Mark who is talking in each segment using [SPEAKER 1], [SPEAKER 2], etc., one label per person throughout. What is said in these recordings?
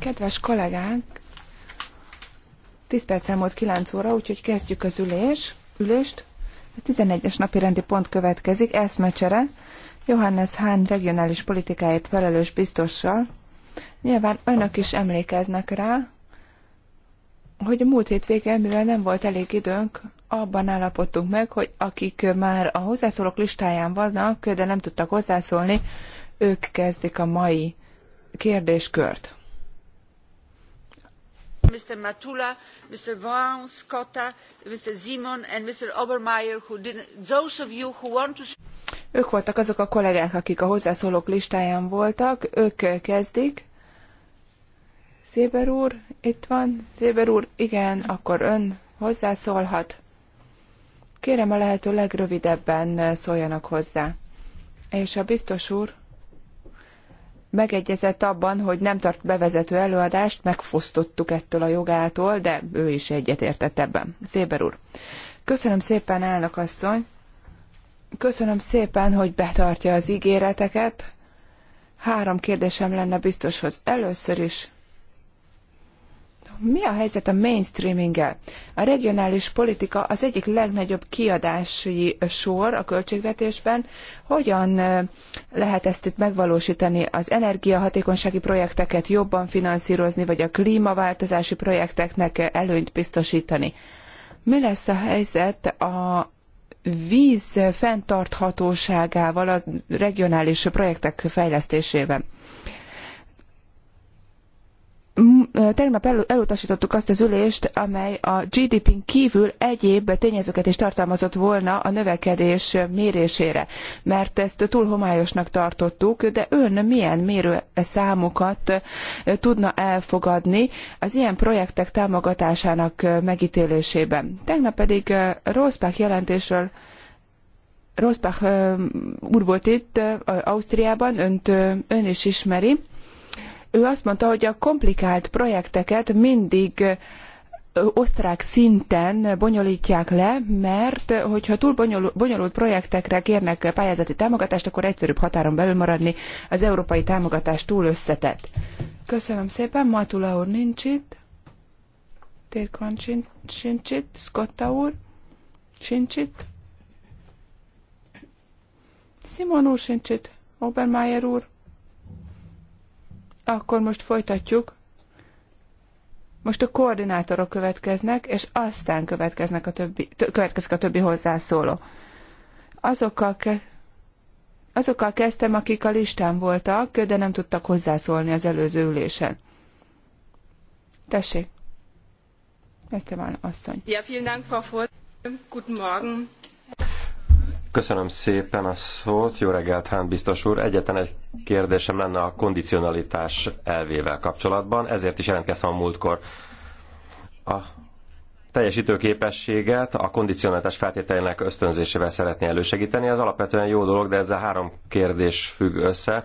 [SPEAKER 1] Kedves kollégák, 10 perc elmúlt 9 óra, úgyhogy kezdjük az ülés, ülést. A 11-es napi rendi pont következik, eszmecsere. Johannes Hahn regionális politikáért felelős biztossal. Nyilván önök is emlékeznek rá, hogy a múlt hétvégén, mivel nem volt elég időnk, abban állapodtunk meg, hogy akik már a hozzászólók listáján vannak, de nem tudtak hozzászólni, ők kezdik a mai kérdéskört. Mr. Matula, Mr. Vaughan, Scotta, Mr. Simon and Mr. Obermeyer, who didn't, those of you who want to... Ők voltak azok a kollégák, akik a hozzászólók listáján voltak, ők kezdik. Széber úr, itt van. Széber úr, igen, akkor ön hozzászólhat. Kérem a lehető legrövidebben szóljanak hozzá. És a biztos úr, megegyezett abban, hogy nem tart bevezető előadást, megfosztottuk ettől a jogától, de ő is egyetértett ebben. Széber úr. Köszönöm szépen, elnök asszony. Köszönöm szépen, hogy betartja az ígéreteket. Három kérdésem lenne biztoshoz. Először is mi a helyzet a mainstreaminggel? A regionális politika az egyik legnagyobb kiadási sor a költségvetésben. Hogyan lehet ezt itt megvalósítani? Az energiahatékonysági projekteket jobban finanszírozni, vagy a klímaváltozási projekteknek előnyt biztosítani? Mi lesz a helyzet a víz fenntarthatóságával a regionális projektek fejlesztésében? tegnap el, elutasítottuk azt az ülést, amely a GDP-n kívül egyéb tényezőket is tartalmazott volna a növekedés mérésére, mert ezt túl homályosnak tartottuk, de ön milyen mérő számokat tudna elfogadni az ilyen projektek támogatásának megítélésében. Tegnap pedig rosszpák jelentésről rosszpák úr volt itt Ausztriában, önt ön is ismeri ő azt mondta, hogy a komplikált projekteket mindig osztrák szinten bonyolítják le, mert hogyha túl bonyolult projektekre kérnek pályázati támogatást, akkor egyszerűbb határon belül maradni, az európai támogatás túl összetett. Köszönöm szépen, Matula úr nincs itt, Térkan sincs itt, Scotta úr sincs itt, Simon úr sincs itt, Obermeyer úr, akkor most folytatjuk. Most a koordinátorok következnek, és aztán következnek a többi, következik a többi hozzászóló. Azokkal, ke, azokkal kezdtem, akik a listán voltak, de nem tudtak hozzászólni az előző ülésen. Tessék. van, asszony. Ja, vielen Dank, Frau Ford. Guten Morgen.
[SPEAKER 2] Köszönöm szépen a szót. Jó reggelt, Hán biztos úr. Egyetlen egy kérdésem lenne a kondicionalitás elvével kapcsolatban. Ezért is jelentkeztem a múltkor. A teljesítőképességet a kondicionalitás feltételének ösztönzésével szeretné elősegíteni. Ez alapvetően jó dolog, de ezzel három kérdés függ össze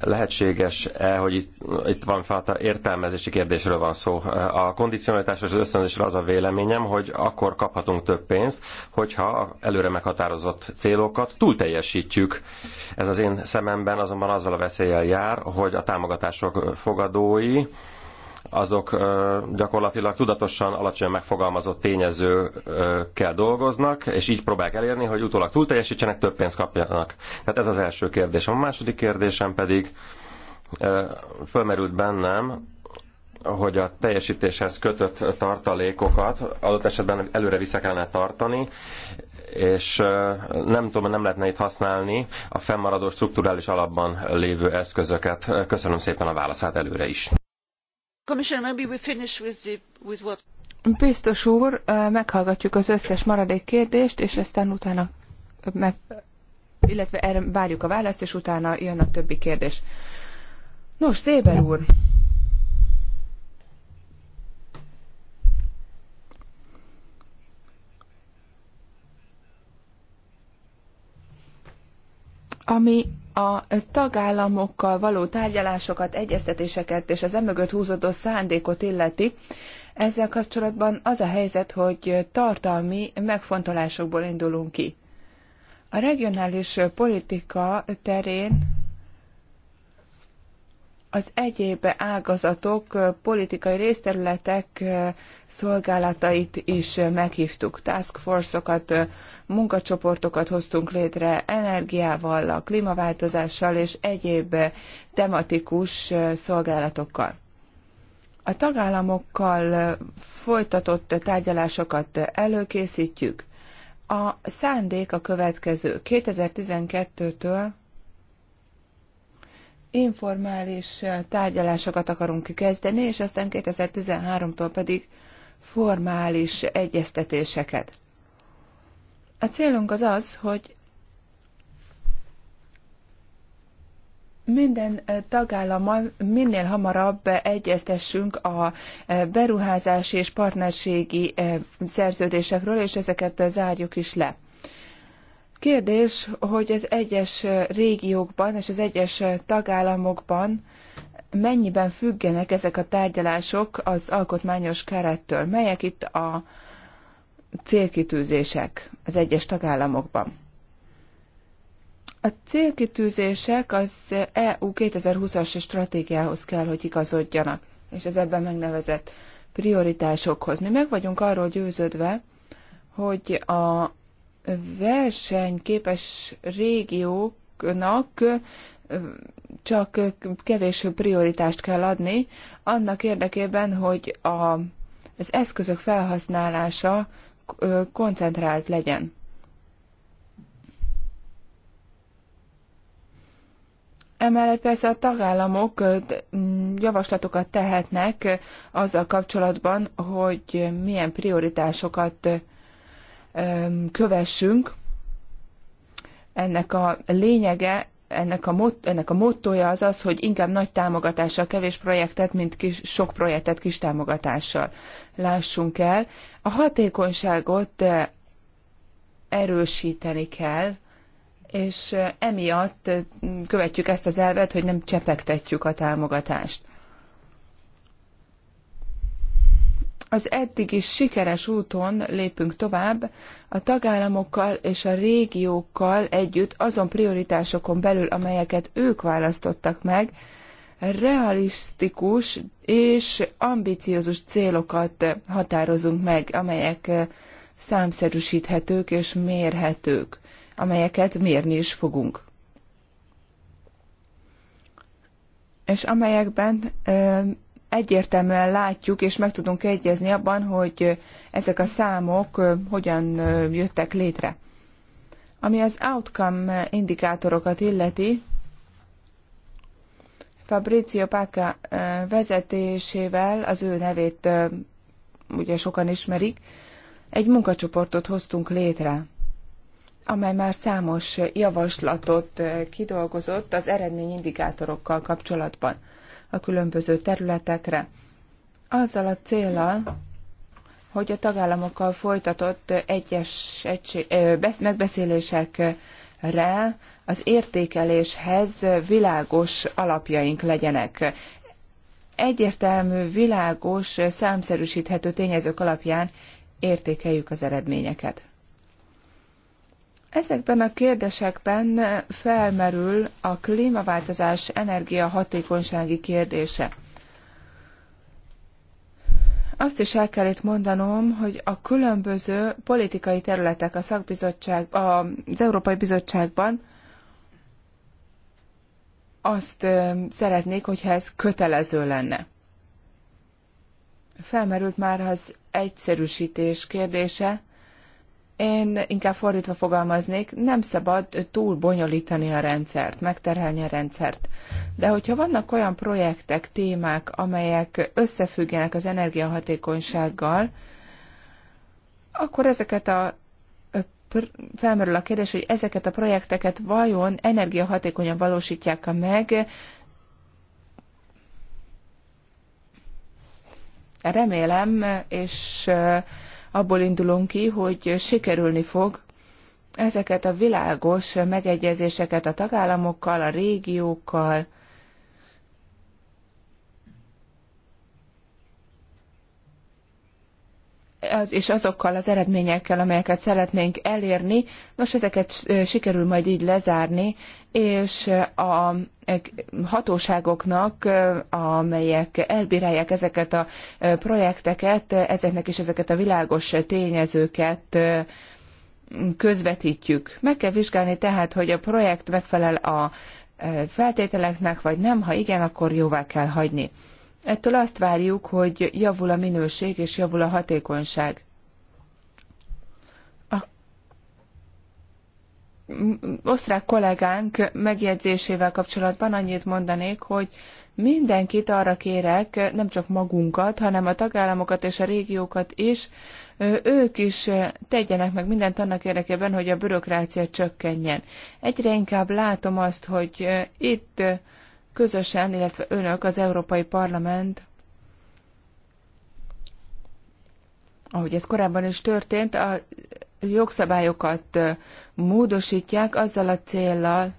[SPEAKER 2] lehetséges-e, hogy itt, itt van fajta értelmezési kérdésről van szó. A kondicionalitásra és az ösztönzésre az a véleményem, hogy akkor kaphatunk több pénzt, hogyha előre meghatározott célokat túl teljesítjük. Ez az én szememben azonban azzal a veszéllyel jár, hogy a támogatások fogadói azok gyakorlatilag tudatosan alacsonyan megfogalmazott tényezőkkel dolgoznak, és így próbálják elérni, hogy utólag túlteljesítsenek, több pénzt kapjanak. Tehát ez az első kérdésem. A második kérdésem pedig fölmerült bennem, hogy a teljesítéshez kötött tartalékokat adott esetben előre vissza kellene tartani, és nem tudom, nem lehetne itt használni a fennmaradó strukturális alapban lévő eszközöket. Köszönöm szépen a válaszát előre is.
[SPEAKER 1] Biztos úr, meghallgatjuk az összes maradék kérdést, és aztán utána meg, illetve erre várjuk a választ, és utána jön a többi kérdés. Nos, Széber úr! Ami a tagállamokkal való tárgyalásokat, egyeztetéseket és az emögött húzódó szándékot illeti, ezzel kapcsolatban az a helyzet, hogy tartalmi megfontolásokból indulunk ki. A regionális politika terén az egyéb ágazatok, politikai részterületek szolgálatait is meghívtuk, task force-okat, munkacsoportokat hoztunk létre energiával, a klímaváltozással és egyéb tematikus szolgálatokkal. A tagállamokkal folytatott tárgyalásokat előkészítjük. A szándék a következő. 2012-től informális tárgyalásokat akarunk kezdeni, és aztán 2013-tól pedig formális egyeztetéseket. A célunk az az, hogy minden tagállammal minél hamarabb egyeztessünk a beruházási és partnerségi szerződésekről, és ezeket zárjuk is le. Kérdés, hogy az egyes régiókban és az egyes tagállamokban mennyiben függenek ezek a tárgyalások az alkotmányos kerettől, melyek itt a célkitűzések az egyes tagállamokban. A célkitűzések az EU 2020-as stratégiához kell, hogy igazodjanak, és az ebben megnevezett prioritásokhoz. Mi meg vagyunk arról győződve, hogy a versenyképes régióknak csak kevés prioritást kell adni, annak érdekében, hogy a, az eszközök felhasználása koncentrált legyen. Emellett persze a tagállamok javaslatokat tehetnek azzal kapcsolatban, hogy milyen prioritásokat kövessünk. Ennek a lényege ennek a, mot, ennek a mottoja az az, hogy inkább nagy támogatással kevés projektet, mint kis, sok projektet kis támogatással. Lássunk el, a hatékonyságot eh, erősíteni kell, és eh, emiatt eh, követjük ezt az elvet, hogy nem csepegtetjük a támogatást. az is sikeres úton lépünk tovább, a tagállamokkal és a régiókkal együtt azon prioritásokon belül, amelyeket ők választottak meg, realisztikus és ambiciózus célokat határozunk meg, amelyek eh, számszerűsíthetők és mérhetők, amelyeket mérni is fogunk. És amelyekben eh, egyértelműen látjuk, és meg tudunk egyezni abban, hogy ezek a számok hogyan jöttek létre. Ami az outcome indikátorokat illeti, Fabrizio Paca vezetésével, az ő nevét ugye sokan ismerik, egy munkacsoportot hoztunk létre, amely már számos javaslatot kidolgozott az eredményindikátorokkal kapcsolatban a különböző területekre. Azzal a célral, hogy a tagállamokkal folytatott egyes egység, megbeszélésekre az értékeléshez világos alapjaink legyenek. Egyértelmű, világos, számszerűsíthető tényezők alapján értékeljük az eredményeket. Ezekben a kérdésekben felmerül a klímaváltozás energiahatékonysági kérdése. Azt is el kell itt mondanom, hogy a különböző politikai területek a szakbizottság, az Európai Bizottságban azt szeretnék, hogyha ez kötelező lenne. Felmerült már az egyszerűsítés kérdése, én inkább fordítva fogalmaznék, nem szabad túl bonyolítani a rendszert, megterhelni a rendszert. De hogyha vannak olyan projektek, témák, amelyek összefüggenek az energiahatékonysággal, akkor ezeket a felmerül a kérdés, hogy ezeket a projekteket vajon energiahatékonyan valósítják-e meg, remélem, és abból indulunk ki, hogy sikerülni fog ezeket a világos megegyezéseket a tagállamokkal, a régiókkal, az, és azokkal az eredményekkel, amelyeket szeretnénk elérni. Nos, ezeket sikerül majd így lezárni, és a e, hatóságoknak, amelyek elbírálják ezeket a projekteket, ezeknek is ezeket a világos tényezőket közvetítjük. Meg kell vizsgálni tehát, hogy a projekt megfelel a e, feltételeknek, vagy nem, ha igen, akkor jóvá kell hagyni. Ettől azt várjuk, hogy javul a minőség és javul a hatékonyság. A osztrák kollégánk megjegyzésével kapcsolatban annyit mondanék, hogy mindenkit arra kérek, nem csak magunkat, hanem a tagállamokat és a régiókat is, ők is tegyenek meg mindent annak érdekében, hogy a bürokrácia csökkenjen. Egyre inkább látom azt, hogy itt közösen, illetve önök, az Európai Parlament, ahogy ez korábban is történt, a jogszabályokat módosítják azzal a céllal,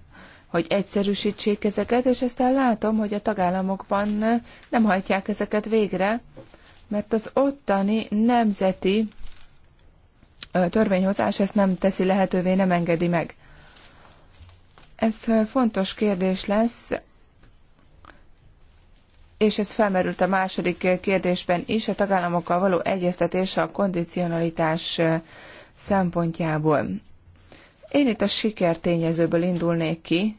[SPEAKER 1] hogy egyszerűsítsék ezeket, és aztán látom, hogy a tagállamokban nem hajtják ezeket végre, mert az ottani nemzeti törvényhozás ezt nem teszi lehetővé, nem engedi meg. Ez fontos kérdés lesz és ez felmerült a második kérdésben is, a tagállamokkal való egyeztetése a kondicionalitás szempontjából. Én itt a sikertényezőből indulnék ki,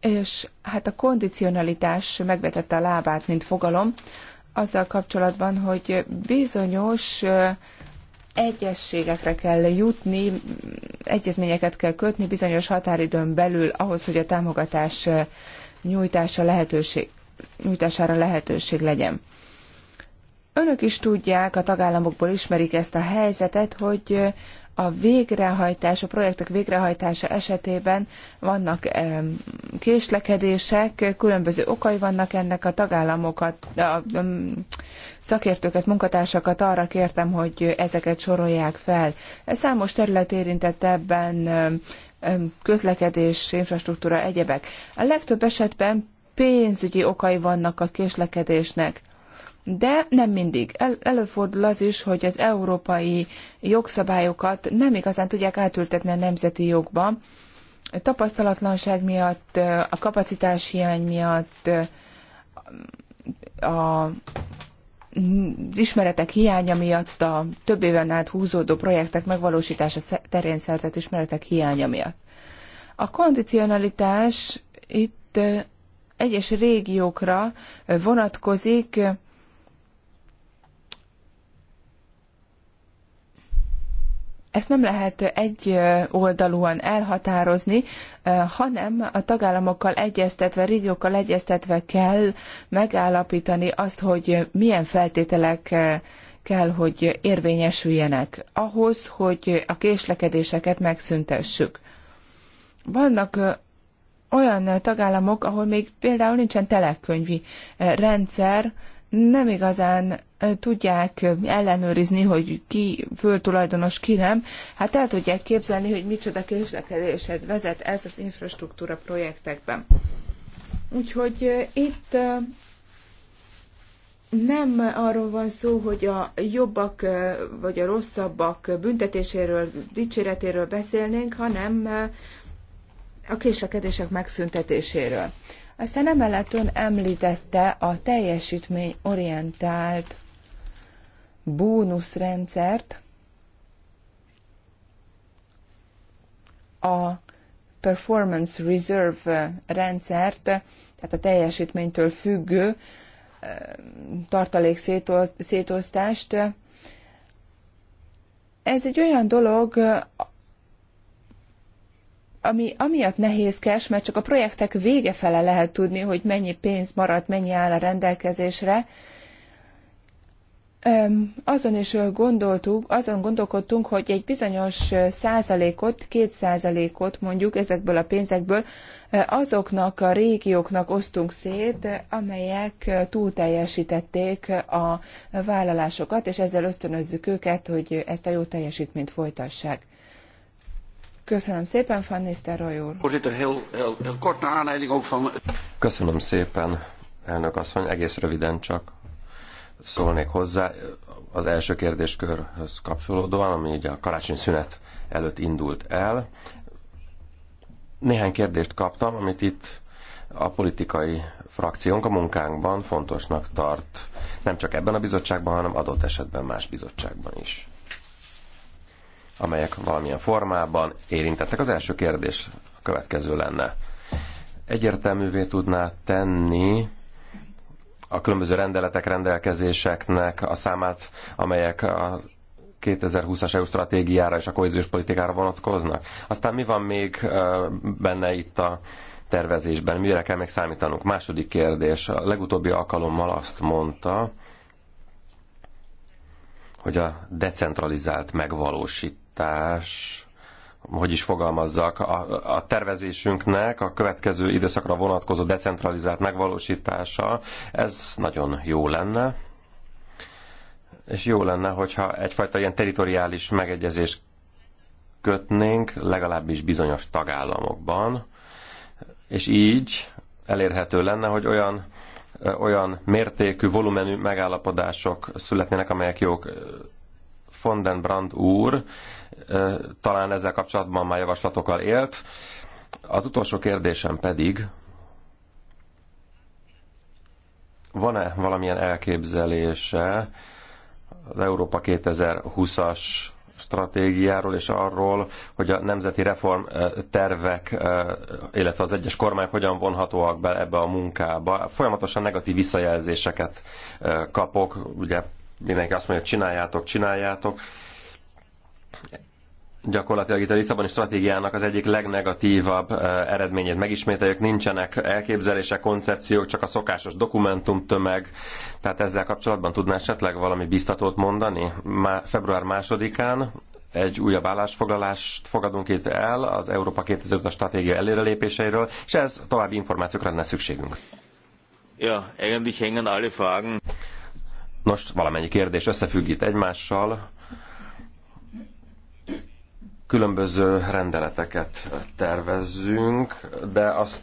[SPEAKER 1] és hát a kondicionalitás megvetette a lábát, mint fogalom, azzal kapcsolatban, hogy bizonyos egyességekre kell jutni, egyezményeket kell kötni bizonyos határidőn belül ahhoz, hogy a támogatás nyújtása lehetőség, nyújtására lehetőség legyen. Önök is tudják, a tagállamokból ismerik ezt a helyzetet, hogy a végrehajtás, a projektek végrehajtása esetében vannak késlekedések, különböző okai vannak ennek a tagállamokat, a szakértőket, munkatársakat arra kértem, hogy ezeket sorolják fel. Számos terület érintett ebben közlekedés, infrastruktúra, egyebek. A legtöbb esetben pénzügyi okai vannak a késlekedésnek. De nem mindig. El, előfordul az is, hogy az európai jogszabályokat nem igazán tudják átültetni a nemzeti jogba. tapasztalatlanság miatt, a kapacitás hiány miatt, a az ismeretek hiánya miatt, a több éven át húzódó projektek megvalósítása terén szerzett ismeretek hiánya miatt. A kondicionalitás itt egyes régiókra vonatkozik, ezt nem lehet egy oldalúan elhatározni, hanem a tagállamokkal egyeztetve, régiókkal egyeztetve kell megállapítani azt, hogy milyen feltételek kell, hogy érvényesüljenek ahhoz, hogy a késlekedéseket megszüntessük. Vannak olyan tagállamok, ahol még például nincsen telekönyvi eh, rendszer, nem igazán eh, tudják ellenőrizni, hogy ki föltulajdonos, ki nem. Hát el tudják képzelni, hogy micsoda késlekedéshez vezet ez az infrastruktúra projektekben. Úgyhogy eh, itt nem arról van szó, hogy a jobbak vagy a rosszabbak büntetéséről, dicséretéről beszélnénk, hanem a késlekedések megszüntetéséről. Aztán emellett ön említette a teljesítményorientált bónuszrendszert, a Performance Reserve rendszert, tehát a teljesítménytől függő tartalék szétosztást. Ez egy olyan dolog, ami amiatt nehézkes, mert csak a projektek vége fele lehet tudni, hogy mennyi pénz maradt, mennyi áll a rendelkezésre. Azon is gondoltuk, azon gondolkodtunk, hogy egy bizonyos százalékot, két százalékot mondjuk ezekből a pénzekből azoknak a régióknak osztunk szét, amelyek túlteljesítették a vállalásokat, és ezzel ösztönözzük őket, hogy ezt a jó teljesítményt folytassák. Köszönöm szépen, Van Nisztelrooy úr.
[SPEAKER 2] Köszönöm szépen, elnök asszony. Egész röviden csak szólnék hozzá. Az első kérdéskörhöz kapcsolódóan, ami ugye a karácsony szünet előtt indult el. Néhány kérdést kaptam, amit itt a politikai frakciónk a munkánkban fontosnak tart, nem csak ebben a bizottságban, hanem adott esetben más bizottságban is amelyek valamilyen formában érintettek. Az első kérdés a következő lenne. Egyértelművé tudná tenni a különböző rendeletek, rendelkezéseknek a számát, amelyek a 2020-as EU stratégiára és a kohéziós politikára vonatkoznak. Aztán mi van még benne itt a tervezésben? Mire kell még számítanunk? Második kérdés. A legutóbbi alkalommal azt mondta, hogy a decentralizált megvalósít prioritás hogy is fogalmazzak, a, a tervezésünknek a következő időszakra vonatkozó decentralizált megvalósítása, ez nagyon jó lenne. És jó lenne, hogyha egyfajta ilyen teritoriális megegyezést kötnénk, legalábbis bizonyos tagállamokban, és így elérhető lenne, hogy olyan olyan mértékű, volumenű megállapodások születnének, amelyek jók von den Brand úr talán ezzel kapcsolatban már javaslatokkal élt. Az utolsó kérdésem pedig, van-e valamilyen elképzelése az Európa 2020-as stratégiáról és arról, hogy a nemzeti reform tervek, illetve az egyes kormányok hogyan vonhatóak be ebbe a munkába. Folyamatosan negatív visszajelzéseket kapok, ugye mindenki azt mondja, hogy csináljátok, csináljátok. Gyakorlatilag itt a Lisszaboni stratégiának az egyik legnegatívabb eh, eredményét megismételjük. Nincsenek elképzelések, koncepciók, csak a szokásos tömeg. Tehát ezzel kapcsolatban tudná esetleg valami biztatót mondani? Má, február másodikán egy újabb állásfoglalást fogadunk itt el az Európa 2050 stratégia előrelépéseiről, és ez további információkra lenne szükségünk.
[SPEAKER 3] Ja, eigentlich hängen alle Fragen.
[SPEAKER 2] Nos, valamennyi kérdés összefügg itt egymással. Különböző rendeleteket tervezzünk, de azt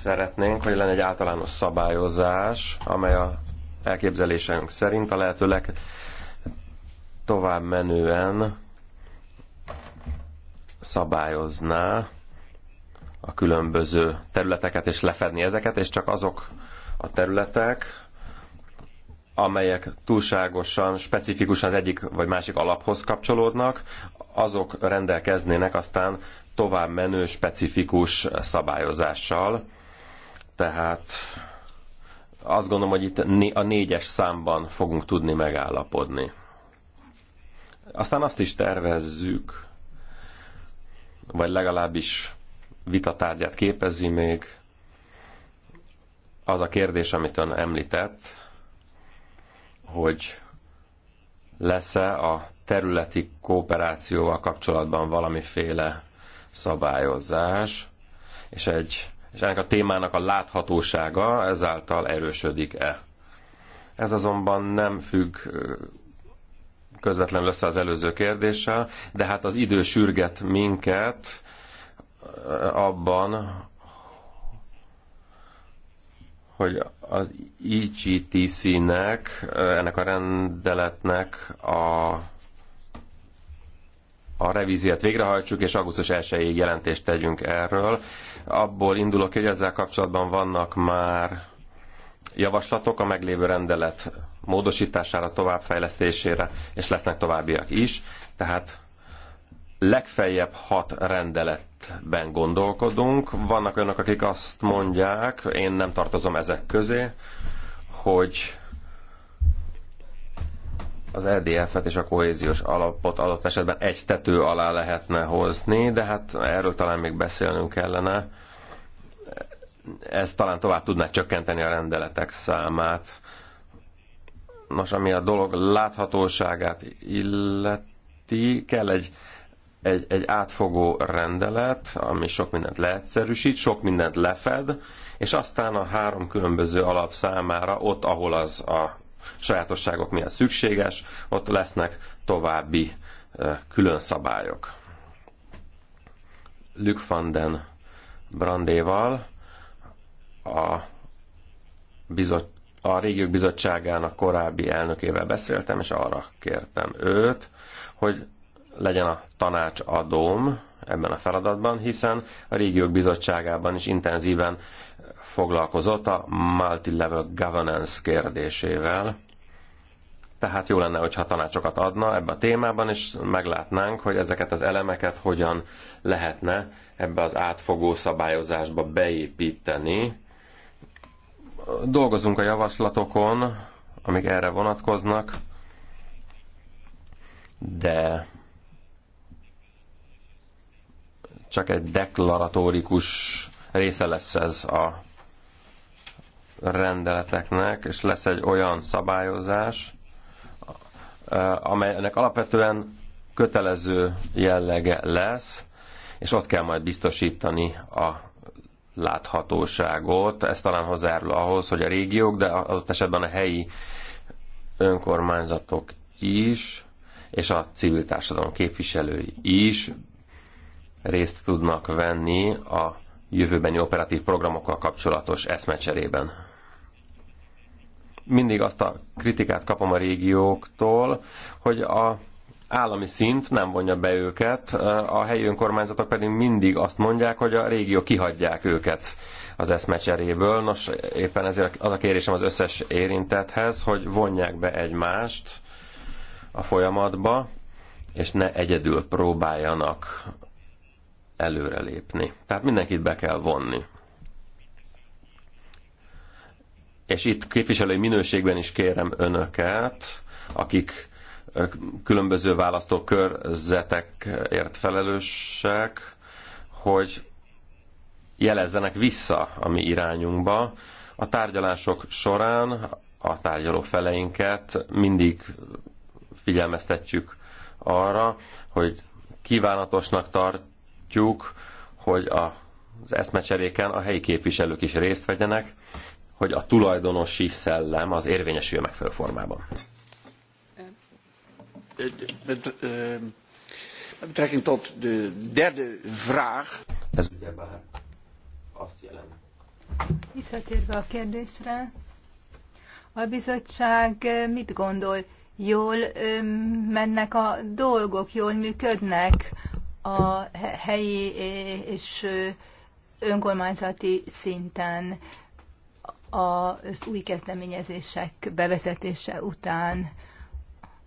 [SPEAKER 2] szeretnénk, hogy lenne egy általános szabályozás, amely a elképzelésünk szerint a lehetőleg tovább menően szabályozná a különböző területeket, és lefedni ezeket, és csak azok a területek, amelyek túlságosan, specifikusan az egyik vagy másik alaphoz kapcsolódnak, azok rendelkeznének aztán tovább menő specifikus szabályozással. Tehát azt gondolom, hogy itt a négyes számban fogunk tudni megállapodni. Aztán azt is tervezzük, vagy legalábbis vitatárgyát képezi még az a kérdés, amit ön említett, hogy lesz-e a területi kooperációval kapcsolatban valamiféle szabályozás, és, egy, és ennek a témának a láthatósága ezáltal erősödik-e. Ez azonban nem függ közvetlenül össze az előző kérdéssel, de hát az idő sürget minket abban, hogy az egtc nek ennek a rendeletnek a, a revíziát végrehajtsuk, és augusztus 1-ig jelentést tegyünk erről. Abból indulok, hogy ezzel kapcsolatban vannak már javaslatok a meglévő rendelet módosítására, továbbfejlesztésére, és lesznek továbbiak is. Tehát legfeljebb hat rendeletben gondolkodunk. Vannak önök, akik azt mondják, én nem tartozom ezek közé, hogy az EDF-et és a kohéziós alapot adott esetben egy tető alá lehetne hozni, de hát erről talán még beszélnünk kellene. Ez talán tovább tudná csökkenteni a rendeletek számát. Nos, ami a dolog láthatóságát illeti, kell egy egy, egy átfogó rendelet, ami sok mindent leegyszerűsít, sok mindent lefed, és aztán a három különböző alap számára, ott, ahol az a sajátosságok miatt szükséges, ott lesznek további külön szabályok. Luc van den Brandéval a, bizot, a régiók bizottságának korábbi elnökével beszéltem, és arra kértem őt, hogy legyen a tanácsadóm ebben a feladatban, hiszen a régiók bizottságában is intenzíven foglalkozott a multi-level governance kérdésével. Tehát jó lenne, hogyha tanácsokat adna ebbe a témában, és meglátnánk, hogy ezeket az elemeket hogyan lehetne ebbe az átfogó szabályozásba beépíteni. Dolgozunk a javaslatokon, amik erre vonatkoznak, de csak egy deklaratórikus része lesz ez a rendeleteknek, és lesz egy olyan szabályozás, amelynek alapvetően kötelező jellege lesz, és ott kell majd biztosítani a láthatóságot. Ez talán hozzájárul ahhoz, hogy a régiók, de adott esetben a helyi önkormányzatok is, és a civil társadalom képviselői is részt tudnak venni a jövőbeni operatív programokkal kapcsolatos eszmecserében. Mindig azt a kritikát kapom a régióktól, hogy a állami szint nem vonja be őket, a helyi önkormányzatok pedig mindig azt mondják, hogy a régió kihagyják őket az eszmecseréből. Nos, éppen ezért az a kérésem az összes érintethez, hogy vonják be egymást a folyamatba, és ne egyedül próbáljanak előrelépni. Tehát mindenkit be kell vonni. És itt képviselői minőségben is kérem önöket, akik különböző választókörzetekért felelősek, hogy jelezzenek vissza a mi irányunkba. A tárgyalások során a tárgyaló feleinket mindig figyelmeztetjük arra, hogy kívánatosnak tart látjuk, hogy a, az eszmecseréken a helyi képviselők is részt vegyenek, hogy a tulajdonosi szellem az érvényesül megfelelő formában.
[SPEAKER 3] Eh, eh, eh, betrekking tot de derde vraag. Ez ugyebár
[SPEAKER 2] azt jelent.
[SPEAKER 4] Visszatérve a kérdésre, a bizottság mit gondol? Jól mennek a dolgok, jól működnek a helyi és önkormányzati szinten az új kezdeményezések bevezetése után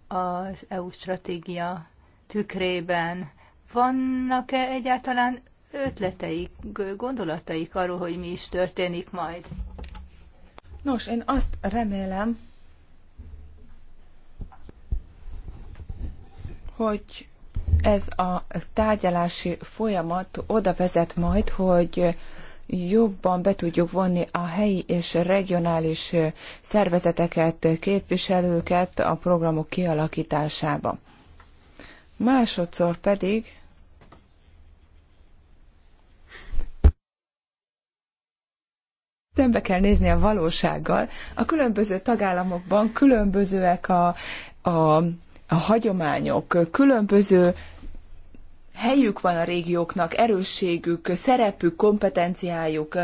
[SPEAKER 4] az EU stratégia tükrében vannak-e egyáltalán ötleteik, gondolataik arról, hogy mi is történik majd?
[SPEAKER 1] Nos, én azt remélem, hogy ez a tárgyalási folyamat oda vezet majd, hogy jobban be tudjuk vonni a helyi és regionális szervezeteket, képviselőket a programok kialakításába. Másodszor pedig szembe kell nézni a valósággal. A különböző tagállamokban különbözőek a, a a hagyományok, különböző helyük van a régióknak, erősségük, szerepük, kompetenciájuk.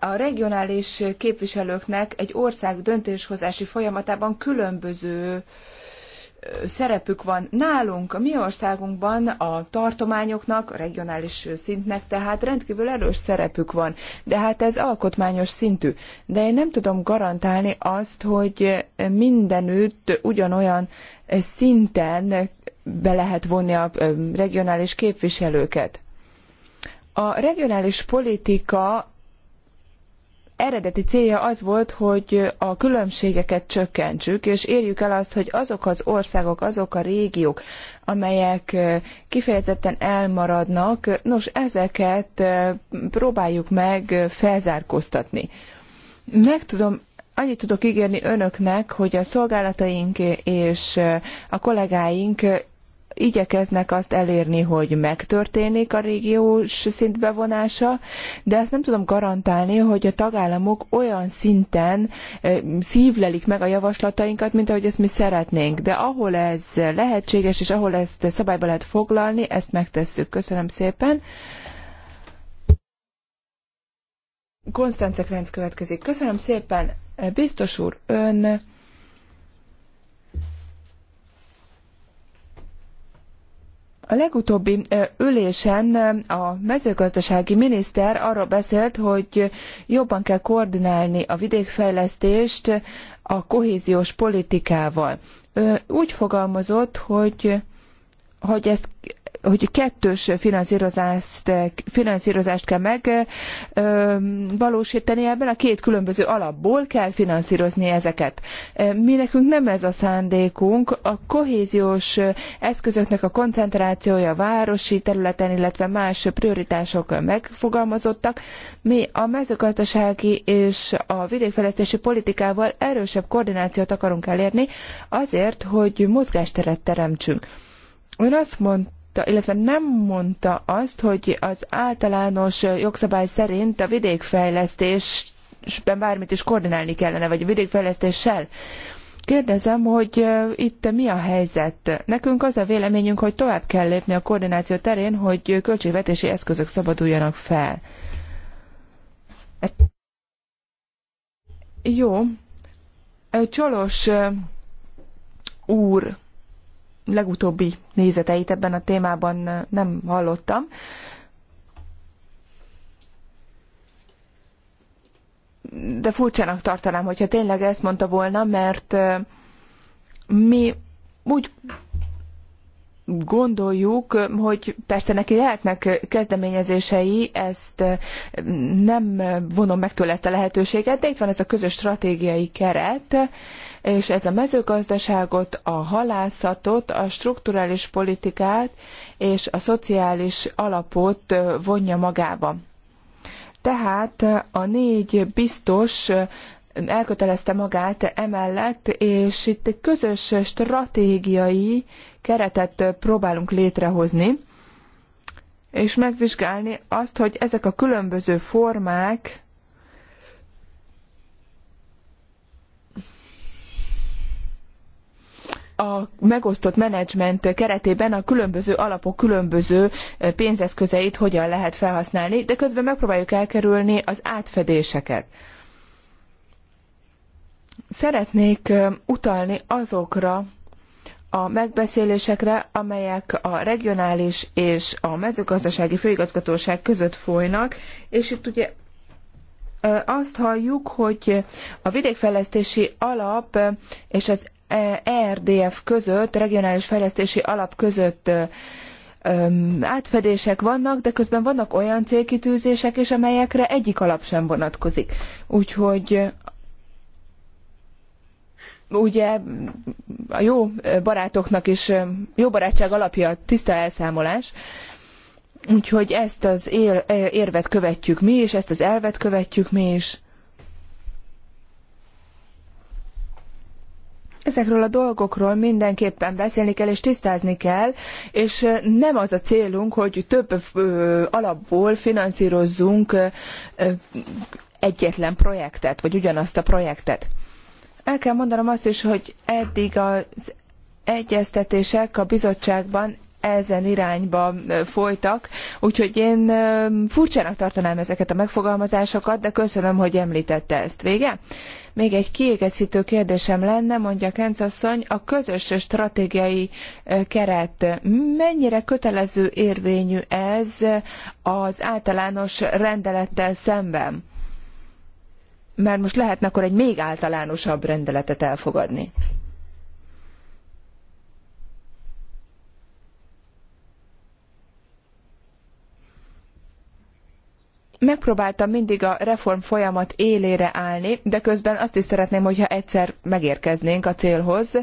[SPEAKER 1] A regionális képviselőknek egy ország döntéshozási folyamatában különböző szerepük van. Nálunk, a mi országunkban a tartományoknak, a regionális szintnek tehát rendkívül erős szerepük van, de hát ez alkotmányos szintű. De én nem tudom garantálni azt, hogy mindenütt ugyanolyan szinten be lehet vonni a regionális képviselőket. A regionális politika eredeti célja az volt, hogy a különbségeket csökkentsük, és érjük el azt, hogy azok az országok, azok a régiók, amelyek kifejezetten elmaradnak, nos, ezeket próbáljuk meg felzárkóztatni. Meg tudom Annyit tudok ígérni önöknek, hogy a szolgálataink és a kollégáink igyekeznek azt elérni, hogy megtörténik a régiós szint bevonása, de ezt nem tudom garantálni, hogy a tagállamok olyan szinten szívlelik meg a javaslatainkat, mint ahogy ezt mi szeretnénk. De ahol ez lehetséges, és ahol ezt szabályba lehet foglalni, ezt megtesszük. Köszönöm szépen. Konstance Krenc következik. Köszönöm szépen, biztos úr, ön A legutóbbi ülésen a mezőgazdasági miniszter arról beszélt, hogy jobban kell koordinálni a vidékfejlesztést a kohéziós politikával. Úgy fogalmazott, hogy, hogy ezt hogy kettős finanszírozást, finanszírozást kell megvalósítani ebben, a két különböző alapból kell finanszírozni ezeket. Mi nekünk nem ez a szándékunk, a kohéziós eszközöknek a koncentrációja városi területen, illetve más prioritások megfogalmazottak. Mi a mezőgazdasági és a vidékfejlesztési politikával erősebb koordinációt akarunk elérni, azért, hogy mozgásteret teremtsünk. Ön azt mondta, mondta, illetve nem mondta azt, hogy az általános jogszabály szerint a vidékfejlesztésben bármit is koordinálni kellene, vagy a vidékfejlesztéssel. Kérdezem, hogy itt mi a helyzet? Nekünk az a véleményünk, hogy tovább kell lépni a koordináció terén, hogy költségvetési eszközök szabaduljanak fel. Ezt... Jó. Csolos úr legutóbbi nézeteit ebben a témában nem hallottam. De furcsának tartanám, hogyha tényleg ezt mondta volna, mert mi úgy gondoljuk, hogy persze neki lehetnek kezdeményezései, ezt eh, nem vonom meg tőle ezt a lehetőséget, de itt van ez a közös stratégiai keret, és ez a mezőgazdaságot, a halászatot, a strukturális politikát és a szociális alapot eh, vonja magába. Tehát eh, a négy biztos elkötelezte magát emellett, és itt egy közös stratégiai keretet próbálunk létrehozni, és megvizsgálni azt, hogy ezek a különböző formák a megosztott menedzsment keretében a különböző alapok különböző pénzeszközeit hogyan lehet felhasználni, de közben megpróbáljuk elkerülni az átfedéseket. Szeretnék utalni azokra a megbeszélésekre, amelyek a regionális és a mezőgazdasági főigazgatóság között folynak, és itt ugye azt halljuk, hogy a vidékfejlesztési alap és az ERDF között, regionális fejlesztési alap között átfedések vannak, de közben vannak olyan célkitűzések is, amelyekre egyik alap sem vonatkozik. Úgyhogy ugye a jó barátoknak is jó barátság alapja a tiszta elszámolás, úgyhogy ezt az érvet követjük mi is, ezt az elvet követjük mi is. Ezekről a dolgokról mindenképpen beszélni kell, és tisztázni kell, és nem az a célunk, hogy több alapból finanszírozzunk egyetlen projektet, vagy ugyanazt a projektet. El kell mondanom azt is, hogy eddig az egyeztetések a bizottságban ezen irányba folytak, úgyhogy én furcsának tartanám ezeket a megfogalmazásokat, de köszönöm, hogy említette ezt. Vége? Még egy kiegészítő kérdésem lenne, mondja Kenc asszony, a közös stratégiai keret mennyire kötelező érvényű ez az általános rendelettel szemben? mert most lehetne akkor egy még általánosabb rendeletet elfogadni. megpróbáltam mindig a reform folyamat élére állni, de közben azt is szeretném, hogyha egyszer megérkeznénk a célhoz,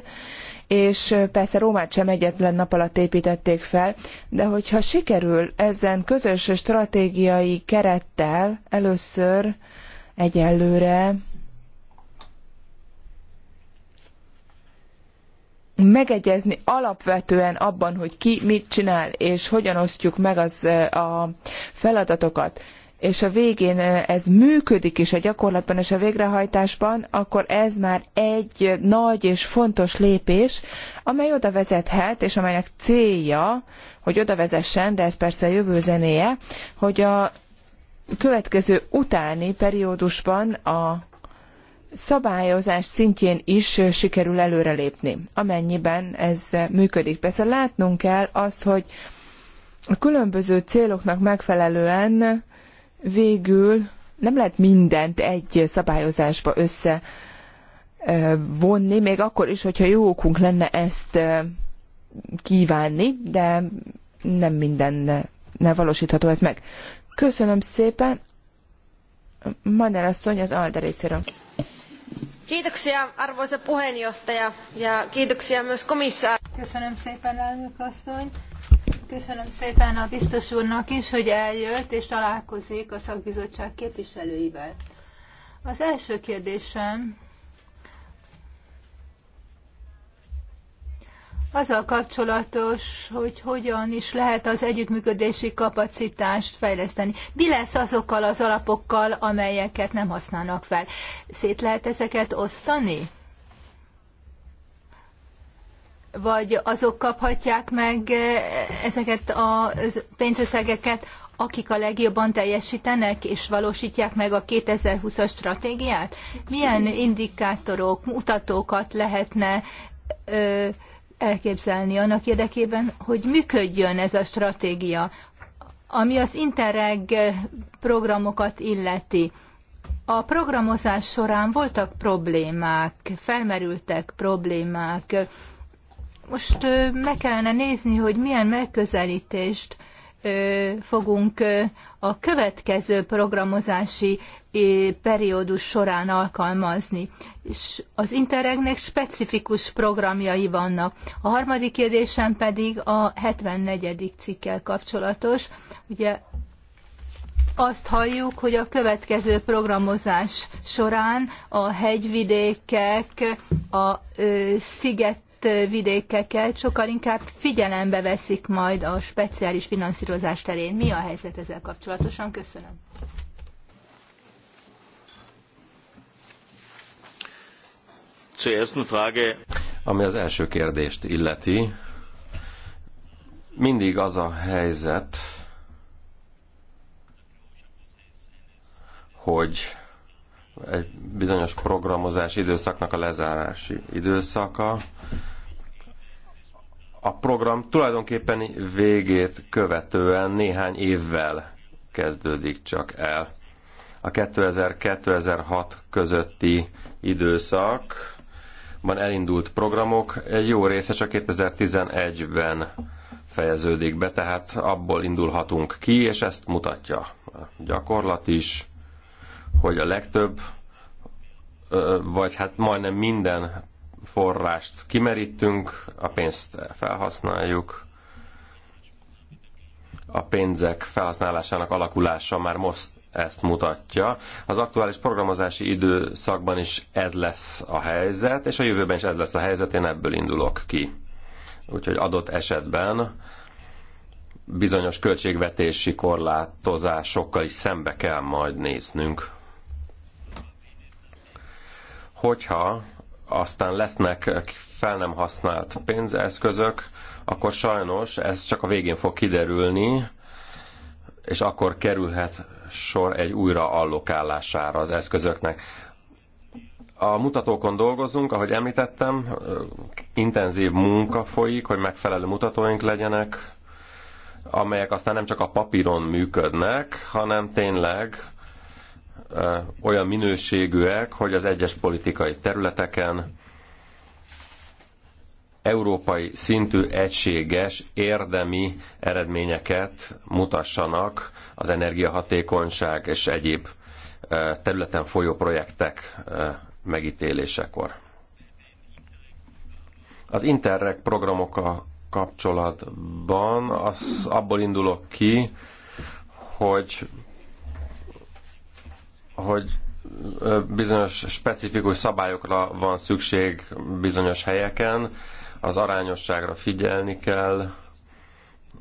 [SPEAKER 1] és persze Rómát sem egyetlen nap alatt építették fel, de hogyha sikerül ezen közös stratégiai kerettel először egyelőre megegyezni alapvetően abban, hogy ki mit csinál, és hogyan osztjuk meg az, a feladatokat, és a végén ez működik is a gyakorlatban és a végrehajtásban, akkor ez már egy nagy és fontos lépés, amely oda vezethet, és amelynek célja, hogy oda vezessen, de ez persze a jövő zenéje, hogy a következő utáni periódusban a szabályozás szintjén is sikerül előrelépni, amennyiben ez működik. Persze látnunk kell azt, hogy a különböző céloknak megfelelően végül nem lehet mindent egy szabályozásba összevonni, még akkor is, hogyha jó okunk lenne ezt kívánni, de nem minden ne valósítható ez meg. Köszönöm szépen. Manner asszony az Alde részéről.
[SPEAKER 4] Kiitoksia arvoisa puheenjohtaja ja kiitoksia myös komissaari. Köszönöm szépen elnök asszony. Köszönöm szépen a biztos úrnak is, hogy eljött és találkozik a szakbizottság képviselőivel. Az első kérdésem azzal kapcsolatos, hogy hogyan is lehet az együttműködési kapacitást fejleszteni. Mi lesz azokkal az alapokkal, amelyeket nem használnak fel? Szét lehet ezeket osztani? Vagy azok kaphatják meg eh, ezeket a pénzösszegeket, akik a legjobban teljesítenek és valósítják meg a 2020-as stratégiát? Milyen indikátorok, mutatókat lehetne ö, elképzelni annak érdekében, hogy működjön ez a stratégia, ami az Interreg programokat illeti. A programozás során voltak problémák, felmerültek problémák. Most meg kellene nézni, hogy milyen megközelítést fogunk a következő programozási periódus során alkalmazni. És az Interregnek specifikus programjai vannak. A harmadik kérdésem pedig a 74. cikkel kapcsolatos. Ugye azt halljuk, hogy a következő programozás során a hegyvidékek, a ö, sziget vidékeket sokkal inkább figyelembe veszik majd a speciális finanszírozás terén. Mi a helyzet ezzel kapcsolatosan? Köszönöm.
[SPEAKER 2] Ami az első kérdést illeti, mindig az a helyzet, hogy egy bizonyos programozási időszaknak a lezárási időszaka a program tulajdonképpen végét követően néhány évvel kezdődik csak el. A 2000-2006 közötti időszak 2016-ban elindult programok egy jó része csak 2011-ben fejeződik be, tehát abból indulhatunk ki, és ezt mutatja a gyakorlat is, hogy a legtöbb, vagy hát majdnem minden forrást kimerítünk, a pénzt felhasználjuk, a pénzek felhasználásának alakulása már most ezt mutatja. Az aktuális programozási időszakban is ez lesz a helyzet, és a jövőben is ez lesz a helyzet, én ebből indulok ki. Úgyhogy adott esetben bizonyos költségvetési korlátozásokkal is szembe kell majd néznünk. Hogyha aztán lesznek fel nem használt pénzeszközök, akkor sajnos ez csak a végén fog kiderülni, és akkor kerülhet sor egy újra allokálására az eszközöknek. A mutatókon dolgozunk, ahogy említettem, intenzív munka folyik, hogy megfelelő mutatóink legyenek, amelyek aztán nem csak a papíron működnek, hanem tényleg olyan minőségűek, hogy az egyes politikai területeken európai szintű egységes érdemi eredményeket mutassanak az energiahatékonyság és egyéb területen folyó projektek megítélésekor. Az Interreg programokkal kapcsolatban az abból indulok ki, hogy, hogy bizonyos specifikus szabályokra van szükség bizonyos helyeken, az arányosságra figyelni kell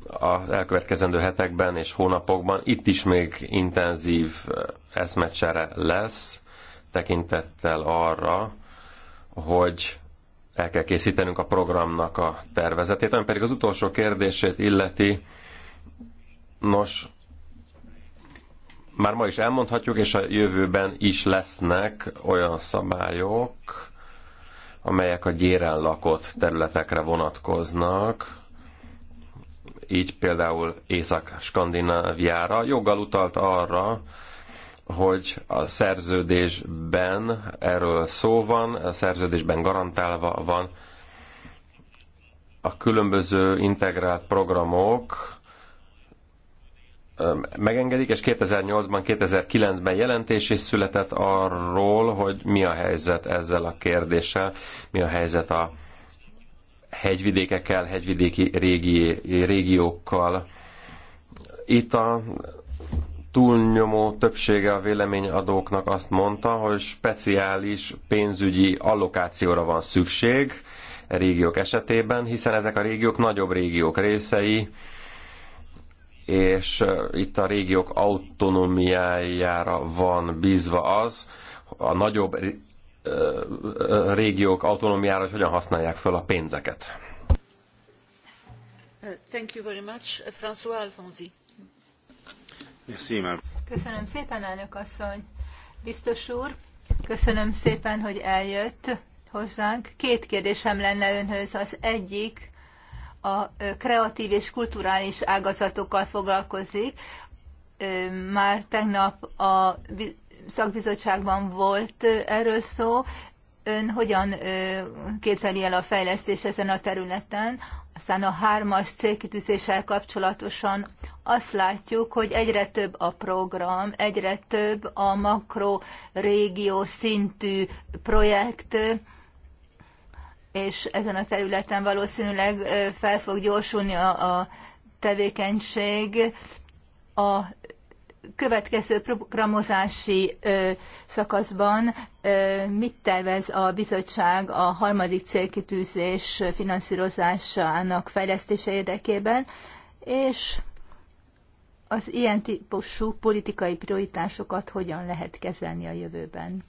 [SPEAKER 2] az elkövetkezendő hetekben és hónapokban. Itt is még intenzív eszmecsere lesz, tekintettel arra, hogy el kell készítenünk a programnak a tervezetét, ami pedig az utolsó kérdését illeti. Nos, már ma is elmondhatjuk, és a jövőben is lesznek olyan szabályok, amelyek a gyéren lakott területekre vonatkoznak, így például Észak-Skandináviára, joggal utalt arra, hogy a szerződésben erről szó van, a szerződésben garantálva van, a különböző integrált programok megengedik, és 2008-ban, 2009-ben jelentés is született arról, hogy mi a helyzet ezzel a kérdéssel, mi a helyzet a hegyvidékekkel, hegyvidéki régi, régiókkal. Itt a túlnyomó többsége a véleményadóknak azt mondta, hogy speciális pénzügyi allokációra van szükség a régiók esetében, hiszen ezek a régiók nagyobb régiók részei, és itt a régiók autonómiájára van bízva az, a nagyobb régiók autonómiára, hogy hogyan használják föl a pénzeket.
[SPEAKER 4] Uh, thank you very much. Uh, François Alfonsi. Köszönöm szépen, elnök asszony. Biztos úr, köszönöm szépen, hogy eljött hozzánk. Két kérdésem lenne önhöz. Az egyik a kreatív és kulturális ágazatokkal foglalkozik. Már tegnap a szakbizottságban volt erről szó. Ön hogyan képzeli el a fejlesztés ezen a területen? Aztán a hármas célkitűzéssel kapcsolatosan azt látjuk, hogy egyre több a program, egyre több a makro régió szintű projekt, és ezen a területen valószínűleg fel fog gyorsulni a, a tevékenység. A következő programozási ö, szakaszban ö, mit tervez a bizottság a harmadik célkitűzés finanszírozásának fejlesztése érdekében, és az ilyen típusú politikai prioritásokat hogyan lehet kezelni a jövőben?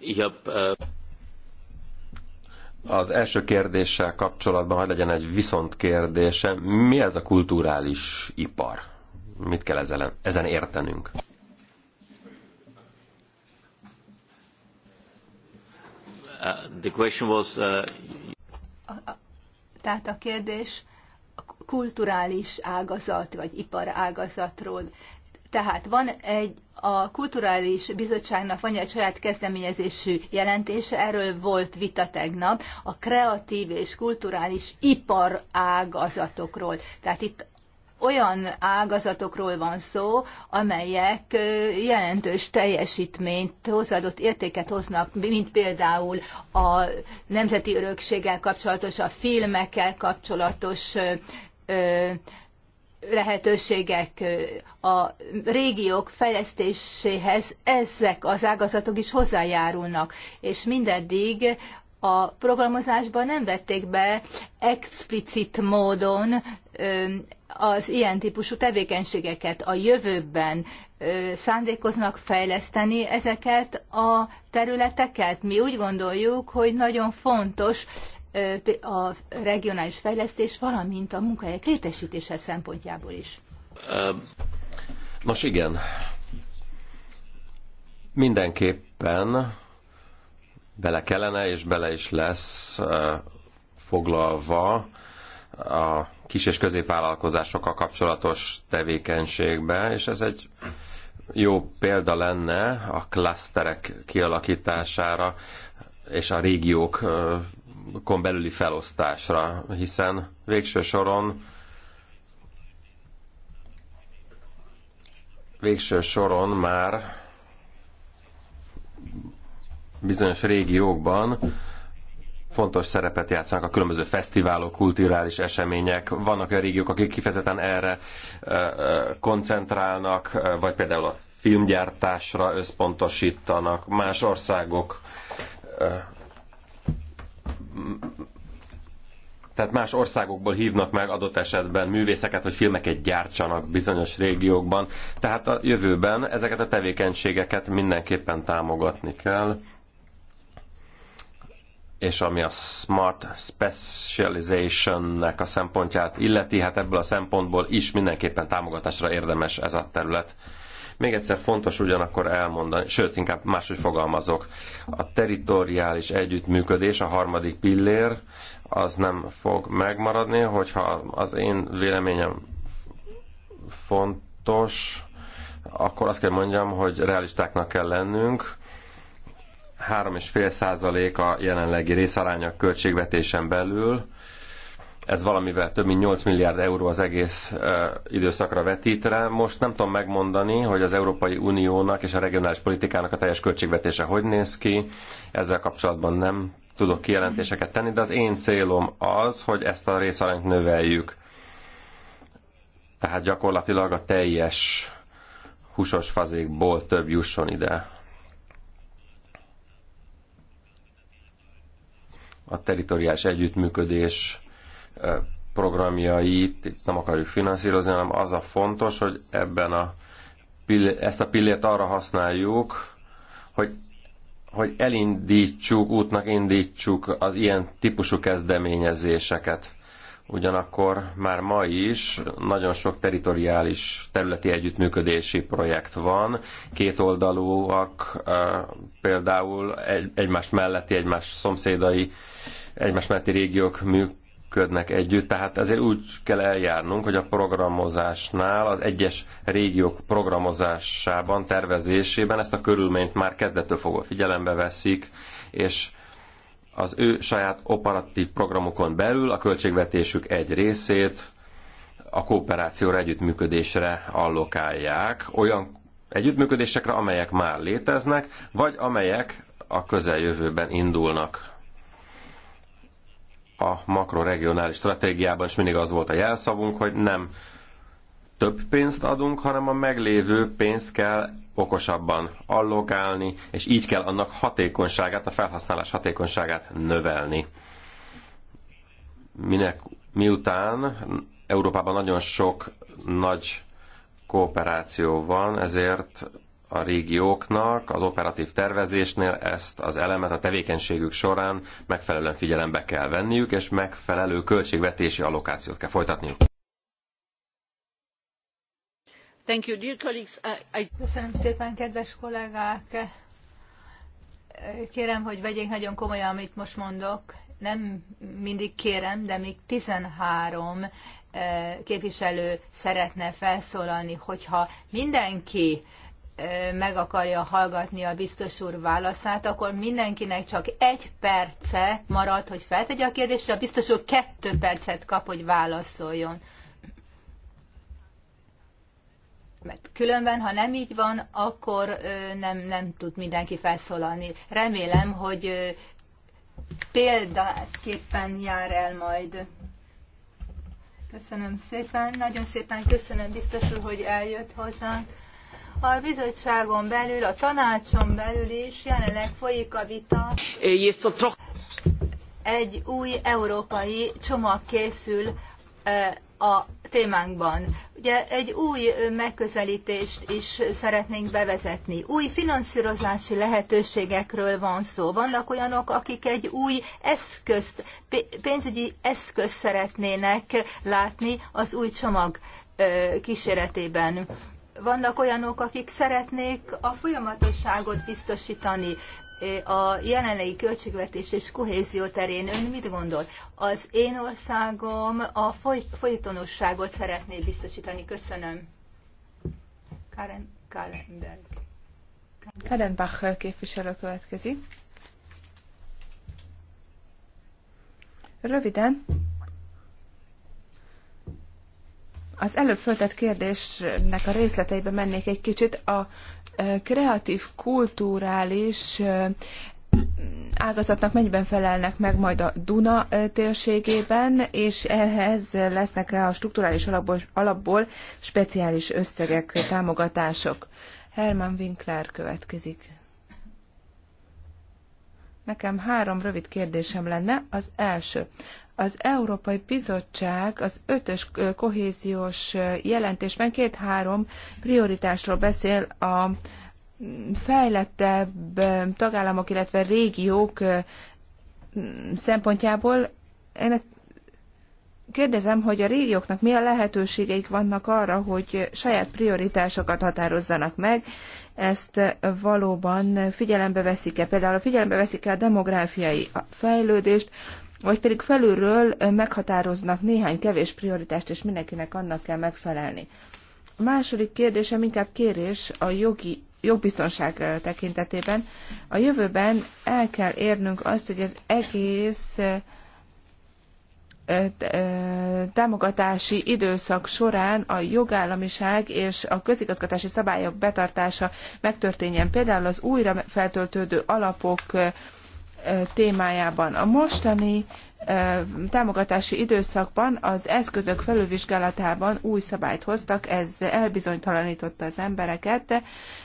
[SPEAKER 3] Äh,
[SPEAKER 2] Az első kérdéssel kapcsolatban, hogy legyen egy viszont kérdése, mi ez a kulturális ipar? Mit kell ezen, ezen értenünk?
[SPEAKER 3] Uh, the question was, uh...
[SPEAKER 4] a, a, tehát a kérdés kulturális ágazat vagy ágazatról. Tehát van egy a Kulturális Bizottságnak van egy saját kezdeményezésű jelentése, erről volt vita tegnap, a kreatív és kulturális ipar ágazatokról. Tehát itt olyan ágazatokról van szó, amelyek jelentős teljesítményt, hozzáadott értéket hoznak, mint például a nemzeti örökséggel kapcsolatos, a filmekkel kapcsolatos lehetőségek a régiók fejlesztéséhez, ezek az ágazatok is hozzájárulnak, és mindeddig a programozásban nem vették be explicit módon az ilyen típusú tevékenységeket a jövőben szándékoznak fejleszteni ezeket a területeket? Mi úgy gondoljuk, hogy nagyon fontos a regionális fejlesztés, valamint a munkahelyek létesítése szempontjából is.
[SPEAKER 2] Nos igen, mindenképpen bele kellene, és bele is lesz foglalva a kis- és középvállalkozásokkal kapcsolatos tevékenységbe, és ez egy jó példa lenne a klaszterek kialakítására és a régiók kon belüli felosztásra, hiszen végső soron végső soron már bizonyos régiókban fontos szerepet játszanak a különböző fesztiválok, kulturális események. Vannak olyan régiók, akik kifejezetten erre koncentrálnak, vagy például a filmgyártásra összpontosítanak, más országok tehát más országokból hívnak meg adott esetben művészeket, hogy filmeket gyártsanak bizonyos régiókban. Tehát a jövőben ezeket a tevékenységeket mindenképpen támogatni kell. És ami a Smart Specialization-nek a szempontját illeti, hát ebből a szempontból is mindenképpen támogatásra érdemes ez a terület. Még egyszer fontos ugyanakkor elmondani, sőt, inkább máshogy fogalmazok. A teritoriális együttműködés, a harmadik pillér, az nem fog megmaradni, hogyha az én véleményem fontos, akkor azt kell mondjam, hogy realistáknak kell lennünk. 3,5% a jelenlegi részaránya költségvetésen belül, ez valamivel több mint 8 milliárd euró az egész időszakra vetít rá. Most nem tudom megmondani, hogy az Európai Uniónak és a regionális politikának a teljes költségvetése hogy néz ki. Ezzel kapcsolatban nem tudok kijelentéseket tenni, de az én célom az, hogy ezt a részarányt növeljük. Tehát gyakorlatilag a teljes húsos fazékból több jusson ide. A teritoriális együttműködés programjait nem akarjuk finanszírozni, hanem az a fontos, hogy ebben a ezt a pillét arra használjuk, hogy, hogy elindítsuk, útnak indítsuk az ilyen típusú kezdeményezéseket. Ugyanakkor már ma is nagyon sok teritoriális területi együttműködési projekt van, kétoldalúak, például egymás melletti, egymás szomszédai, egymás melletti régiók működnek, működnek együtt, tehát ezért úgy kell eljárnunk, hogy a programozásnál, az egyes régiók programozásában, tervezésében ezt a körülményt már kezdettől fogva figyelembe veszik, és az ő saját operatív programokon belül a költségvetésük egy részét a kooperációra, együttműködésre allokálják, olyan együttműködésekre, amelyek már léteznek, vagy amelyek a közeljövőben indulnak a makroregionális stratégiában is mindig az volt a jelszavunk, hogy nem több pénzt adunk, hanem a meglévő pénzt kell okosabban allokálni, és így kell annak hatékonyságát, a felhasználás hatékonyságát növelni. Minek, miután Európában nagyon sok nagy kooperáció van, ezért a régióknak az operatív tervezésnél ezt az elemet a tevékenységük során megfelelően figyelembe kell venniük, és megfelelő költségvetési allokációt kell folytatniuk.
[SPEAKER 1] Thank you, dear colleagues. I, I... Köszönöm
[SPEAKER 4] szépen, kedves kollégák! Kérem, hogy vegyék nagyon komolyan, amit most mondok. Nem mindig kérem, de még 13 eh, képviselő szeretne felszólalni, hogyha mindenki meg akarja hallgatni a biztos úr válaszát, akkor mindenkinek csak egy perce marad, hogy feltegye a kérdésre, a biztos úr kettő percet kap, hogy válaszoljon. Mert különben, ha nem így van, akkor nem, nem tud mindenki felszólalni. Remélem, hogy példaképpen jár el majd. Köszönöm szépen, nagyon szépen köszönöm biztos úr, hogy eljött hozzánk. A bizottságon belül, a tanácson belül is jelenleg folyik a vita. Egy új európai csomag készül e, a témánkban. Ugye egy új megközelítést is szeretnénk bevezetni. Új finanszírozási lehetőségekről van szó. Vannak olyanok, akik egy új eszközt, pénzügyi eszközt szeretnének látni az új csomag e, kíséretében vannak olyanok, akik szeretnék a folyamatosságot biztosítani eh, a jelenlegi költségvetés és kohézió terén. Ön mit gondol? Az én országom a foly- folytonosságot szeretné biztosítani. Köszönöm. Karen Kalenberg.
[SPEAKER 1] Karen Bach képviselő következik. Röviden, az előbb föltett kérdésnek a részleteibe mennék egy kicsit. A kreatív, kulturális ágazatnak mennyiben felelnek meg majd a Duna térségében, és ehhez lesznek -e a strukturális alapból, alapból speciális összegek, támogatások. Herman Winkler következik. Nekem három rövid kérdésem lenne. Az első. Az Európai Bizottság az ötös kohéziós jelentésben két-három prioritásról beszél a fejlettebb tagállamok, illetve régiók szempontjából. Ennek kérdezem, hogy a régióknak milyen lehetőségeik vannak arra, hogy saját prioritásokat határozzanak meg, ezt valóban figyelembe veszik-e. Például figyelembe veszik-e a demográfiai fejlődést, vagy pedig felülről meghatároznak néhány kevés prioritást, és mindenkinek annak kell megfelelni. A második kérdésem inkább kérés a jogi jogbiztonság tekintetében. A jövőben el kell érnünk azt, hogy az egész támogatási időszak során a jogállamiság és a közigazgatási szabályok betartása megtörténjen, például az újra feltöltődő alapok témájában. A mostani támogatási időszakban az eszközök felülvizsgálatában új szabályt hoztak, ez elbizonytalanította az embereket, de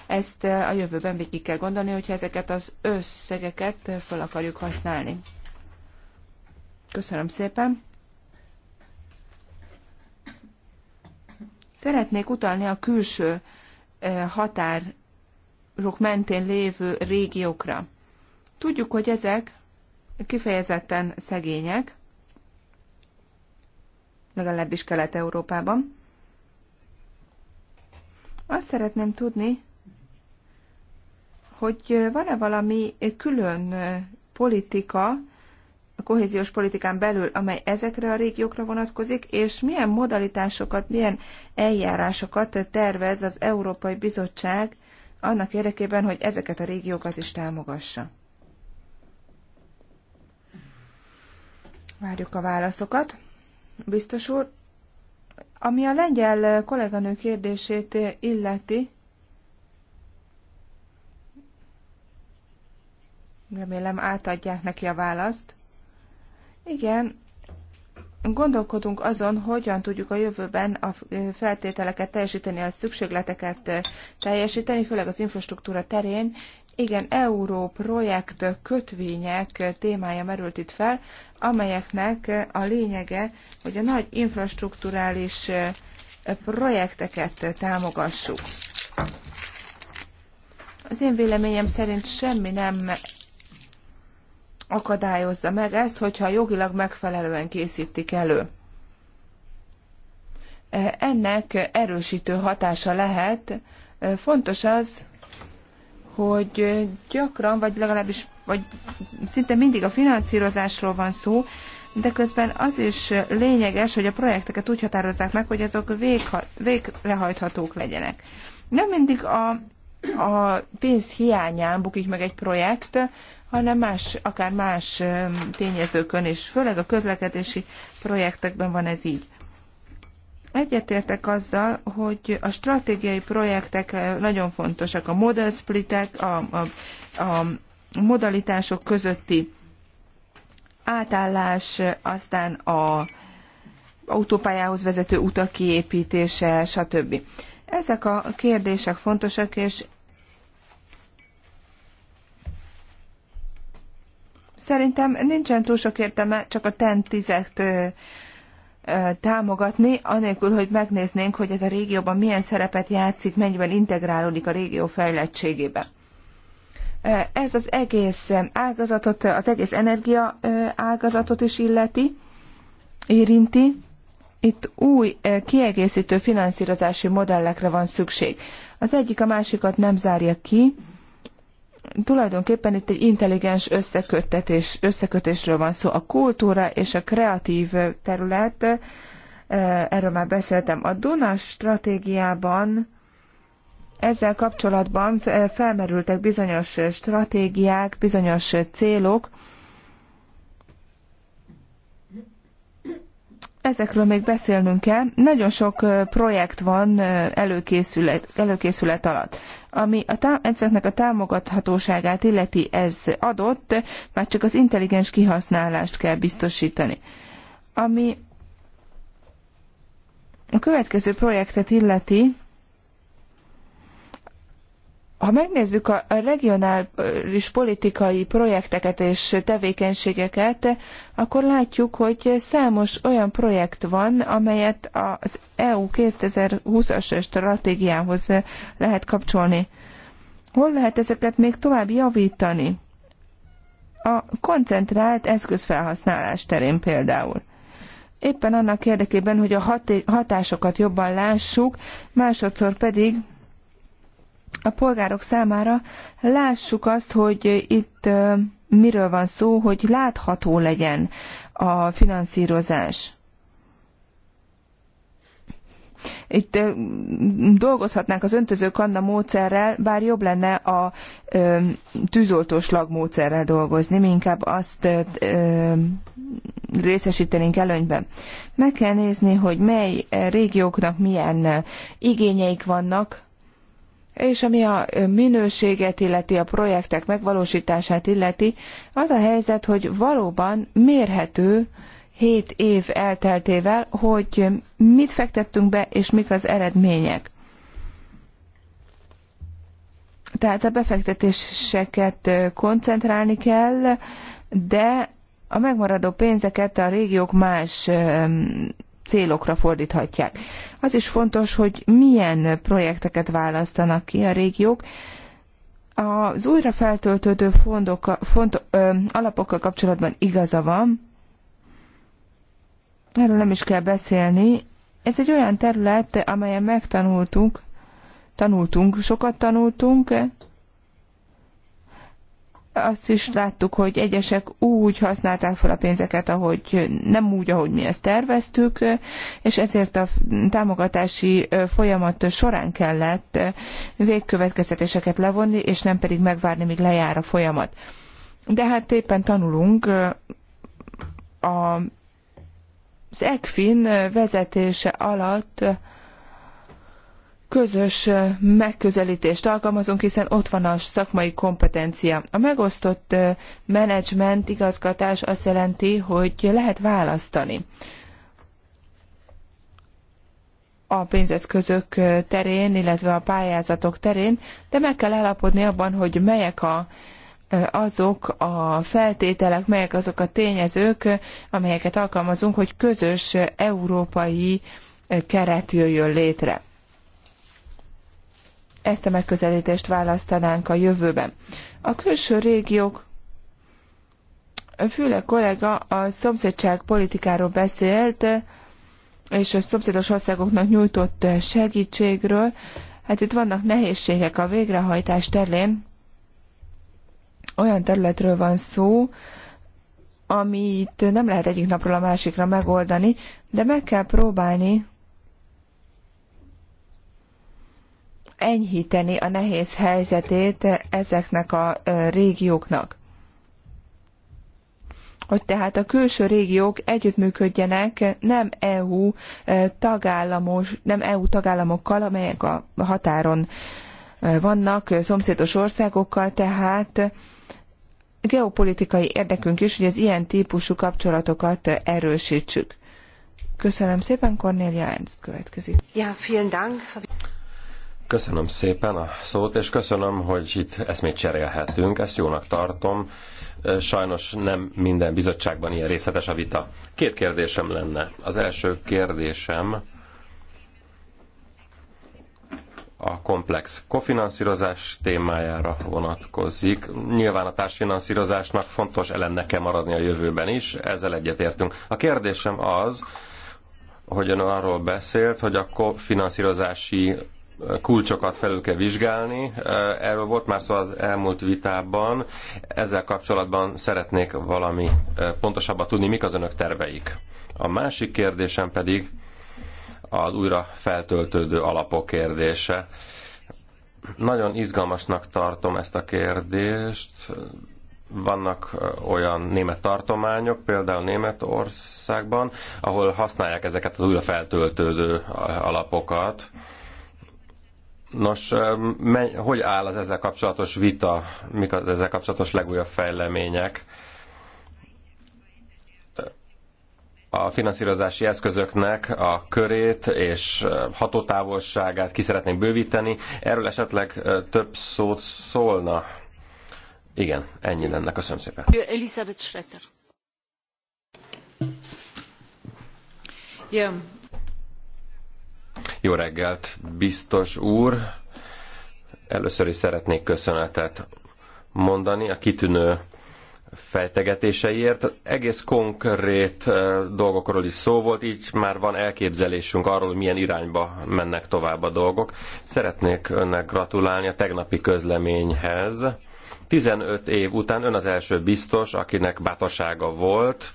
[SPEAKER 1] ezt a jövőben végig kell gondolni, hogyha ezeket az összegeket fel akarjuk használni. Köszönöm szépen! Szeretnék utalni a külső eh, határok mentén lévő régiókra. Tudjuk, hogy ezek kifejezetten szegények, legalábbis Kelet-Európában. Azt szeretném tudni, hogy eh, van-e valami külön eh, politika kohéziós politikán belül, amely ezekre a régiókra vonatkozik, és milyen modalitásokat, milyen eljárásokat tervez az Európai Bizottság annak érdekében, hogy ezeket a régiókat is támogassa. Várjuk a válaszokat. Biztos úr, ami a lengyel kolléganő kérdését illeti, remélem átadják neki a választ. Igen, gondolkodunk azon, hogyan tudjuk a jövőben a feltételeket teljesíteni, a szükségleteket teljesíteni, főleg az infrastruktúra terén. Igen, Euró projekt kötvények témája merült itt fel, amelyeknek a lényege, hogy a nagy infrastruktúrális projekteket támogassuk. Az én véleményem szerint semmi nem akadályozza meg ezt, hogyha jogilag megfelelően készítik elő. E, ennek erősítő hatása lehet. E, fontos az, hogy gyakran, vagy legalábbis vagy szinte mindig a finanszírozásról van szó, de közben az is lényeges, hogy a projekteket úgy határozzák meg, hogy azok végha, végrehajthatók legyenek. Nem mindig a, a pénz hiányán bukik meg egy projekt, hanem más, akár más tényezőkön is, főleg a közlekedési projektekben van ez így. Egyetértek azzal, hogy a stratégiai projektek nagyon fontosak, a model splitek, a, a, a modalitások közötti átállás, aztán a autópályához vezető utak kiépítése, stb. Ezek a kérdések fontosak, és Szerintem nincsen túl sok értelme csak a TEN tizet támogatni, anélkül, hogy megnéznénk, hogy ez a régióban milyen szerepet játszik, mennyiben integrálódik a régió fejlettségébe. Ez az egész ágazatot, az egész energia ágazatot is illeti, érinti. Itt új kiegészítő finanszírozási modellekre van szükség. Az egyik a másikat nem zárja ki, tulajdonképpen itt egy intelligens összekötetés, összekötésről van szó. A kultúra és a kreatív terület, eh, erről már beszéltem, a Duna stratégiában ezzel kapcsolatban felmerültek bizonyos stratégiák, bizonyos célok, ezekről még beszélnünk kell. Nagyon sok projekt van előkészület, előkészület alatt. Ami a tá- ezeknek a támogathatóságát illeti, ez adott, már csak az intelligens kihasználást kell biztosítani. Ami a következő projektet illeti, ha megnézzük a regionális politikai projekteket és tevékenységeket, akkor látjuk, hogy számos olyan projekt van, amelyet az EU 2020-as stratégiához lehet kapcsolni. Hol lehet ezeket még tovább javítani? A koncentrált eszközfelhasználás terén például éppen annak érdekében, hogy a hatásokat jobban lássuk, másodszor pedig a polgárok számára lássuk azt, hogy itt miről van szó, hogy látható legyen a finanszírozás. Itt dolgozhatnánk az öntöző kanna módszerrel, bár jobb lenne a tűzoltóslag módszerrel dolgozni, mi inkább azt ö, részesítenénk előnyben. Meg kell nézni, hogy mely régióknak milyen igényeik vannak, és ami a minőséget illeti, a projektek megvalósítását illeti, az a helyzet, hogy valóban mérhető 7 év elteltével, hogy mit fektettünk be, és mik az eredmények. Tehát a befektetéseket koncentrálni kell, de a megmaradó pénzeket a régiók más célokra fordíthatják. Az is fontos, hogy milyen projekteket választanak ki a régiók, az újra feltöltődő fondok, font, ö, alapokkal kapcsolatban igaza van, erről nem is kell beszélni. Ez egy olyan terület, amelyen megtanultunk, tanultunk, sokat tanultunk, azt is láttuk, hogy egyesek úgy használták fel a pénzeket, ahogy nem úgy, ahogy mi ezt terveztük, és ezért a támogatási folyamat során kellett végkövetkeztetéseket levonni, és nem pedig megvárni, míg lejár a folyamat. De hát éppen tanulunk a az ECFIN vezetése alatt közös megközelítést alkalmazunk, hiszen ott van a szakmai kompetencia. A megosztott menedzsment igazgatás azt jelenti, hogy lehet választani a pénzeszközök terén, illetve a pályázatok terén, de meg kell állapodni abban, hogy melyek a, azok a feltételek, melyek azok a tényezők, amelyeket alkalmazunk, hogy közös európai keret jöjjön létre ezt a megközelítést választanánk a jövőben. A külső régiók Füle kollega a szomszédság politikáról beszélt, és a szomszédos országoknak nyújtott segítségről. Hát itt vannak nehézségek a végrehajtás terén. Olyan területről van szó, amit nem lehet egyik napról a másikra megoldani, de meg kell próbálni enyhíteni a nehéz helyzetét ezeknek a régióknak. Hogy tehát a külső régiók együttműködjenek nem EU tagállamos, nem EU tagállamokkal, amelyek a határon vannak, szomszédos országokkal, tehát geopolitikai érdekünk is, hogy az ilyen típusú kapcsolatokat erősítsük. Köszönöm szépen, Cornelia Ernst következik. Ja, vielen Dank.
[SPEAKER 2] Köszönöm szépen a szót, és köszönöm, hogy itt eszmét cserélhetünk. Ezt jónak tartom. Sajnos nem minden bizottságban ilyen részletes a vita. Két kérdésem lenne. Az első kérdésem a komplex kofinanszírozás témájára vonatkozik. Nyilván a társfinanszírozásnak fontos elemnek kell maradni a jövőben is, ezzel egyetértünk. A kérdésem az, hogy ön arról beszélt, hogy a kofinanszírozási kulcsokat felül kell vizsgálni. Eh, erről volt már szó az elmúlt vitában. Ezzel kapcsolatban szeretnék valami eh, pontosabban tudni, mik az önök terveik. A másik kérdésem pedig az újra feltöltődő alapok kérdése. Nagyon izgalmasnak tartom ezt a kérdést. Vannak eh, olyan német tartományok, például Németországban, ahol használják ezeket az újra feltöltődő alapokat Nos, hogy áll az ezzel kapcsolatos vita, mik az ezzel kapcsolatos legújabb fejlemények? a finanszírozási eszközöknek a körét és hatótávolságát ki szeretnénk bővíteni. Erről esetleg több szót szólna? Igen, ennyi lenne. Köszönöm szépen.
[SPEAKER 1] Elisabeth Schroeder. Yeah.
[SPEAKER 2] Jó reggelt, biztos úr! Először is szeretnék köszönetet mondani a kitűnő fejtegetéseiért. Egész konkrét eh, dolgokról is szó volt, így már van elképzelésünk arról, milyen irányba mennek tovább a dolgok. Szeretnék önnek gratulálni a tegnapi közleményhez. 15 év után ön az első biztos, akinek bátorsága volt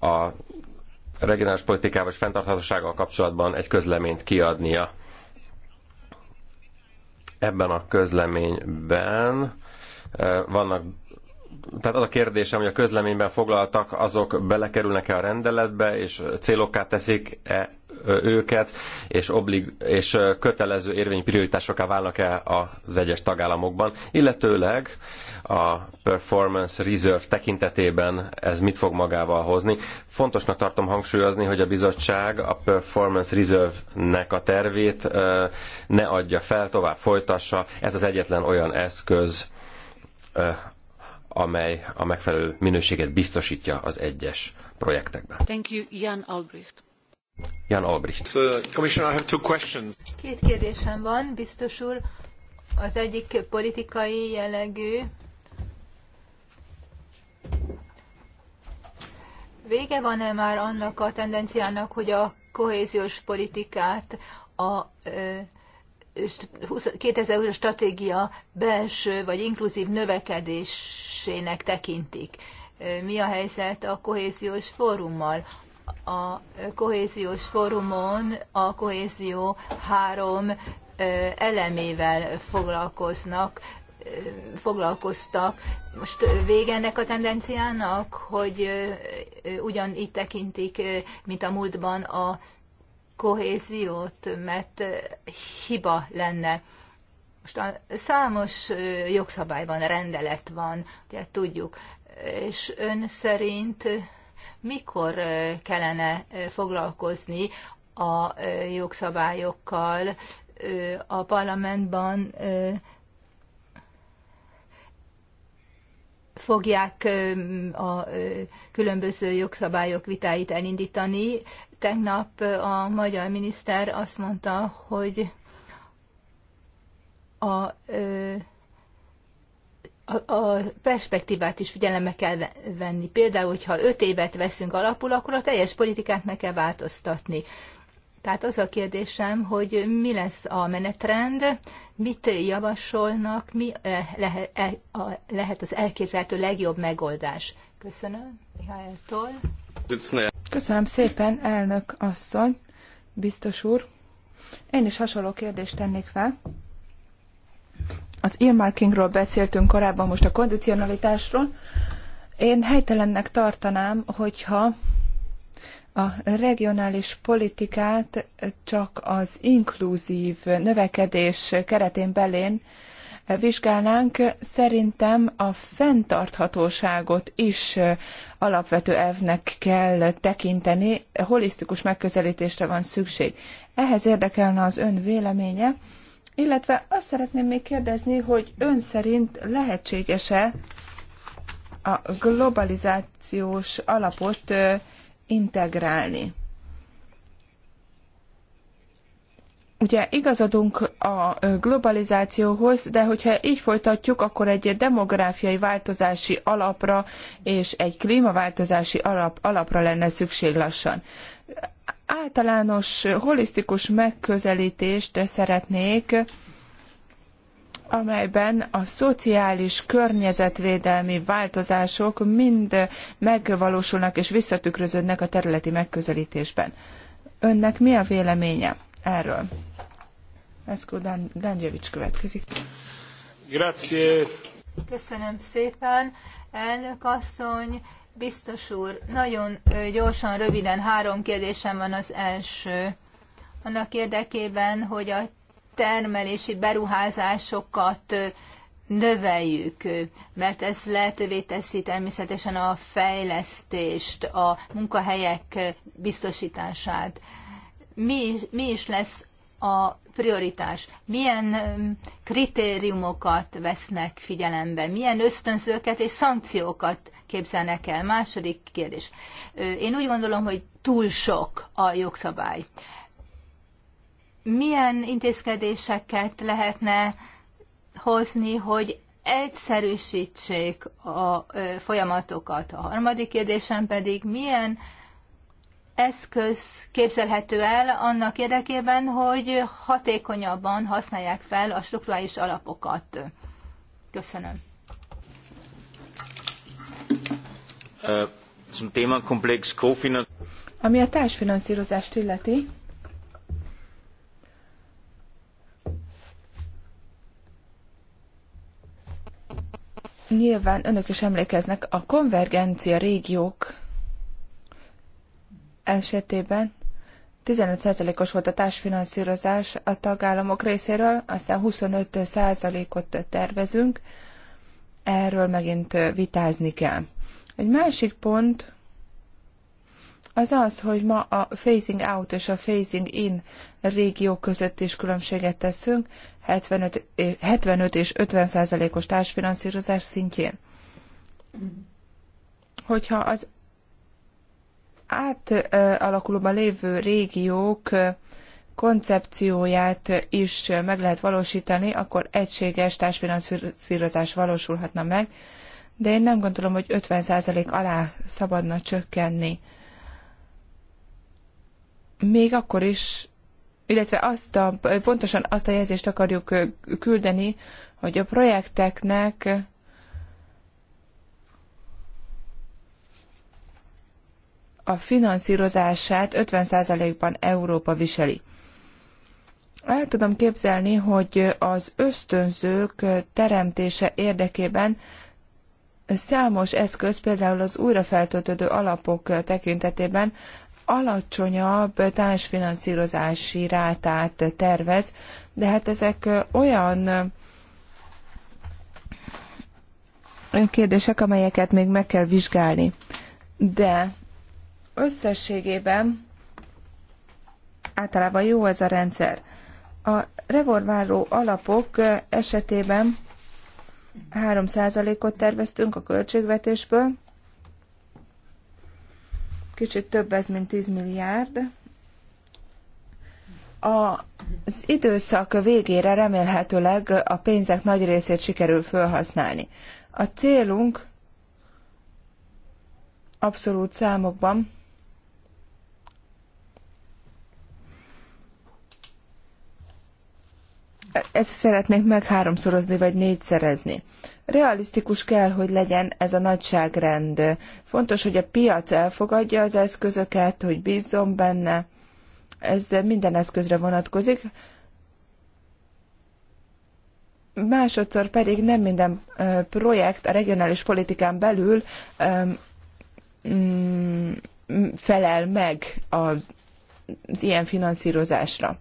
[SPEAKER 2] a regionális politikával és fenntarthatósággal kapcsolatban egy közleményt kiadnia. Ebben a közleményben eh, vannak tehát az a kérdésem, hogy a közleményben foglaltak, azok belekerülnek-e a rendeletbe, és célokká teszik-e őket, és, oblig, és kötelező érvényi prioritásokká válnak-e az egyes tagállamokban, illetőleg a performance reserve tekintetében ez mit fog magával hozni. Fontosnak tartom hangsúlyozni, hogy a bizottság a performance reserve-nek a tervét ne adja fel, tovább folytassa. Ez az egyetlen olyan eszköz, amely a megfelelő minőséget biztosítja az egyes projektekben.
[SPEAKER 1] Thank you, Jan Albrecht.
[SPEAKER 2] Jan Albrecht.
[SPEAKER 4] Két kérdésem van, biztos úr. Az egyik politikai jellegű. Vége van-e már annak a tendenciának, hogy a kohéziós politikát a 2020 stratégia belső vagy inkluzív növekedésének tekintik? Mi a helyzet a kohéziós fórummal? a kohéziós fórumon a kohézió három elemével foglalkoznak, foglalkoztak. Most vége ennek a tendenciának, hogy ugyan itt tekintik, mint a múltban a kohéziót, mert hiba lenne. Most a számos jogszabályban rendelet van, ugye tudjuk, és ön szerint mikor kellene foglalkozni a jogszabályokkal a parlamentban fogják a különböző jogszabályok vitáit elindítani. Tegnap a magyar miniszter azt mondta, hogy a a, a perspektívát is figyelembe kell venni. Például, hogyha öt évet veszünk alapul, akkor a teljes politikát meg kell változtatni. Tehát az a kérdésem, hogy mi lesz a menetrend, mit javasolnak, mi eh, eh, lehet, az elképzelhető legjobb megoldás. Köszönöm Mihálytól.
[SPEAKER 1] Köszönöm szépen, elnök asszony, biztos úr. Én is hasonló kérdést tennék fel. Az earmarkingról beszéltünk korábban, most a kondicionalitásról. Én helytelennek tartanám, hogyha a regionális politikát csak az inkluzív növekedés keretén belén vizsgálnánk, szerintem a fenntarthatóságot is alapvető elvnek kell tekinteni, holisztikus megközelítésre van szükség. Ehhez érdekelne az ön véleménye, illetve azt szeretném még kérdezni, hogy ön szerint lehetséges-e a globalizációs alapot integrálni? Ugye igazadunk a globalizációhoz, de hogyha így folytatjuk, akkor egy demográfiai változási alapra és egy klímaváltozási alap, alapra lenne szükség lassan általános, holisztikus megközelítést szeretnék, amelyben a szociális környezetvédelmi változások mind megvalósulnak és visszatükröződnek a területi megközelítésben. Önnek mi a véleménye erről? Eszkó Dan- Danjevics következik.
[SPEAKER 3] Grazie.
[SPEAKER 4] Köszönöm szépen, elnök asszony, Biztos úr, nagyon gyorsan, röviden három kérdésem van az első. Annak érdekében, hogy a termelési beruházásokat növeljük, mert ez lehetővé teszi természetesen a fejlesztést, a munkahelyek biztosítását. Mi, mi is lesz a prioritás? Milyen kritériumokat vesznek figyelembe? Milyen ösztönzőket és szankciókat képzelnek el. Második kérdés. Én úgy gondolom, hogy túl sok a jogszabály. Milyen intézkedéseket lehetne hozni, hogy egyszerűsítsék a folyamatokat? A harmadik kérdésem pedig, milyen eszköz képzelhető el annak érdekében, hogy hatékonyabban használják fel a struktúrális alapokat?
[SPEAKER 1] Köszönöm. Ami a társfinanszírozást illeti, nyilván önök is emlékeznek, a konvergencia régiók esetében 15%-os volt a társfinanszírozás a tagállamok részéről, aztán 25%-ot tervezünk, erről megint vitázni kell. Egy másik pont az az, hogy ma a phasing out és a phasing in régió között is különbséget teszünk, 75, 75 és 50 százalékos társfinanszírozás szintjén. Hogyha az átalakulóban lévő régiók koncepcióját is meg lehet valósítani, akkor egységes társfinanszírozás valósulhatna meg, de én nem gondolom, hogy 50% alá szabadna csökkenni. Még akkor is, illetve azt a, pontosan azt a jelzést akarjuk küldeni, hogy a projekteknek a finanszírozását 50%-ban Európa viseli. El tudom képzelni, hogy az ösztönzők teremtése érdekében számos eszköz, például az újrafeltöltődő alapok tekintetében alacsonyabb társfinanszírozási rátát tervez, de hát ezek olyan kérdések, amelyeket még meg kell vizsgálni. De összességében általában jó ez a rendszer. A revolváró alapok esetében 3%-ot terveztünk a költségvetésből, kicsit több ez, mint 10 milliárd. Az időszak végére remélhetőleg a pénzek nagy részét sikerül felhasználni. A célunk abszolút számokban ezt szeretnék meg háromszorozni vagy négyszerezni. Realisztikus kell, hogy legyen ez a nagyságrend. Fontos, hogy a piac elfogadja az eszközöket, hogy bízzon benne. Ez minden eszközre vonatkozik. Másodszor pedig nem minden projekt a regionális politikán belül mm, felel meg az ilyen finanszírozásra.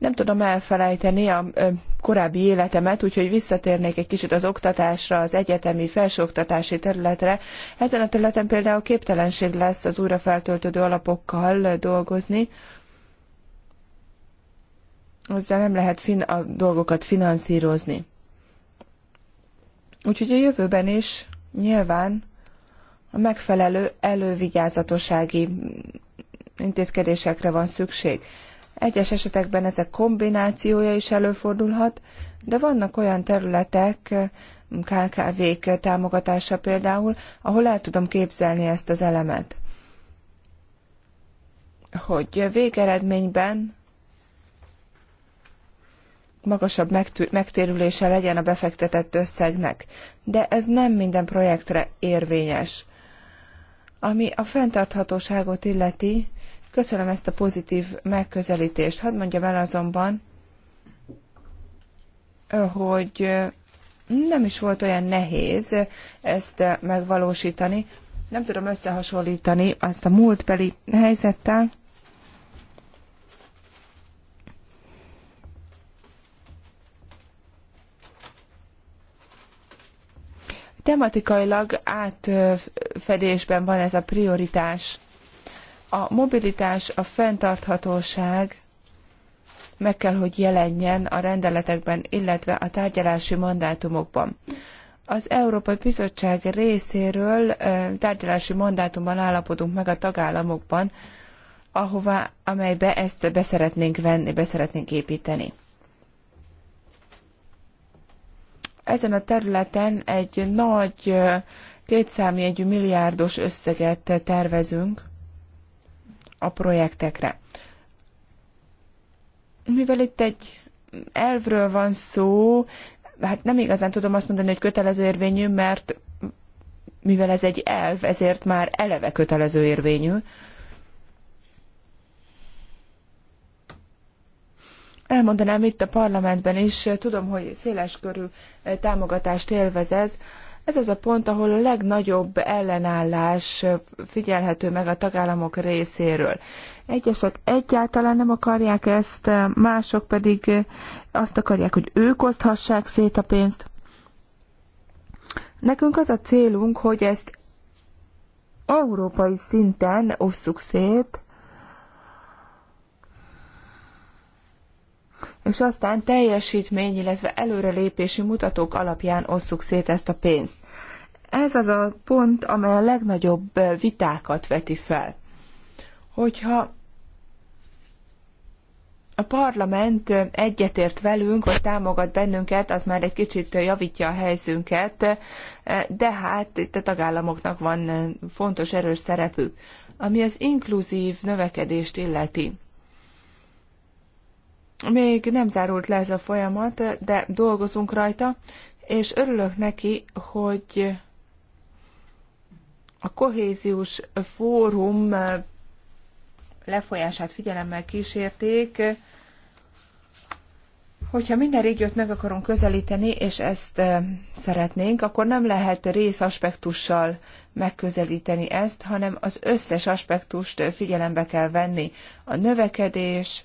[SPEAKER 1] Nem tudom elfelejteni a korábbi életemet, úgyhogy visszatérnék egy kicsit az oktatásra, az egyetemi, felsőoktatási területre. Ezen a területen például képtelenség lesz az újra feltöltődő alapokkal dolgozni. Hozzá nem lehet a dolgokat finanszírozni. Úgyhogy a jövőben is nyilván a megfelelő elővigyázatossági intézkedésekre van szükség. Egyes esetekben ezek kombinációja is előfordulhat, de vannak olyan területek, KKV-k támogatása például, ahol el tudom képzelni ezt az elemet. Hogy végeredményben magasabb megtérülése legyen a befektetett összegnek, de ez nem minden projektre érvényes. Ami a fenntarthatóságot illeti, Köszönöm ezt a pozitív megközelítést. Hadd mondjam el azonban, hogy nem is volt olyan nehéz ezt megvalósítani. Nem tudom összehasonlítani azt a múltbeli helyzettel, Tematikailag átfedésben van ez a prioritás a mobilitás, a fenntarthatóság meg kell, hogy jelenjen a rendeletekben, illetve a tárgyalási mandátumokban. Az Európai Bizottság részéről tárgyalási mandátumban állapodunk meg a tagállamokban, ahova amelybe ezt beszeretnénk venni, beszeretnénk építeni. Ezen a területen egy nagy kétszámjegyű milliárdos összeget tervezünk, a projektekre. Mivel itt egy elvről van szó, hát nem igazán tudom azt mondani, hogy kötelező érvényű, mert mivel ez egy elv, ezért már eleve kötelező érvényű. Elmondanám itt a parlamentben is, tudom, hogy széles körű támogatást élvez ez, ez az a pont, ahol a legnagyobb ellenállás figyelhető meg a tagállamok részéről. Egyesek egyáltalán nem akarják ezt, mások pedig azt akarják, hogy ők oszthassák szét a pénzt. Nekünk az a célunk, hogy ezt európai szinten osszuk szét, és aztán teljesítmény, illetve előrelépési mutatók alapján osszuk szét ezt a pénzt. Ez az a pont, amely a legnagyobb vitákat veti fel. Hogyha a parlament egyetért velünk, vagy támogat bennünket, az már egy kicsit javítja a helyzünket, de hát itt a tagállamoknak van fontos erős szerepük, ami az inkluzív növekedést illeti. Még nem zárult le ez a folyamat, de dolgozunk rajta, és örülök neki, hogy a kohéziós fórum lefolyását figyelemmel kísérték. Hogyha minden régiót meg akarunk közelíteni, és ezt szeretnénk, akkor nem lehet részaspektussal megközelíteni ezt, hanem az összes aspektust figyelembe kell venni. A növekedés,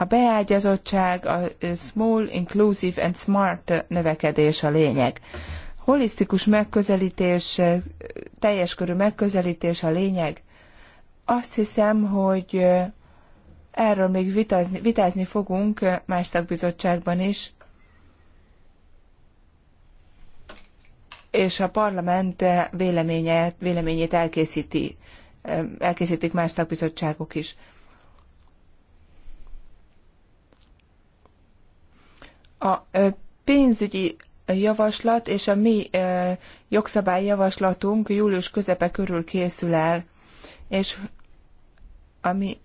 [SPEAKER 1] A beágyazottság, a small, inclusive and smart növekedés a lényeg. Holisztikus megközelítés, teljes körű megközelítés a lényeg. Azt hiszem, hogy erről még vitázni, vitázni fogunk más szakbizottságban is, és a parlament véleményét elkészíti, elkészítik más szakbizottságok is. A pénzügyi javaslat és a mi jogszabályjavaslatunk július közepe körül készül el, és ami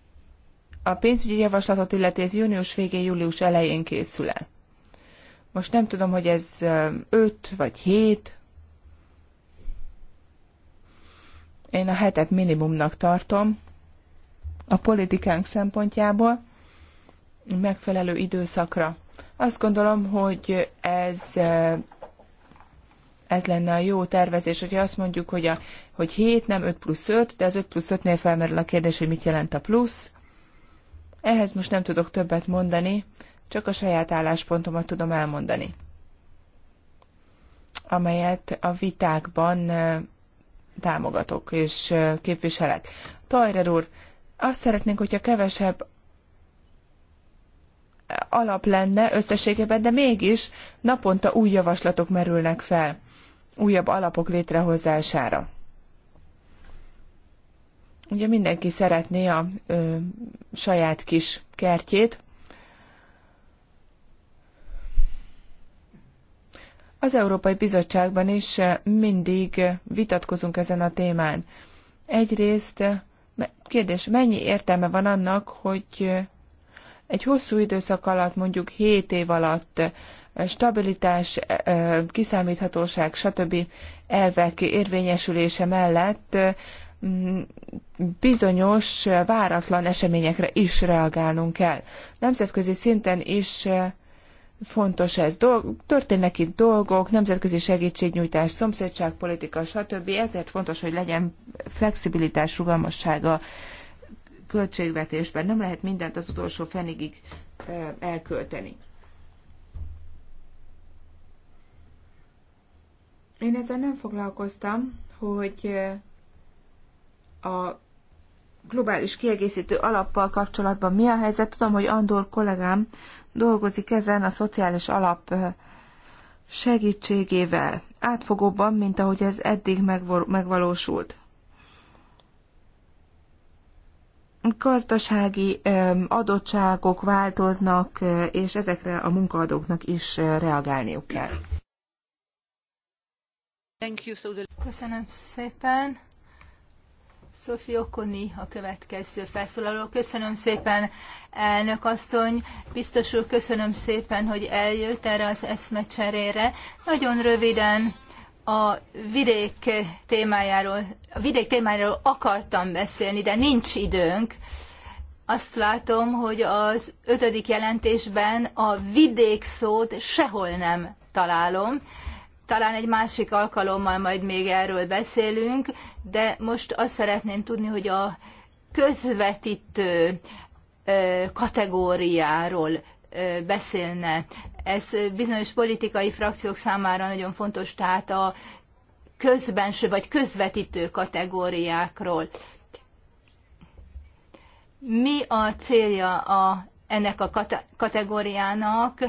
[SPEAKER 1] a pénzügyi javaslatot illeti, ez június végén, július elején készül el. Most nem tudom, hogy ez 5 vagy 7. Én a hetet minimumnak tartom a politikánk szempontjából megfelelő időszakra azt gondolom, hogy ez e, ez lenne a jó tervezés, hogyha azt mondjuk, hogy, a, hogy 7, nem 5 plusz 5, de az 5 plusz 5-nél felmerül a kérdés, hogy mit jelent a plusz. Ehhez most nem tudok többet mondani, csak a saját álláspontomat tudom elmondani, amelyet a vitákban e, támogatok és e, képviselek. Tajrer úr, azt szeretnénk, hogyha kevesebb alap lenne összességében, de mégis naponta új javaslatok merülnek fel újabb alapok létrehozására. Ugye mindenki szeretné a ö, saját kis kertjét. Az Európai Bizottságban is mindig vitatkozunk ezen a témán. Egyrészt kérdés, mennyi értelme van annak, hogy egy hosszú időszak alatt, mondjuk 7 év alatt eh, stabilitás, eh, eh, kiszámíthatóság, stb. elvek érvényesülése mellett mm, bizonyos váratlan eseményekre is reagálnunk kell. Nemzetközi szinten is fontos ez. történnek itt dolgok, nemzetközi segítségnyújtás, szomszédságpolitika, stb. Ezért fontos, hogy legyen flexibilitás, rugalmassága költségvetésben. Nem lehet mindent az utolsó fenigig elkölteni. Én ezzel nem foglalkoztam, hogy a globális kiegészítő alappal kapcsolatban mi a helyzet. Tudom, hogy Andor kollégám dolgozik ezen a szociális alap segítségével, átfogóbban, mint ahogy ez eddig megvalósult. gazdasági adottságok változnak, e, és ezekre a munkaadóknak is e, reagálniuk kell.
[SPEAKER 4] Köszönöm szépen. Sophie Okoni a következő felszólaló. Köszönöm szépen, elnök asszony. Biztosul köszönöm szépen, hogy eljött erre az eszmecserére. Nagyon röviden a vidék témájáról, a vidék témájáról akartam beszélni, de nincs időnk. Azt látom, hogy az ötödik jelentésben a vidék szót sehol nem találom. Talán egy másik alkalommal majd még erről beszélünk, de most azt szeretném tudni, hogy a közvetítő kategóriáról beszélne. Ez bizonyos politikai frakciók számára nagyon fontos, tehát a közbenső vagy közvetítő kategóriákról. Mi a célja a, ennek a kate, kategóriának,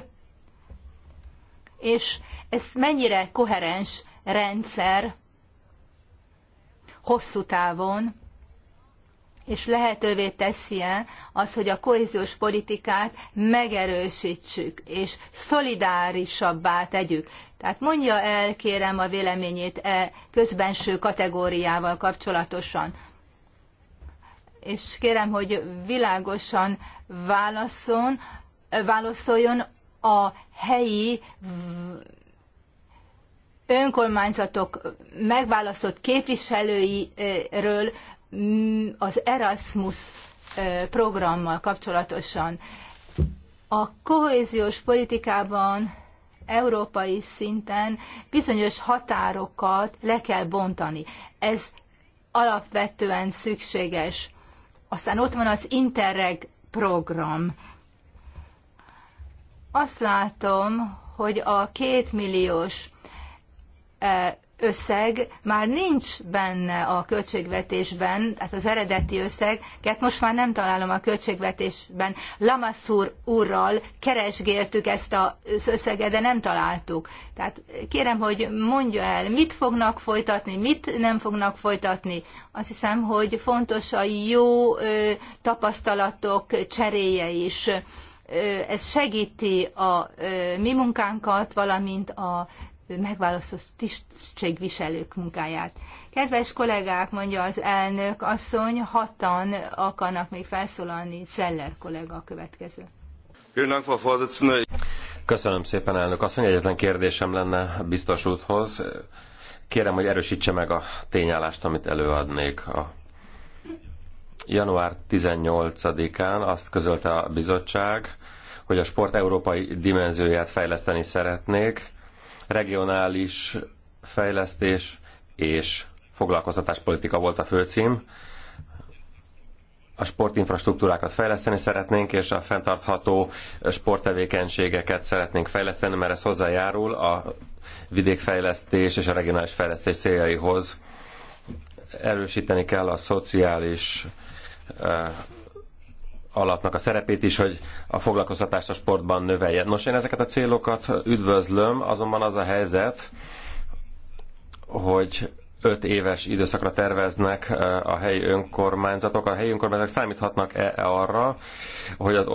[SPEAKER 4] és ez mennyire koherens rendszer hosszú távon, és lehetővé teszi -e az, hogy a kohéziós politikát megerősítsük, és szolidárisabbá tegyük. Tehát mondja el, kérem, a véleményét e közbenső kategóriával kapcsolatosan. És kérem, hogy világosan válaszol, válaszoljon a helyi önkormányzatok megválasztott képviselőiről az Erasmus programmal kapcsolatosan. A kohéziós politikában európai szinten bizonyos határokat le kell bontani. Ez alapvetően szükséges. Aztán ott van az Interreg program. Azt látom, hogy a kétmilliós összeg már nincs benne a költségvetésben, tehát az eredeti összeget most már nem találom a költségvetésben. Lamassur úrral keresgéltük ezt az összeget, de nem találtuk. Tehát kérem, hogy mondja el, mit fognak folytatni, mit nem fognak folytatni. Azt hiszem, hogy fontos a jó tapasztalatok cseréje is ez segíti a mi munkánkat, valamint a megválasztott tisztségviselők munkáját. Kedves kollégák, mondja az elnök asszony, hatan akarnak még felszólalni, Zeller kollega a következő.
[SPEAKER 2] Köszönöm szépen, elnök asszony. Egyetlen kérdésem lenne biztos úthoz. Kérem, hogy erősítse meg a tényállást, amit előadnék. A január 18-án azt közölte a bizottság, hogy a sport európai dimenzióját fejleszteni szeretnék, Regionális fejlesztés és foglalkoztatáspolitika volt a főcím. A sportinfrastruktúrákat fejleszteni szeretnénk, és a fenntartható sporttevékenységeket szeretnénk fejleszteni, mert ez hozzájárul a vidékfejlesztés és a regionális fejlesztés céljaihoz. Erősíteni kell a szociális eh, alapnak a szerepét is, hogy a foglalkoztatást a sportban növelje. Nos, én ezeket a célokat üdvözlöm, azonban az a helyzet, hogy öt éves időszakra terveznek eh, a helyi önkormányzatok. A helyi önkormányzatok számíthatnak -e arra, hogy az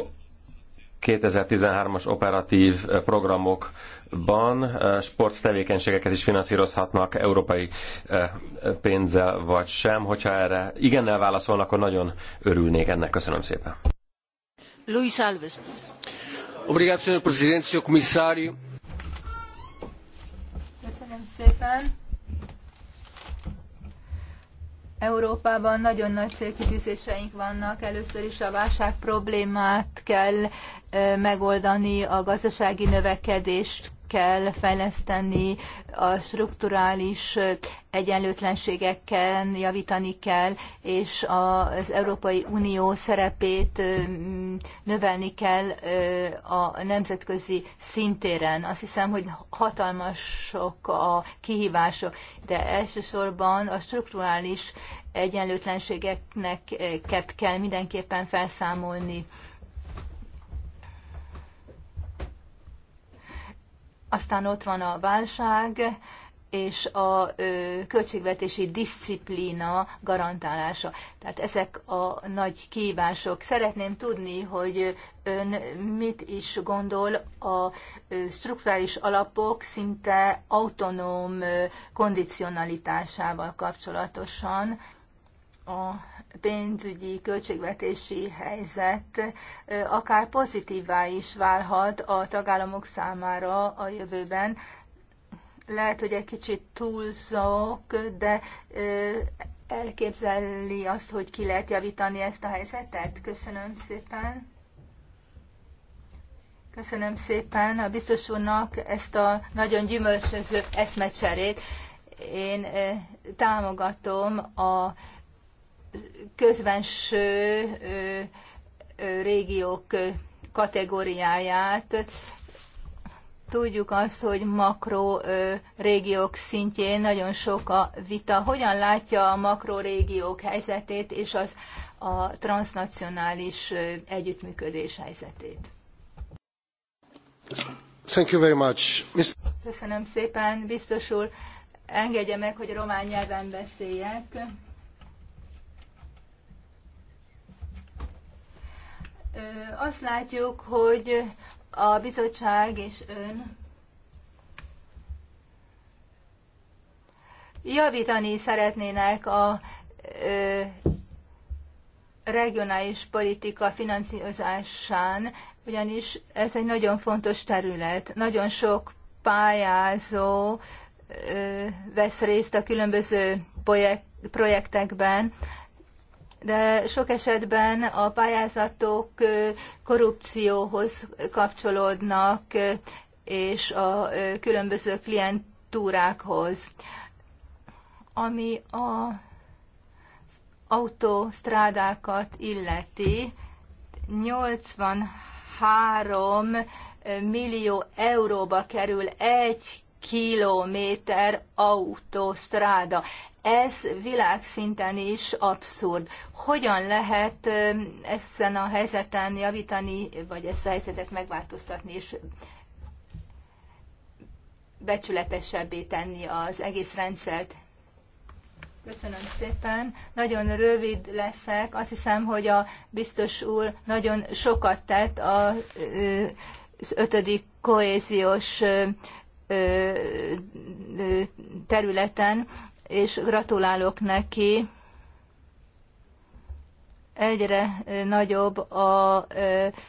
[SPEAKER 2] 2013-as operatív programokban eh, sporttevékenységeket is finanszírozhatnak európai eh, pénzzel vagy sem. Hogyha erre igennel válaszolnak, akkor nagyon örülnék ennek. Köszönöm szépen.
[SPEAKER 1] Luis Alves, please.
[SPEAKER 2] Obrigado, Sr. Presidente, Sr. Comissário.
[SPEAKER 4] Köszönöm szépen. Európában nagyon nagy célkitűzéseink vannak. Először is a válság problémát kell megoldani, a gazdasági növekedést kell fejleszteni, a strukturális egyenlőtlenségeken javítani kell, és az Európai Unió szerepét növelni kell a nemzetközi szintéren. Azt hiszem, hogy hatalmasok a kihívások, de elsősorban a strukturális egyenlőtlenségeknek kell mindenképpen felszámolni. Aztán ott van a válság és a költségvetési disziplína garantálása. Tehát ezek a nagy kívások. Szeretném tudni, hogy ön mit is gondol a strukturális alapok szinte autonóm kondicionalitásával kapcsolatosan a pénzügyi, költségvetési helyzet akár pozitívá is válhat a tagállamok számára a jövőben. Lehet, hogy egy kicsit túlzok, de elképzeli azt, hogy ki lehet javítani ezt a helyzetet? Köszönöm szépen. Köszönöm szépen a biztos úrnak ezt a nagyon gyümölcsöző eszmecserét. Én támogatom a közvenső régiók kategóriáját. Tudjuk azt, hogy makro régiók szintjén nagyon sok a vita. Hogyan látja a makro régiók helyzetét és az a transnacionális együttműködés helyzetét?
[SPEAKER 2] Thank you very much. Mr.
[SPEAKER 4] Köszönöm szépen, biztos úr. Engedje meg, hogy román nyelven beszéljek. Azt látjuk, hogy a bizottság és ön javítani szeretnének a regionális politika finanszírozásán, ugyanis ez egy nagyon fontos terület. Nagyon sok pályázó vesz részt a különböző projektekben de sok esetben a pályázatok korrupcióhoz kapcsolódnak, és a különböző klientúrákhoz. Ami a autósztrádákat illeti, 83 millió euróba kerül egy kilométer autósztráda. Ez világszinten is abszurd. Hogyan lehet ezen a helyzeten javítani, vagy ezt a helyzetet megváltoztatni, és becsületesebbé tenni az egész rendszert? Köszönöm szépen. Nagyon rövid leszek. Azt hiszem, hogy a biztos úr nagyon sokat tett az ötödik kohéziós területen, és gratulálok neki. Egyre nagyobb a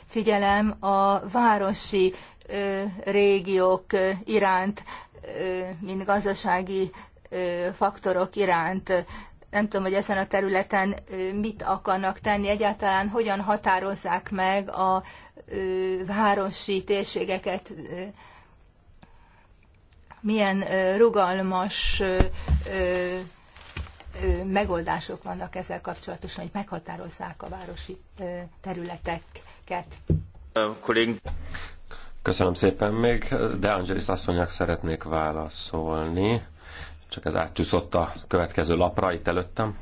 [SPEAKER 4] figyelem a városi régiók iránt, mint gazdasági faktorok iránt. Nem tudom, hogy ezen a területen mit akarnak tenni, egyáltalán hogyan határozzák meg a városi térségeket milyen rugalmas megoldások vannak ezzel kapcsolatosan, hogy meghatározzák a városi területeket.
[SPEAKER 2] Köszönöm szépen. Még De Angelis asszonyak szeretnék válaszolni. Csak ez átcsúszott a következő lapra itt előttem.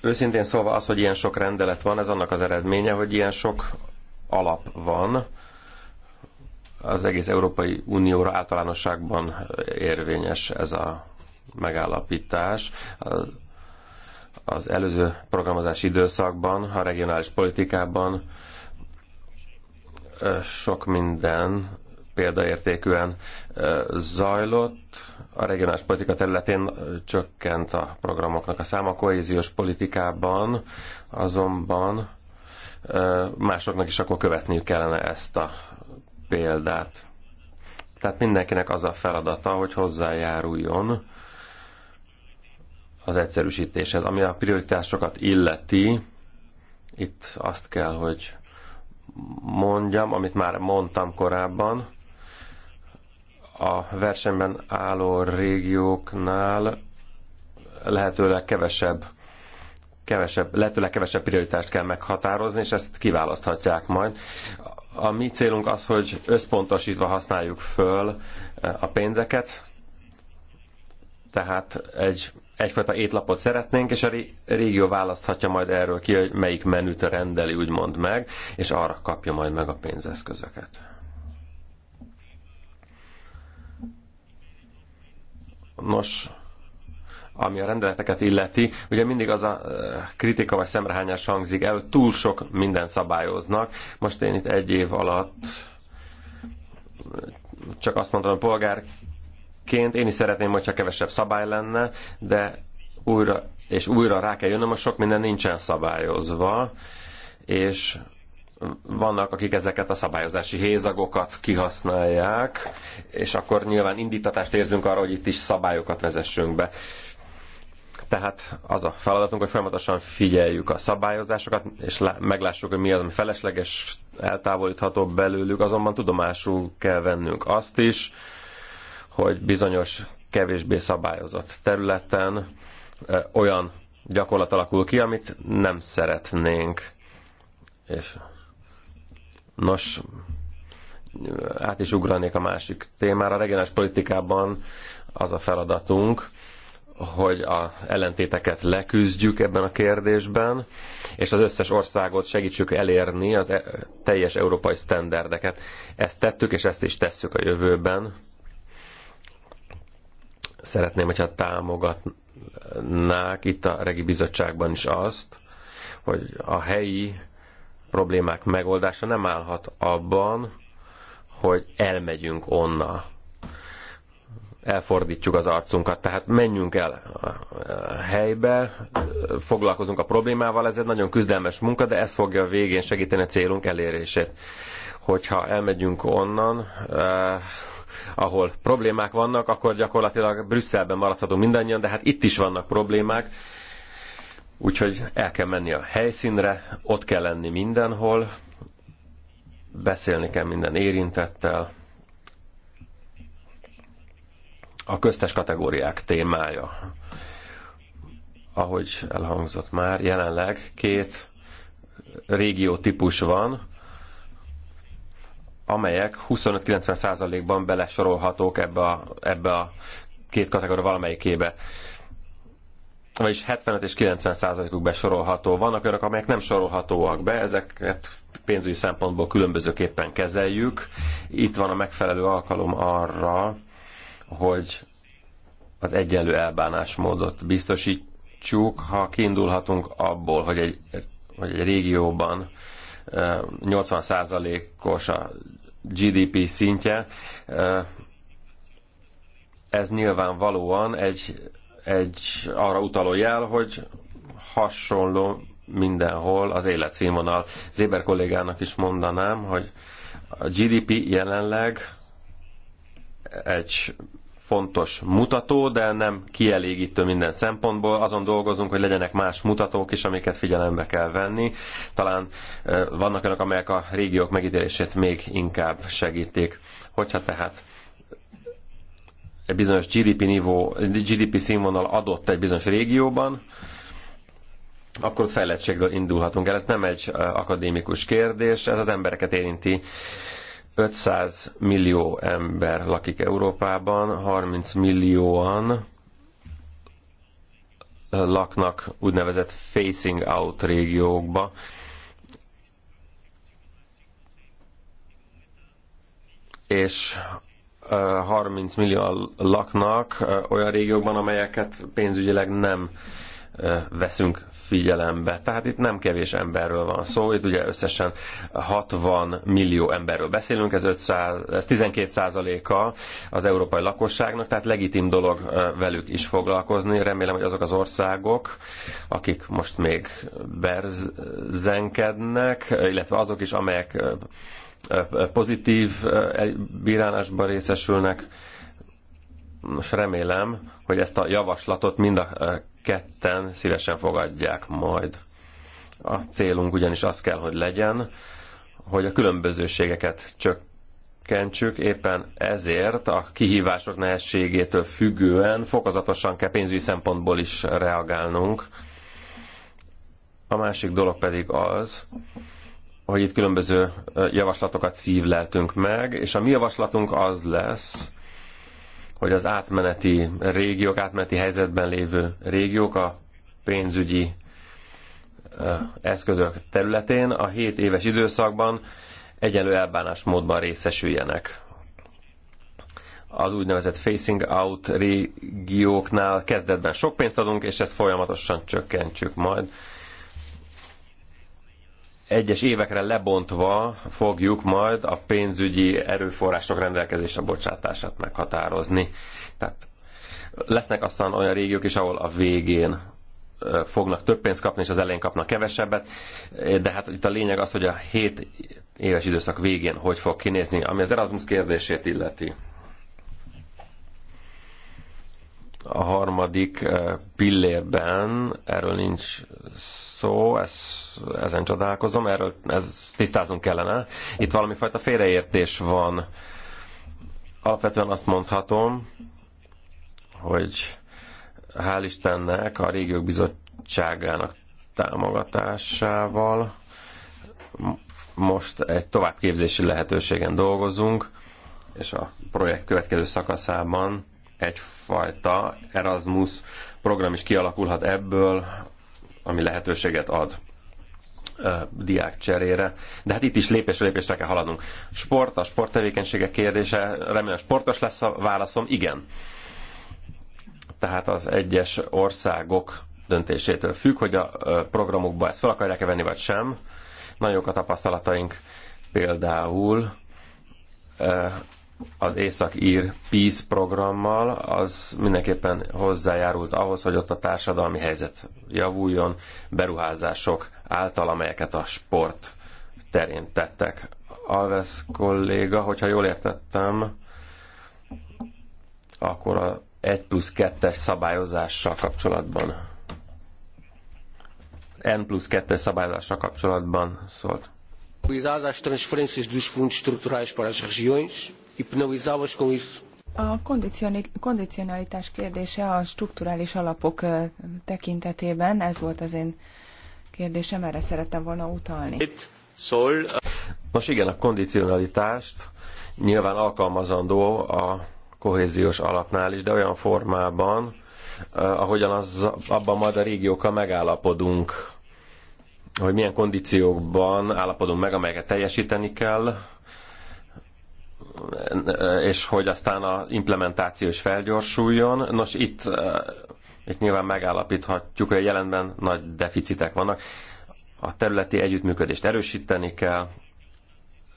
[SPEAKER 2] Őszintén szólva az, hogy ilyen sok rendelet van, ez annak az eredménye, hogy ilyen sok alap van, az egész Európai Unióra általánosságban érvényes ez a megállapítás. Az előző programozási időszakban, a regionális politikában sok minden példaértékűen zajlott. A regionális politika területén csökkent a programoknak a száma, a kohéziós politikában azonban másoknak is akkor követniük kellene ezt a példát. Tehát mindenkinek az a feladata, hogy hozzájáruljon az egyszerűsítéshez. Ami a prioritásokat illeti, itt azt kell, hogy mondjam, amit már mondtam korábban, a versenyben álló régióknál lehetőleg kevesebb, kevesebb, lehetőleg kevesebb prioritást kell meghatározni, és ezt kiválaszthatják majd. A mi célunk az, hogy összpontosítva használjuk föl eh, a pénzeket, tehát egy, egyfajta étlapot szeretnénk, és a régió választhatja majd erről ki, hogy melyik menüt rendeli, úgymond meg, és arra kapja majd meg a pénzeszközöket. Nos, ami a rendeleteket illeti, ugye mindig az a kritika vagy szemrehányás hangzik el, hogy túl sok minden szabályoznak. Most én itt egy év alatt csak azt mondtam, hogy polgárként én is szeretném, hogyha kevesebb szabály lenne, de újra és újra rá kell jönnöm, hogy sok minden nincsen szabályozva, és vannak, akik ezeket a szabályozási hézagokat kihasználják, és akkor nyilván indítatást érzünk arra, hogy itt is szabályokat vezessünk be. Tehát az a feladatunk, hogy folyamatosan figyeljük a szabályozásokat, és meglássuk, hogy mi az, ami felesleges, eltávolítható belőlük, azonban tudomásul kell vennünk azt is, hogy bizonyos kevésbé szabályozott területen olyan gyakorlat alakul ki, amit nem szeretnénk. És nos, át is ugranék a másik témára. A regionális politikában az a feladatunk, hogy a ellentéteket leküzdjük ebben a kérdésben, és az összes országot segítsük elérni az e teljes európai sztenderdeket. Ezt tettük, és ezt is tesszük a jövőben. Szeretném, hogyha támogatnák itt a Regi Bizottságban is azt, hogy a helyi problémák megoldása nem állhat abban, hogy elmegyünk onnan elfordítjuk az arcunkat. Tehát menjünk el a helybe, foglalkozunk a problémával, ez egy nagyon küzdelmes munka, de ez fogja a végén segíteni a célunk elérését. Hogyha elmegyünk onnan, eh, ahol problémák vannak, akkor gyakorlatilag Brüsszelben maradhatunk mindannyian, de hát itt is vannak problémák, úgyhogy el kell menni a helyszínre, ott kell lenni mindenhol, beszélni kell minden érintettel, a köztes kategóriák témája. Ahogy elhangzott már, jelenleg két régió típus van, amelyek 25-90%-ban belesorolhatók ebbe a, ebbe a két kategória valamelyikébe. Vagyis 75 és 90 százalékuk besorolható. Vannak olyanok, amelyek nem sorolhatóak be, ezeket pénzügyi szempontból különbözőképpen kezeljük. Itt van a megfelelő alkalom arra, hogy az egyenlő elbánásmódot biztosítsuk, ha kiindulhatunk abból, hogy egy, hogy egy régióban 80%-os a GDP szintje, ez nyilvánvalóan egy, egy arra utaló jel, hogy hasonló mindenhol az életszínvonal. Zéber kollégának is mondanám, hogy a GDP jelenleg egy fontos mutató, de nem kielégítő minden szempontból. Azon dolgozunk, hogy legyenek más mutatók is, amiket figyelembe kell venni. Talán vannak önök, amelyek a régiók megítélését még inkább segítik. Hogyha tehát egy bizonyos GDP, nivó, GDP színvonal adott egy bizonyos régióban, akkor ott fejlettségről indulhatunk el. Ez nem egy akadémikus kérdés, ez az embereket érinti 500 millió ember lakik Európában, 30 millióan laknak úgynevezett facing out régiókba. És 30 millió laknak olyan régiókban, amelyeket pénzügyileg nem veszünk figyelembe. Tehát itt nem kevés emberről van szó, itt ugye összesen 60 millió emberről beszélünk, ez, 500, ez 12 százaléka az európai lakosságnak, tehát legitim dolog velük is foglalkozni. Remélem, hogy azok az országok, akik most még berzenkednek, illetve azok is, amelyek pozitív bírálásban részesülnek, most remélem, hogy ezt a javaslatot mind a e, ketten szívesen fogadják majd. A célunk ugyanis az kell, hogy legyen, hogy a különbözőségeket csökkentsük, éppen ezért a kihívások nehézségétől függően fokozatosan kell pénzügyi szempontból is reagálnunk. A másik dolog pedig az, hogy itt különböző e, javaslatokat szívleltünk meg, és a mi javaslatunk az lesz, hogy az átmeneti régiók, átmeneti helyzetben lévő régiók a pénzügyi eszközök területén a 7 éves időszakban egyenlő elbánásmódban részesüljenek. Az úgynevezett facing out régióknál kezdetben sok pénzt adunk, és ezt folyamatosan csökkentjük majd egyes évekre lebontva fogjuk majd a pénzügyi erőforrások rendelkezésre bocsátását meghatározni. Tehát lesznek aztán olyan régiók is, ahol a végén fognak több pénzt kapni, és az elején kapnak kevesebbet, de hát itt a lényeg az, hogy a 7 éves időszak végén hogy fog kinézni, ami az Erasmus kérdését illeti. a harmadik eh, pillérben, erről nincs szó, ez, ezen csodálkozom, erről ez tisztáznunk kellene. Itt valami fajta félreértés van. Alapvetően azt mondhatom, hogy hál' Istennek a régiók bizottságának támogatásával most egy továbbképzési lehetőségen dolgozunk, és a projekt következő szakaszában egyfajta Erasmus program is kialakulhat ebből, ami lehetőséget ad diák cserére. De hát itt is lépésről lépésre kell haladnunk. Sport, a sporttevékenységek kérdése, remélem sportos lesz a válaszom, igen. Tehát az egyes országok döntésétől függ, hogy a programokba ezt fel akarják-e venni, vagy sem. Nagyon jók a tapasztalataink például az Észak-ír Peace programmal, az mindenképpen hozzájárult ahhoz, hogy ott a társadalmi helyzet javuljon, beruházások által, amelyeket a sport terén tettek. Alves kolléga, hogyha jól értettem, akkor a 1 plusz 2-es szabályozással kapcsolatban N plusz 2-es szabályozással kapcsolatban szólt. Cuidado às transferências dos fundos estruturais para as regiões
[SPEAKER 1] a kondicionalitás kérdése a strukturális alapok tekintetében, ez volt az én kérdésem, erre szerettem volna utalni.
[SPEAKER 2] Itt szól. nos, igen, a kondicionalitást nyilván alkalmazandó a kohéziós alapnál is, de olyan formában, ahogyan az, abban majd a régiókkal megállapodunk, hogy milyen kondíciókban állapodunk meg, amelyeket teljesíteni kell, és hogy aztán a implementáció is felgyorsuljon. Nos, itt, eh, itt nyilván megállapíthatjuk, hogy a jelenben nagy deficitek vannak. A területi együttműködést erősíteni kell,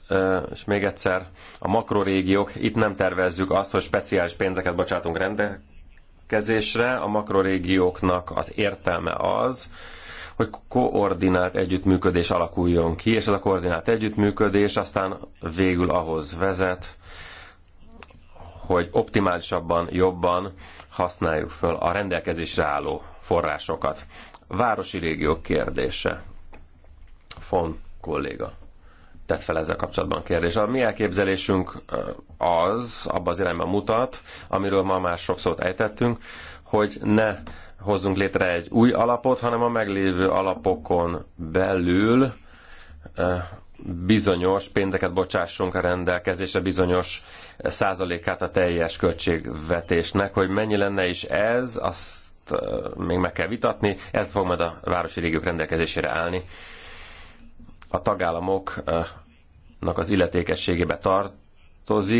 [SPEAKER 2] eh, és még egyszer, a makrorégiók, itt nem tervezzük azt, hogy speciális pénzeket bocsátunk rendelkezésre, a makrorégióknak az értelme az, hogy koordinált együttműködés alakuljon ki, és ez a koordinált együttműködés aztán végül ahhoz vezet, hogy optimálisabban, jobban használjuk föl a rendelkezésre álló forrásokat. Városi régiók kérdése. Fon kolléga tett fel ezzel kapcsolatban kérdés. A mi elképzelésünk az, abban az irányban mutat, amiről ma már sokszor ejtettünk, hogy ne hozzunk létre egy új alapot, hanem a meglévő alapokon belül bizonyos pénzeket bocsássunk a rendelkezésre, bizonyos százalékát a teljes költségvetésnek, hogy mennyi lenne is ez, azt még meg kell vitatni, ez fog majd a városi régiók rendelkezésére állni. A tagállamoknak az illetékességébe tart,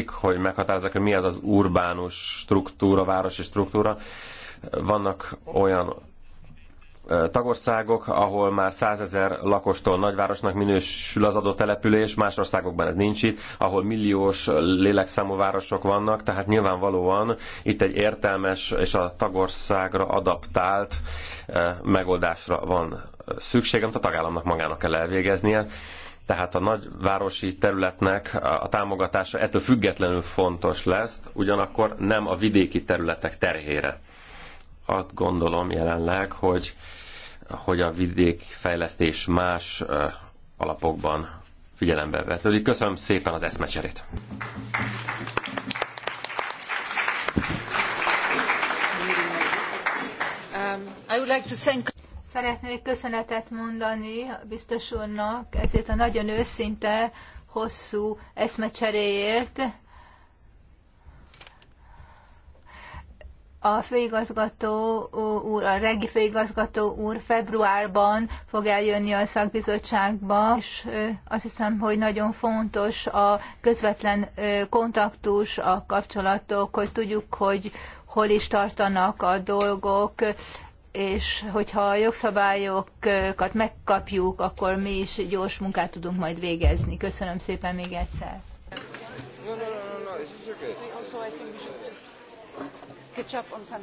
[SPEAKER 2] hogy meghatározzák, hogy mi az az urbánus struktúra, városi struktúra. Vannak olyan tagországok, ahol már százezer lakostól nagyvárosnak minősül az adott település, más országokban ez nincs itt, ahol milliós lélekszámú városok vannak, tehát nyilvánvalóan itt egy értelmes és a tagországra adaptált megoldásra van szükség, amit a tagállamnak magának kell elvégeznie. Tehát a nagyvárosi területnek a támogatása ettől függetlenül fontos lesz, ugyanakkor nem a vidéki területek terhére azt gondolom jelenleg, hogy, hogy a vidékfejlesztés más alapokban figyelembe vetődik. Köszönöm szépen az eszmecserét!
[SPEAKER 4] Um, Szeretnék köszönetet mondani a biztos úrnak ezért a nagyon őszinte, hosszú eszmecseréért. a főigazgató úr, a regi főigazgató úr februárban fog eljönni a szakbizottságba, és azt hiszem, hogy nagyon fontos a közvetlen kontaktus, a kapcsolatok, hogy tudjuk, hogy hol is tartanak a dolgok, és hogyha a jogszabályokat megkapjuk, akkor mi is gyors munkát tudunk majd végezni. Köszönöm szépen még egyszer.
[SPEAKER 1] catch up on some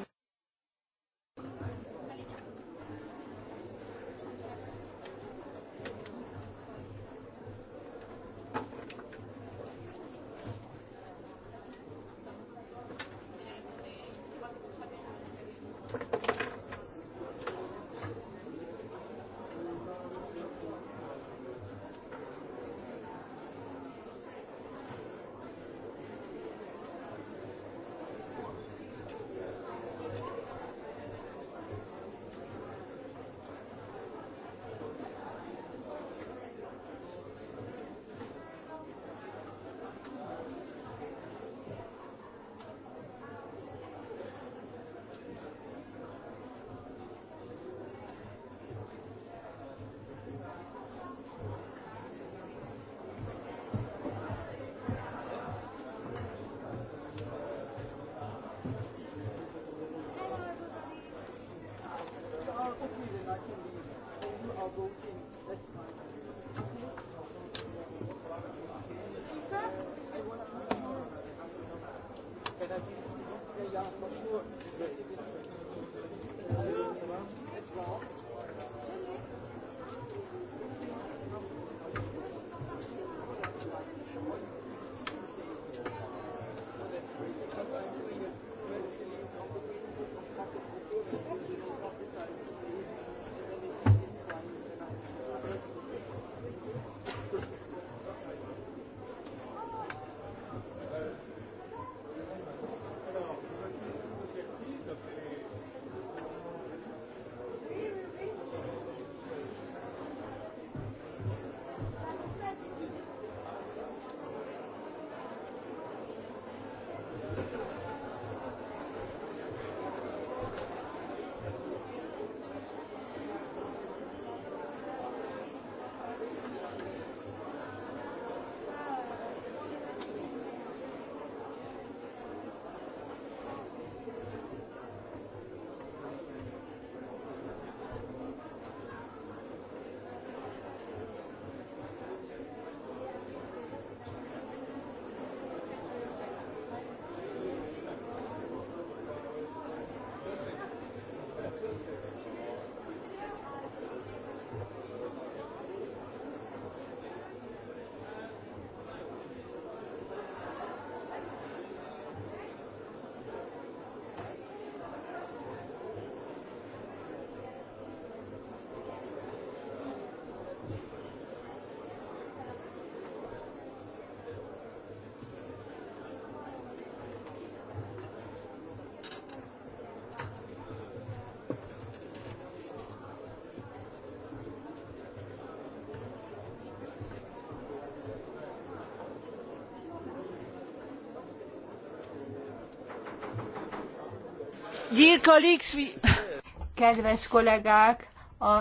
[SPEAKER 4] Kedves kollégák, a,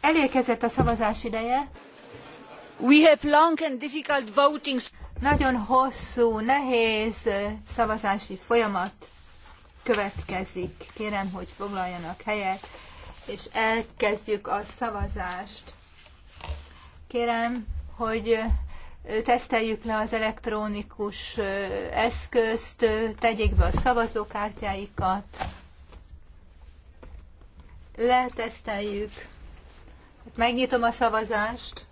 [SPEAKER 4] elérkezett a szavazás ideje. We have long and difficult voting. Nagyon hosszú, nehéz szavazási folyamat következik. Kérem, hogy foglaljanak helyet, és elkezdjük a szavazást. Kérem, hogy teszteljük le az elektronikus eszközt, tegyék be a szavazókártyáikat, leteszteljük. Hát megnyitom a szavazást.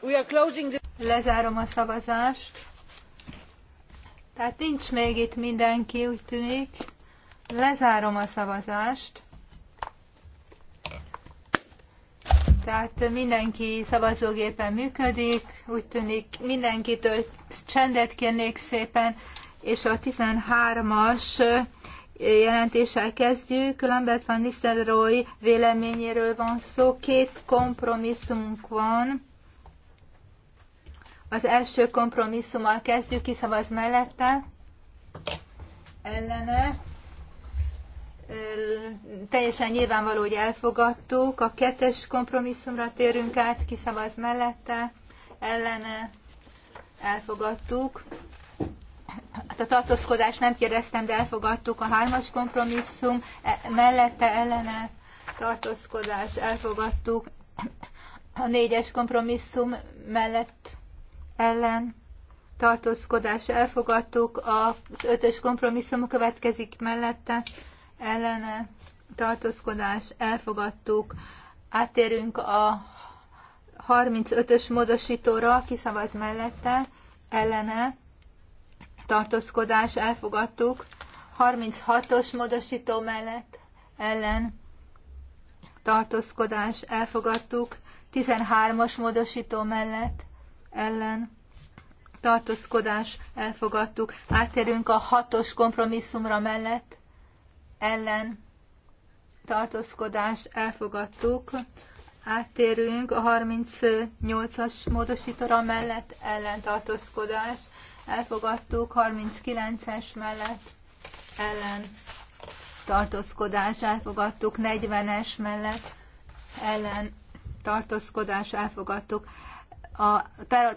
[SPEAKER 4] We are closing the... Lezárom a szavazást. Tehát nincs még itt mindenki, úgy tűnik. Lezárom a szavazást. Tehát mindenki szavazógépen működik, úgy tűnik mindenkitől csendet kérnék szépen, és a 13-as jelentéssel kezdjük. Lambert van Nistelrooy véleményéről van szó. Két kompromisszumunk van. Az első kompromisszummal kezdjük, kiszavaz mellette. Ellene teljesen nyilvánvaló, hogy elfogadtuk. A kettes kompromisszumra térünk át, kiszavaz mellette, ellene elfogadtuk. Hát a tartózkodást nem kérdeztem, de elfogadtuk a hármas kompromisszum, e, mellette ellene tartózkodás elfogadtuk. A négyes kompromisszum mellett ellen tartózkodás elfogadtuk, az ötös kompromisszum következik mellette ellene tartózkodás elfogadtuk. Átérünk a 35-ös módosítóra, kiszavaz mellette, ellene tartózkodás elfogadtuk. 36-os módosító mellett ellen tartózkodás elfogadtuk. 13-as módosító mellett ellen tartózkodás elfogadtuk. Átérünk a hatos kompromisszumra mellett ellen tartózkodást elfogadtuk. Áttérünk a 38-as módosítóra mellett ellentartózkodás. Elfogadtuk 39-es mellett ellen tartózkodás. Elfogadtuk 40-es mellett ellen tartózkodás. Elfogadtuk a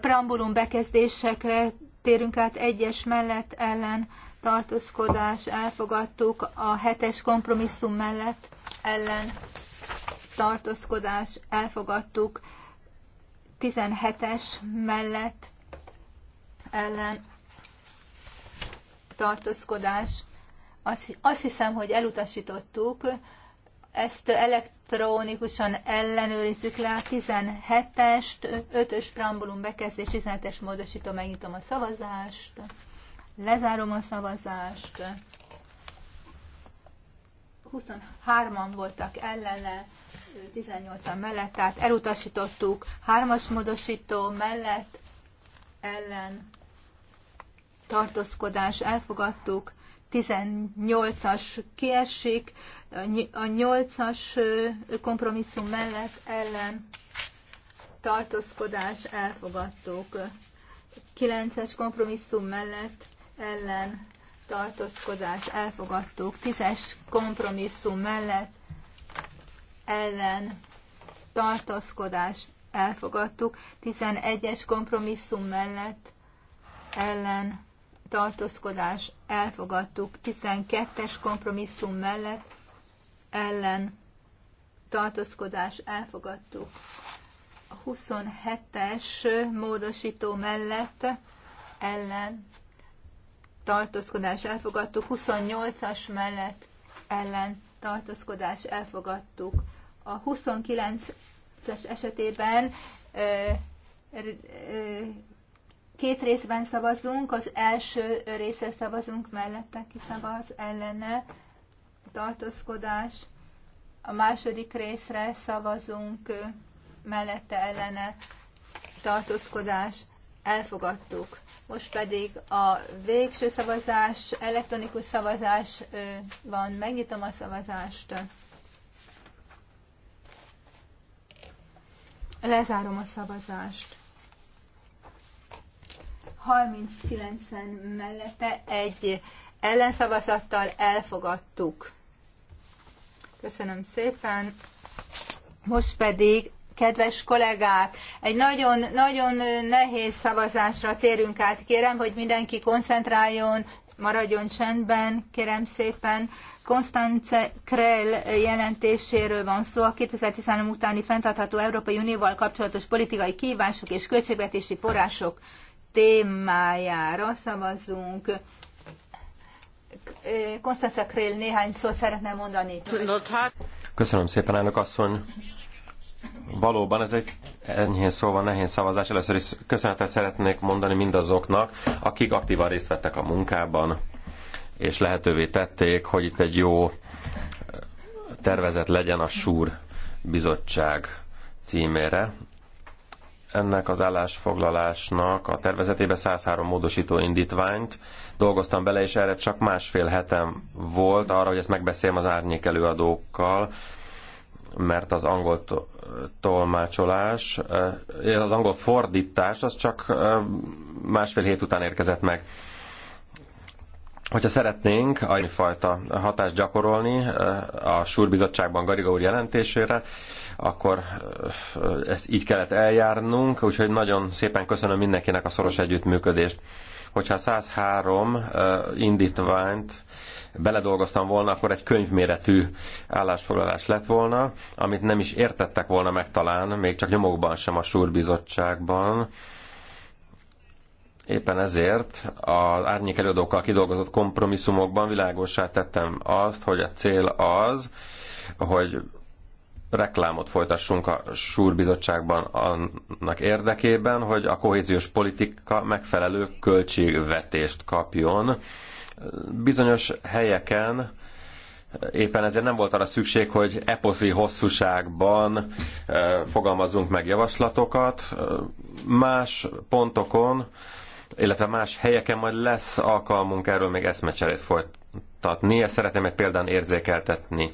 [SPEAKER 4] preambulum bekezdésekre térünk át egyes mellett ellen tartózkodás, elfogadtuk a hetes kompromisszum mellett, ellen tartózkodás, elfogadtuk 17-es mellett, ellen tartózkodás. Azt, azt hiszem, hogy elutasítottuk, ezt elektronikusan ellenőrizzük le a 17-est, 5-ös preambulum bekezdés, 17-es módosító, megnyitom a szavazást. Lezárom a szavazást. 23-an voltak ellene, 18-an mellett, tehát elutasítottuk. Hármas módosító mellett ellen tartózkodás elfogadtuk. 18-as kiesik, a 8-as kompromisszum mellett ellen tartózkodás elfogadtuk. 9-es kompromisszum mellett ellen tartózkodás elfogadtuk, tízes kompromisszum mellett ellen tartózkodás elfogadtuk, tizenegyes kompromisszum mellett ellen tartózkodás elfogadtuk, tizenkettes kompromisszum mellett ellen tartózkodás elfogadtuk. A 27-es módosító mellett ellen tartózkodás elfogadtuk, 28-as mellett ellen tartózkodás elfogadtuk. A 29-es esetében ö, ö, két részben szavazunk, az első része szavazunk mellette, kiszavaz ellene tartózkodás, a második részre szavazunk mellette ellene tartózkodás elfogadtuk. Most pedig a végső szavazás, elektronikus szavazás van. Megnyitom a szavazást. Lezárom a szavazást. 39-en mellette egy ellenszavazattal elfogadtuk. Köszönöm szépen. Most pedig Kedves kollégák, egy nagyon-nagyon nehéz szavazásra térünk át. Kérem, hogy mindenki koncentráljon, maradjon csendben, kérem szépen. Konstance Krell jelentéséről van szó, a 2013 utáni fenntartható Európai Unióval kapcsolatos politikai kívások és költségvetési források témájára szavazunk. Konstance Krell néhány szót szeretne mondani.
[SPEAKER 2] Köszönöm szépen, elnök asszony. Valóban ez egy enyhén szóval nehéz szavazás. Először is köszönetet szeretnék mondani mindazoknak, akik aktívan részt vettek a munkában, és lehetővé tették, hogy itt egy jó tervezet legyen a súr bizottság címére. Ennek az állásfoglalásnak a tervezetébe 103 módosító indítványt dolgoztam bele, és erre csak másfél hetem volt arra, hogy ezt megbeszéljem az árnyék előadókkal, mert az angol tolmácsolás, eh, az angol fordítás az csak eh, másfél hét után érkezett meg. Hogyha szeretnénk fajta hatást gyakorolni eh, a Súrbizottságban Gariga úr jelentésére, akkor ezt így kellett eljárnunk, úgyhogy nagyon szépen köszönöm mindenkinek a szoros együttműködést hogyha 103 indítványt beledolgoztam volna, akkor egy könyvméretű állásfoglalás lett volna, amit nem is értettek volna meg talán, még csak nyomokban sem a súrbizottságban. Éppen ezért az árnyék előadókkal kidolgozott kompromisszumokban világosá tettem azt, hogy a cél az, hogy reklámot folytassunk a SUR bizottságban annak érdekében, hogy a kohéziós politika megfelelő költségvetést kapjon. Bizonyos helyeken éppen ezért nem volt arra szükség, hogy eposzi hosszúságban fogalmazzunk meg javaslatokat. Más pontokon, illetve más helyeken majd lesz alkalmunk erről még eszmecserét folytatni. Ezt szeretném egy példán érzékeltetni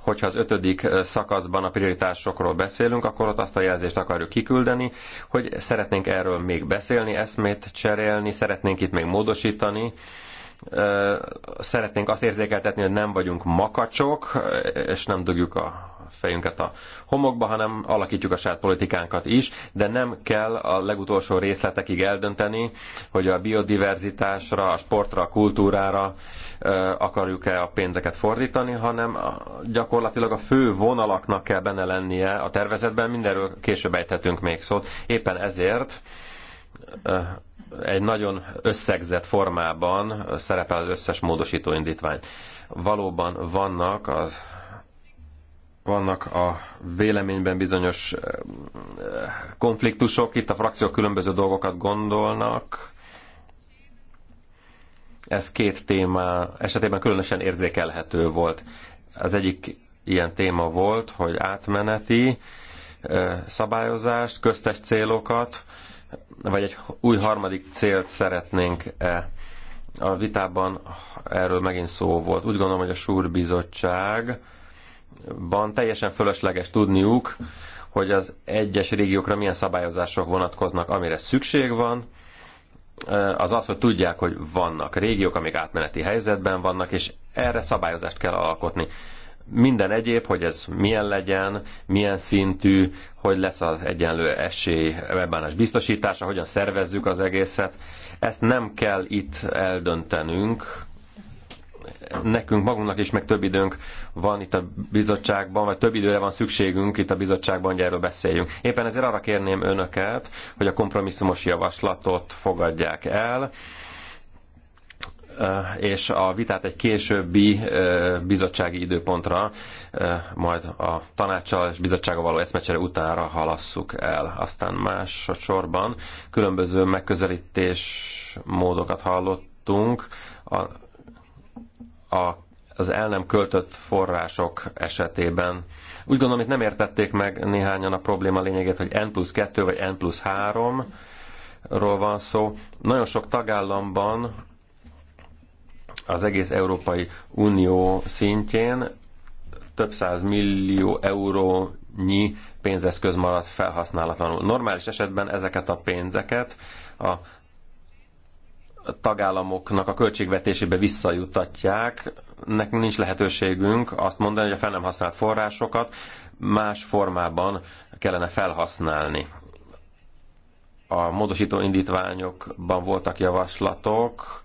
[SPEAKER 2] hogyha az ötödik szakaszban a prioritásokról beszélünk, akkor ott azt a jelzést akarjuk kiküldeni, hogy szeretnénk erről még beszélni, eszmét cserélni, szeretnénk itt még módosítani, szeretnénk azt érzékeltetni, hogy nem vagyunk makacsok, és nem dugjuk a fejünket a homokba, hanem alakítjuk a saját politikánkat is, de nem kell a legutolsó részletekig eldönteni, hogy a biodiverzitásra, a sportra, a kultúrára akarjuk-e a pénzeket fordítani, hanem gyakorlatilag a fő vonalaknak kell benne lennie a tervezetben, mindenről később ejthetünk még szót. Éppen ezért egy nagyon összegzett formában szerepel az összes módosító indítvány. Valóban vannak az vannak a véleményben bizonyos eh, konfliktusok, itt a frakciók különböző dolgokat gondolnak. Ez két téma esetében különösen érzékelhető volt. Az egyik ilyen téma volt, hogy átmeneti eh, szabályozást, köztes célokat, vagy egy új harmadik célt szeretnénk-e. A vitában erről megint szó volt. Úgy gondolom, hogy a súrbizottság bizottság ban teljesen fölösleges tudniuk, hogy az egyes régiókra milyen szabályozások vonatkoznak, amire szükség van, az az, hogy tudják, hogy vannak régiók, amik átmeneti helyzetben vannak, és erre szabályozást kell alkotni. Minden egyéb, hogy ez milyen legyen, milyen szintű, hogy lesz az egyenlő esély ebbánás biztosítása, hogyan szervezzük az egészet, ezt nem kell itt eldöntenünk, nekünk magunknak is meg több időnk van itt a bizottságban, vagy több időre van szükségünk itt a bizottságban, hogy erről beszéljünk. Éppen ezért arra kérném önöket, hogy a kompromisszumos javaslatot fogadják el, eh, és a vitát egy későbbi eh, bizottsági időpontra, eh, majd a tanácssal és bizottsága való eszmecsere utánra halasszuk el. Aztán más sorban különböző megközelítés módokat hallottunk, a a, az el nem költött források esetében. Úgy gondolom, itt nem értették meg néhányan a probléma lényegét, hogy N plusz 2 vagy N plusz 3 ról van szó. Nagyon sok tagállamban az egész Európai Unió szintjén több száz millió eurónyi pénzeszköz maradt felhasználatlanul. Normális esetben ezeket a pénzeket a tagállamoknak a költségvetésébe visszajutatják, nekünk nincs lehetőségünk azt mondani, hogy a fel nem használt forrásokat más formában kellene felhasználni. A módosító indítványokban voltak javaslatok,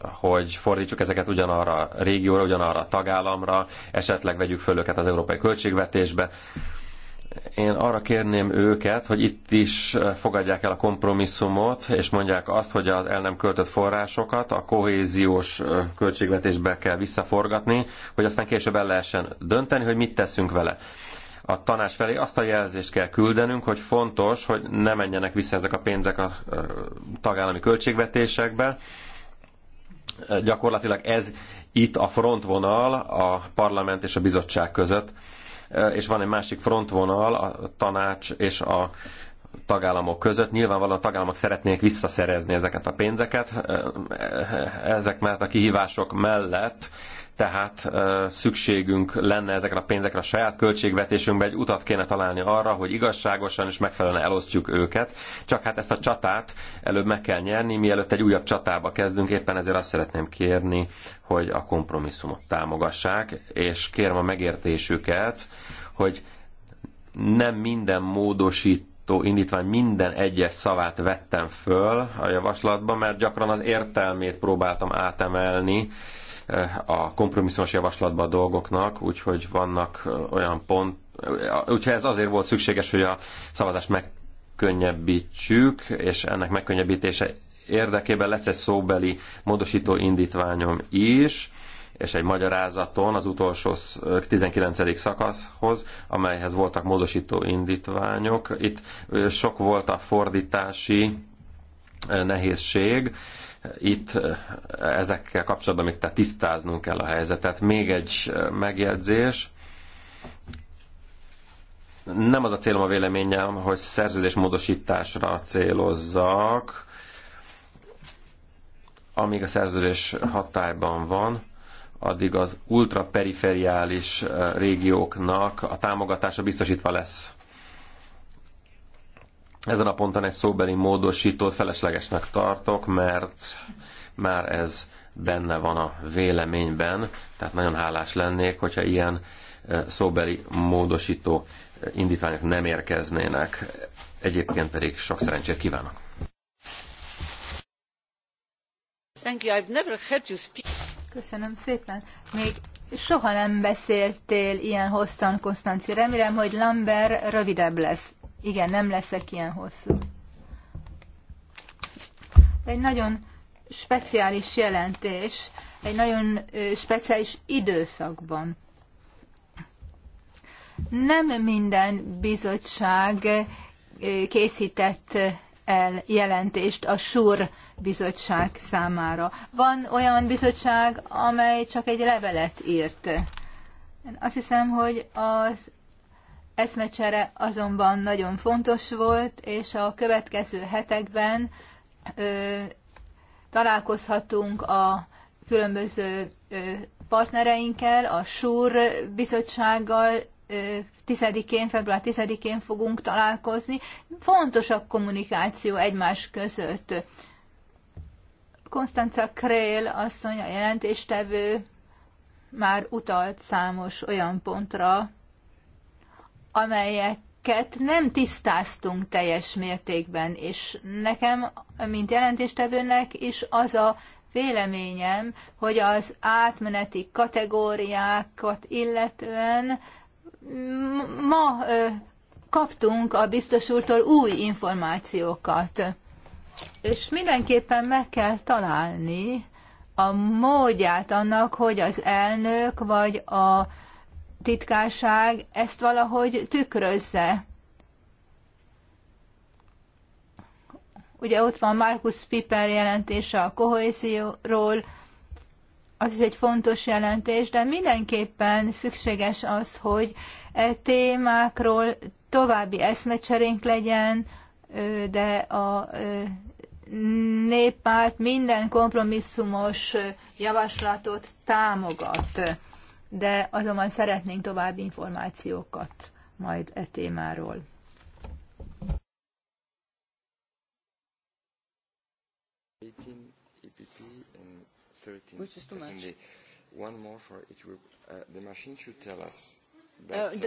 [SPEAKER 2] hogy fordítsuk ezeket ugyanarra a régióra, ugyanarra a tagállamra, esetleg vegyük föl őket az európai költségvetésbe én arra kérném őket, hogy itt is eh, fogadják el a kompromisszumot, és mondják azt, hogy az el nem költött forrásokat a kohéziós eh, költségvetésbe kell visszaforgatni, hogy aztán később el lehessen dönteni, hogy mit teszünk vele. A tanács felé azt a jelzést kell küldenünk, hogy fontos, hogy ne menjenek vissza ezek a pénzek a eh, tagállami költségvetésekbe. Gyakorlatilag ez itt a frontvonal a parlament és a bizottság között Eh, és van egy másik frontvonal a tanács és a tagállamok között. Nyilvánvalóan a tagállamok szeretnék visszaszerezni ezeket a pénzeket. Eh, eh, ezek mellett a kihívások mellett tehát szükségünk lenne ezekre a pénzekre a saját költségvetésünkbe, egy utat kéne találni arra, hogy igazságosan és megfelelően elosztjuk őket. Csak hát ezt a csatát előbb meg kell nyerni, mielőtt egy újabb csatába kezdünk, éppen ezért azt szeretném kérni, hogy a kompromisszumot támogassák, és kérem a megértésüket, hogy nem minden módosít módosító indítvány minden egyes szavát vettem föl a javaslatban, mert gyakran az értelmét próbáltam átemelni, a kompromisszumos javaslatban a dolgoknak, úgyhogy vannak olyan pont, úgyhogy ez azért volt szükséges, hogy a szavazást megkönnyebbítsük, és ennek megkönnyebbítése érdekében lesz egy szóbeli módosító indítványom is, és egy magyarázaton az utolsó 19. szakaszhoz, amelyhez voltak módosító indítványok. Itt sok volt a fordítási nehézség, itt eh, ezekkel kapcsolatban még tehát tisztáznunk kell a helyzetet. Még egy eh, megjegyzés. Nem az a célom a véleményem, hogy szerződésmódosításra célozzak, amíg a szerződés hatályban van, addig az ultraperiferiális eh, régióknak a támogatása biztosítva lesz. Ezen a ponton egy szóbeli módosítót feleslegesnek tartok, mert már ez benne van a véleményben, tehát nagyon hálás lennék, hogyha ilyen szóbeli módosító indítványok nem érkeznének. Egyébként pedig sok szerencsét kívánok!
[SPEAKER 4] Köszönöm szépen. Még soha nem beszéltél ilyen hosszan, Konstanci. Remélem, hogy Lambert rövidebb lesz. Igen, nem leszek ilyen hosszú. Egy nagyon speciális jelentés, egy nagyon speciális időszakban. Nem minden bizottság készített el jelentést a SUR bizottság számára. Van olyan bizottság, amely csak egy levelet írt. Én azt hiszem, hogy az eszmecsere azonban nagyon fontos volt, és a következő hetekben ö, találkozhatunk a különböző ö, partnereinkkel, a SUR bizottsággal 10-én, február 10-én fogunk találkozni. Fontos a kommunikáció egymás között. Konstanca Krél asszony, a jelentéstevő, már utalt számos olyan pontra, amelyeket nem tisztáztunk teljes mértékben, és nekem, mint jelentéstevőnek is az a véleményem, hogy az átmeneti kategóriákat illetően ma kaptunk a biztos úrtól új információkat. És mindenképpen meg kell találni a módját annak, hogy az elnök vagy a titkárság ezt valahogy tükrözze. Ugye ott van Markus Piper jelentése a kohézióról, az is egy fontos jelentés, de mindenképpen szükséges az, hogy e témákról további eszmecserénk legyen, de a néppárt minden kompromisszumos javaslatot támogat de azonban szeretnénk további információkat majd e témáról.
[SPEAKER 3] E uh,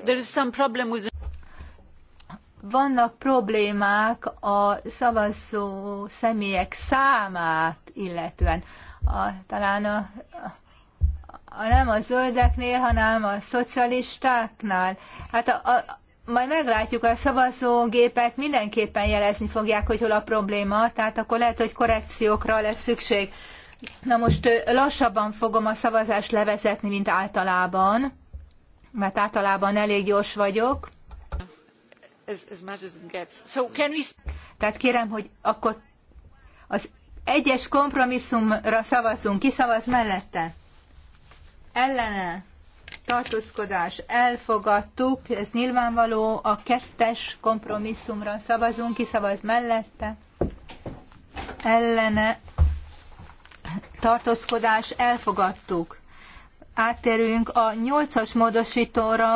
[SPEAKER 2] uh,
[SPEAKER 4] uh, Vannak problémák a szavazó személyek számát illetően. A, talán a, a nem a zöldeknél, hanem a szocialistáknál. Hát a, a, majd meglátjuk, a szavazógépek mindenképpen jelezni fogják, hogy hol a probléma, tehát akkor lehet, hogy korrekciókra lesz szükség. Na most lassabban fogom a szavazást levezetni, mint általában, mert általában elég gyors vagyok. Tehát kérem, hogy akkor az egyes kompromisszumra szavazzunk. Ki szavaz mellette? ellene tartózkodás elfogadtuk, ez nyilvánvaló, a kettes kompromisszumra szavazunk, ki szavaz mellette, ellene tartózkodás elfogadtuk. Átterünk a nyolcas módosítóra,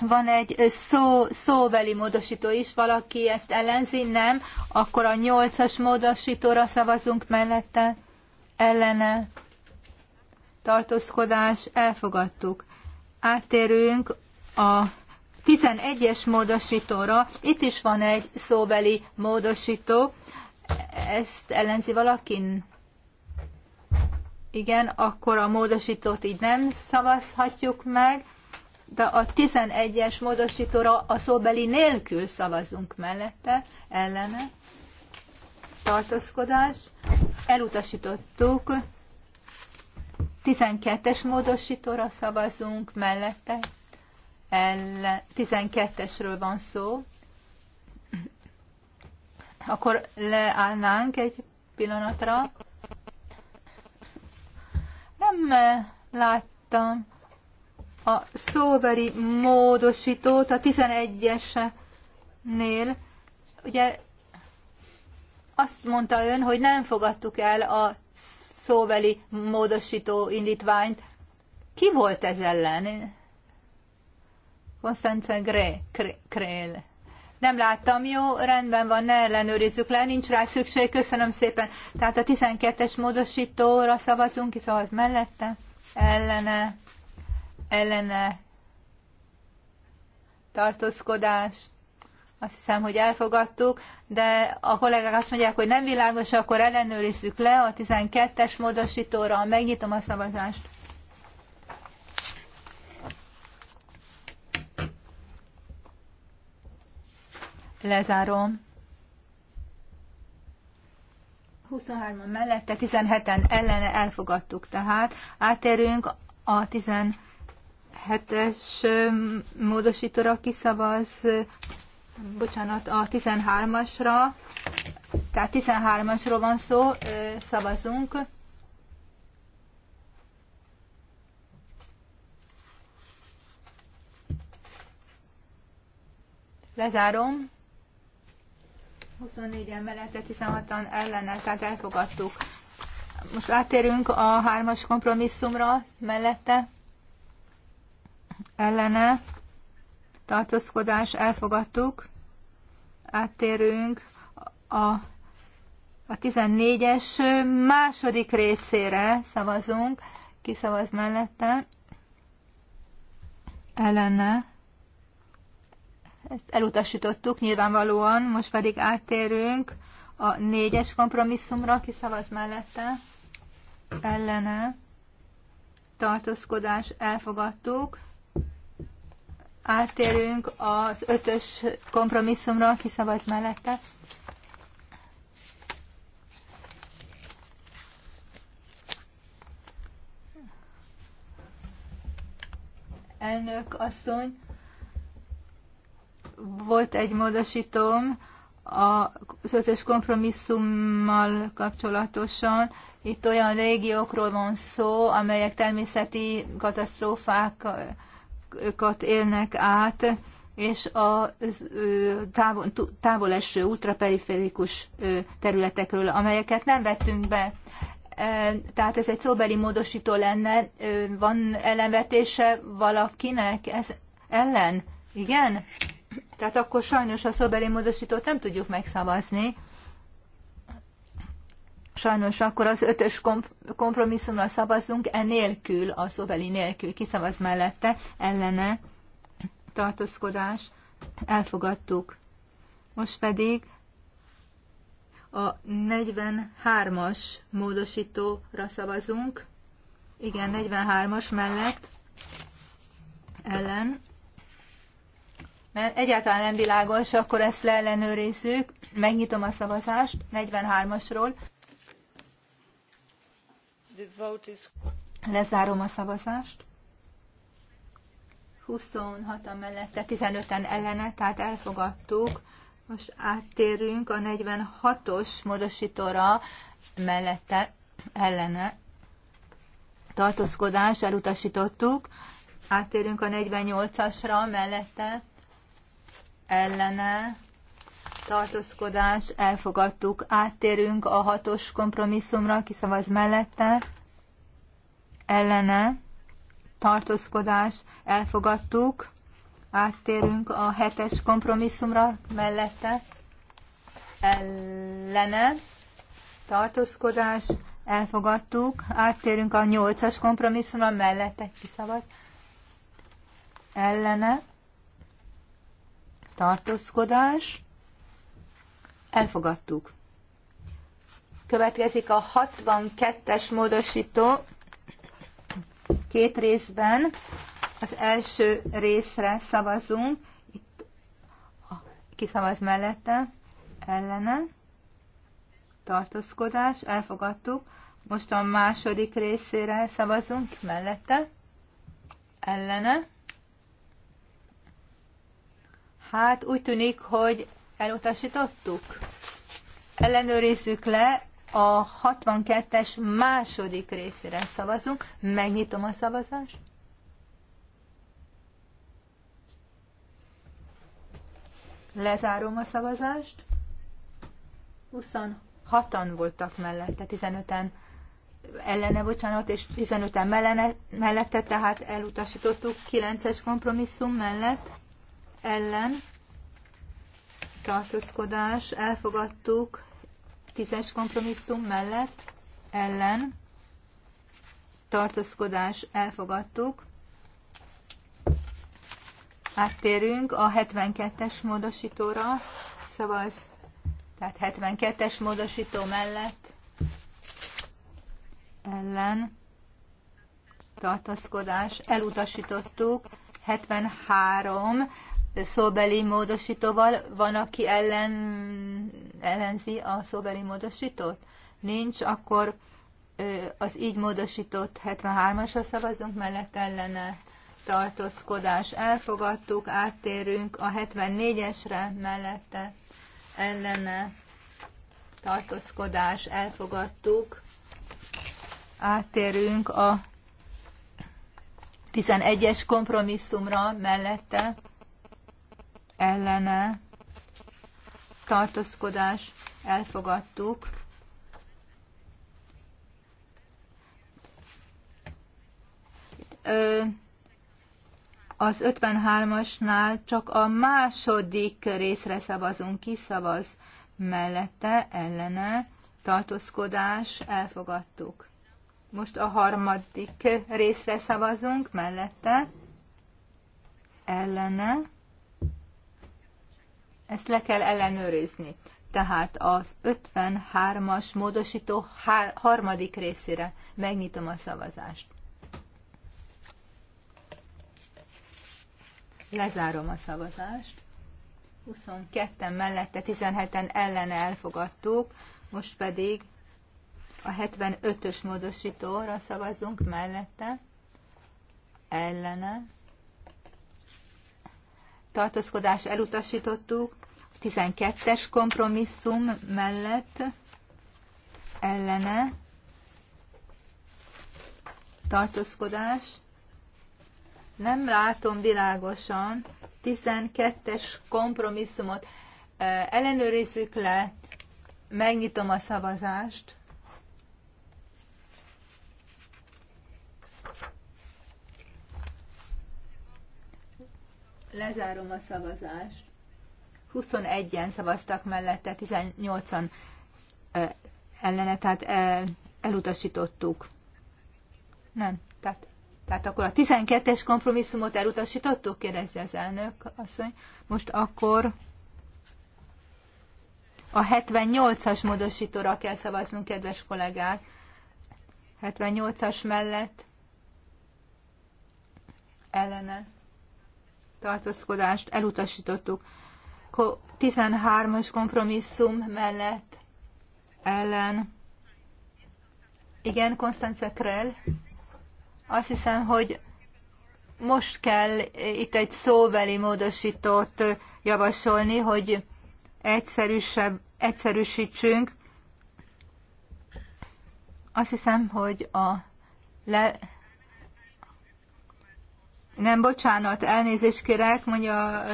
[SPEAKER 4] van egy szó, szóbeli módosító is, valaki ezt ellenzi, nem, akkor a nyolcas módosítóra szavazunk mellette, ellene tartózkodás, elfogadtuk. Áttérünk a 11-es módosítóra. Itt is van egy szóbeli módosító. Ezt ellenzi valakin? Igen, akkor a módosítót így nem szavazhatjuk meg, de a 11-es módosítóra a szóbeli nélkül szavazunk mellette, ellene. Tartózkodás. Elutasítottuk. 12-es módosítóra szavazunk mellette. Ellen, 12-esről van szó. Akkor leállnánk egy pillanatra. Nem eh, láttam a szóveri módosítót a 11-esnél. Ugye azt mondta ön, hogy nem fogadtuk el a szóveli módosító indítványt. Ki volt ez ellen? Constance Gray, Krél. Nem láttam, jó, rendben van, ne ellenőrizzük le, nincs rá szükség, köszönöm szépen. Tehát a 12-es módosítóra szavazunk, hiszen az mellette, ellene, ellene, tartózkodást azt hiszem, hogy elfogadtuk, de a kollégák azt mondják, hogy nem világos, akkor ellenőrizzük le a 12-es módosítóra, megnyitom a szavazást. Lezárom. 23-an mellette, 17-en ellene elfogadtuk, tehát átérünk a 17-es módosítóra kiszavaz bocsánat, a 13-asra, tehát 13-asról van szó, szavazunk. Lezárom. 24-en mellette, 16-an ellene, tehát elfogadtuk. Most átérünk a hármas kompromisszumra mellette, ellene, tartózkodás elfogadtuk. Áttérünk a, a 14-es második részére szavazunk. ki szavaz mellette. Ellene. Ezt elutasítottuk nyilvánvalóan, most pedig áttérünk a négyes kompromisszumra, ki szavaz mellette. Ellene. Tartózkodás elfogadtuk. Átérünk az ötös kompromisszumra, ki szavaz mellette. Elnök asszony, volt egy módosítom az ötös kompromisszummal kapcsolatosan. Itt olyan régiókról van szó, amelyek természeti katasztrófák időszakat élnek át, és a távol, távol eső ultraperiférikus területekről, amelyeket nem vettünk be. E, tehát ez egy szóbeli módosító lenne. Van ellenvetése valakinek ez ellen? Igen? Tehát akkor sajnos a szóbeli módosítót nem tudjuk megszavazni. Sajnos akkor az ötös kompromisszumra szavazzunk, enélkül, a szóbeli nélkül kiszavaz mellette, ellene tartózkodás, elfogadtuk. Most pedig a 43-as módosítóra szavazunk. Igen, 43-as mellett ellen. Mert egyáltalán nem világos, akkor ezt leellenőrizzük. Megnyitom a szavazást 43-asról. Lezárom a szavazást. 26 mellette, 15-en ellene, tehát elfogadtuk. Most áttérünk a 46-os módosítóra mellette ellene. Tartózkodás elutasítottuk. Áttérünk a 48-asra mellette ellene tartózkodás, elfogadtuk. Áttérünk a hatos kompromisszumra, kiszavaz mellette, ellene, tartózkodás, elfogadtuk. Áttérünk a hetes kompromisszumra, mellette, ellene, tartózkodás, elfogadtuk. Áttérünk a nyolcas kompromisszumra, mellette, kiszavaz, ellene, tartózkodás, Elfogadtuk. Következik a 62-es módosító két részben. Az első részre szavazunk. Itt kiszavaz mellette, ellene, tartózkodás, elfogadtuk. Most a második részére szavazunk, mellette, ellene. Hát úgy tűnik, hogy elutasítottuk. Ellenőrizzük le a 62-es második részére szavazunk. Megnyitom a szavazást. Lezárom a szavazást. 26-an voltak mellette, 15-en ellene, bocsánat, és 15-en mellene, mellette, tehát elutasítottuk 9-es kompromisszum mellett, ellen, tartózkodás, elfogadtuk tízes kompromisszum mellett, ellen, tartózkodás, elfogadtuk. Áttérünk a 72-es módosítóra, szavaz, tehát 72-es módosító mellett, ellen, tartózkodás, elutasítottuk, 73 szóbeli módosítóval. Van, aki ellen, ellenzi a szóbeli módosítót? Nincs, akkor az így módosított 73-asra szavazunk, mellett ellene tartózkodás elfogadtuk, áttérünk a 74-esre, mellette ellene tartózkodás elfogadtuk, áttérünk a 11-es kompromisszumra mellette ellene tartózkodás elfogadtuk. az 53-asnál csak a második részre szavazunk, kiszavaz mellette, ellene, tartózkodás, elfogadtuk. Most a harmadik részre szavazunk, mellette, ellene, ezt le kell ellenőrizni. Tehát az 53-as módosító hár, harmadik részére megnyitom a szavazást. Lezárom a szavazást. 22-en mellette, 17-en ellene elfogadtuk, most pedig a 75-ös módosítóra szavazunk mellette, ellene, tartózkodás elutasítottuk, 12-es kompromisszum mellett ellene tartózkodás. Nem látom világosan. 12-es kompromisszumot ellenőrizzük le, megnyitom a szavazást. Lezárom a szavazást. 21-en szavaztak mellette, 18-an ellene, tehát elutasítottuk. Nem, tehát, tehát akkor a 12-es kompromisszumot elutasítottuk, kérdezi az elnök asszony. Most akkor a 78-as módosítóra kell szavaznunk, kedves kollégák. 78-as mellett ellene tartózkodást elutasítottuk. 13-as kompromisszum mellett ellen. Igen, Konstance Krell. Azt hiszem, hogy most kell itt egy szóveli módosítót javasolni, hogy egyszerűsebb, egyszerűsítsünk. Azt hiszem, hogy a le, nem, bocsánat, elnézést kérek, mondja a,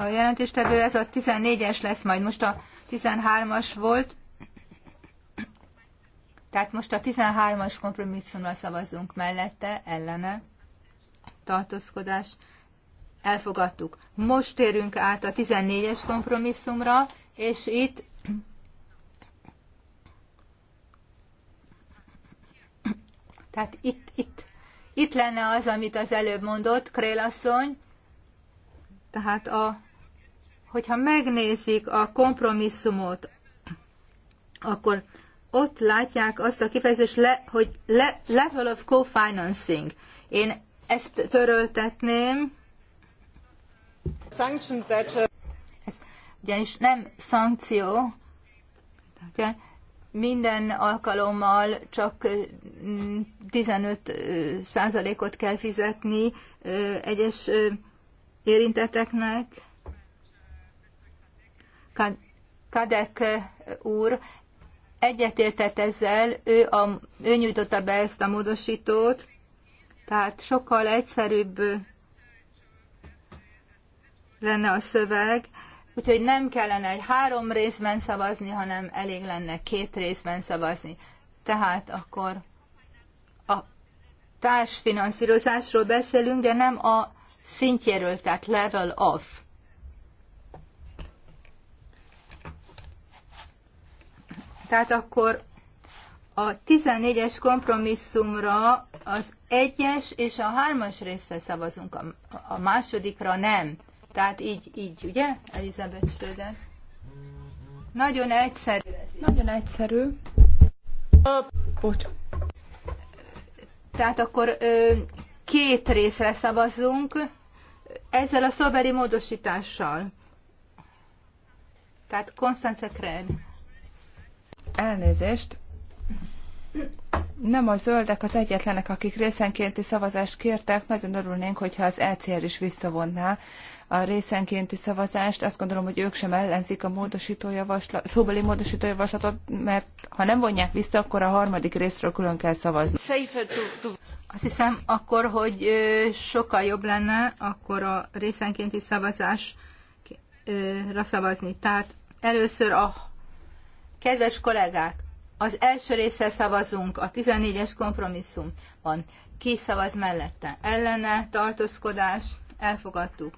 [SPEAKER 4] a jelentéstevő, ez a 14-es lesz majd, most a 13-as volt. Tehát most a 13-as kompromisszumra szavazunk mellette, ellene, tartózkodás, elfogadtuk. Most térünk át a 14-es kompromisszumra, és itt tehát itt, itt itt lenne az, amit az előbb mondott Krélasszony, tehát a, hogyha megnézik a kompromisszumot, akkor ott látják azt a kifejezést, le, hogy le, level of co-financing. Én ezt töröltetném. Uh, Ez ugyanis nem szankció, de minden alkalommal csak 15 mm, százalékot kell fizetni egyes érinteteknek. Kadek úr egyetértett ezzel, ő, a, ő nyújtotta be ezt a módosítót, tehát sokkal egyszerűbb lenne a szöveg, Úgyhogy nem kellene egy három részben szavazni, hanem elég lenne két részben szavazni. Tehát akkor a társfinanszírozásról beszélünk, de nem a szintjéről, tehát level off. Tehát akkor a 14-es kompromisszumra az egyes és a hármas része szavazunk, a, a másodikra nem. Tehát így, így, ugye, Elizabeth Schröder? Nagyon egyszerű.
[SPEAKER 1] Nagyon egyszerű. Bocs.
[SPEAKER 4] Tehát akkor ö, két részre szavazzunk ezzel a szóbeli
[SPEAKER 1] módosítással. Tehát Konstance Kren. Elnézést. Nem a zöldek az egyetlenek, akik részenkénti szavazást kértek. Nagyon örülnénk, hogyha az ECR is visszavonná a részenkénti szavazást. Azt gondolom, hogy ők sem ellenzik a módosítójavaslat, szóbeli módosítójavaslatot, mert ha nem vonják vissza, akkor a harmadik részről külön kell szavazni.
[SPEAKER 4] Azt hiszem akkor, hogy sokkal jobb lenne akkor a részenkénti szavazásra szavazni. Tehát először a kedves kollégák, az első része szavazunk, a 14-es kompromisszum van. Ki szavaz mellette? Ellene, tartózkodás, elfogadtuk.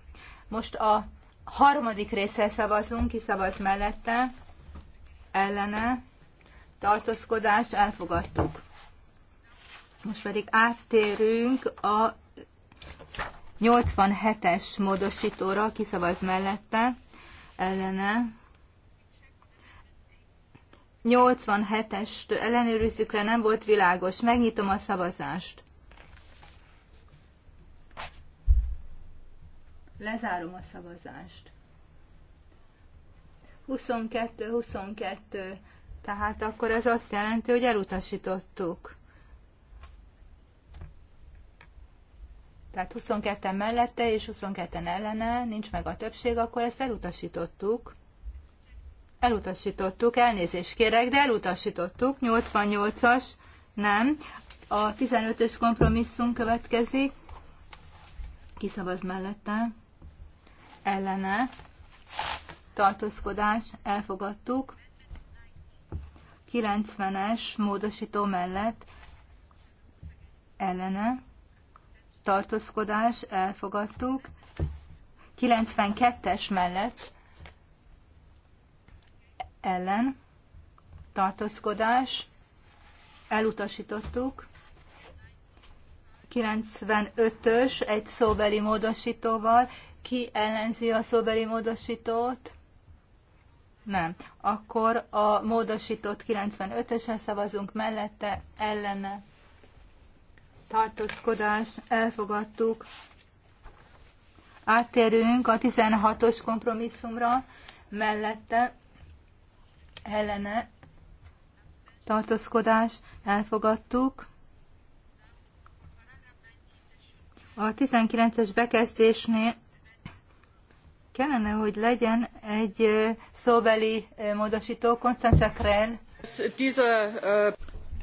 [SPEAKER 4] Most a harmadik részre szavazunk, ki szavaz mellette, ellene, tartózkodás, elfogadtuk. Most pedig áttérünk a 87-es módosítóra, szavaz mellette, ellene. 87-est ellenőrizzük le, nem volt világos. Megnyitom a szavazást. Lezárom a szavazást. 22-22, tehát akkor ez azt jelenti, hogy elutasítottuk. Tehát 22-en mellette és 22-en ellene nincs meg a többség, akkor ezt elutasítottuk. Elutasítottuk, elnézést kérek, de elutasítottuk. 88-as, nem. A 15-ös kompromisszum következik. Kiszavaz mellette ellene tartózkodás elfogadtuk. 90-es módosító mellett ellene tartózkodás elfogadtuk. 92-es mellett ellen tartózkodás elutasítottuk. 95-ös egy szóbeli módosítóval ki ellenzi a szóbeli módosítót? Nem. Akkor a módosított 95-esen szavazunk mellette, ellene. Tartózkodás, elfogadtuk. Áttérünk a 16-os kompromisszumra, mellette, ellene. Tartózkodás, elfogadtuk. A 19-es bekezdésnél Kellene, hogy legyen egy szóbeli módosító, Konstanza Krell.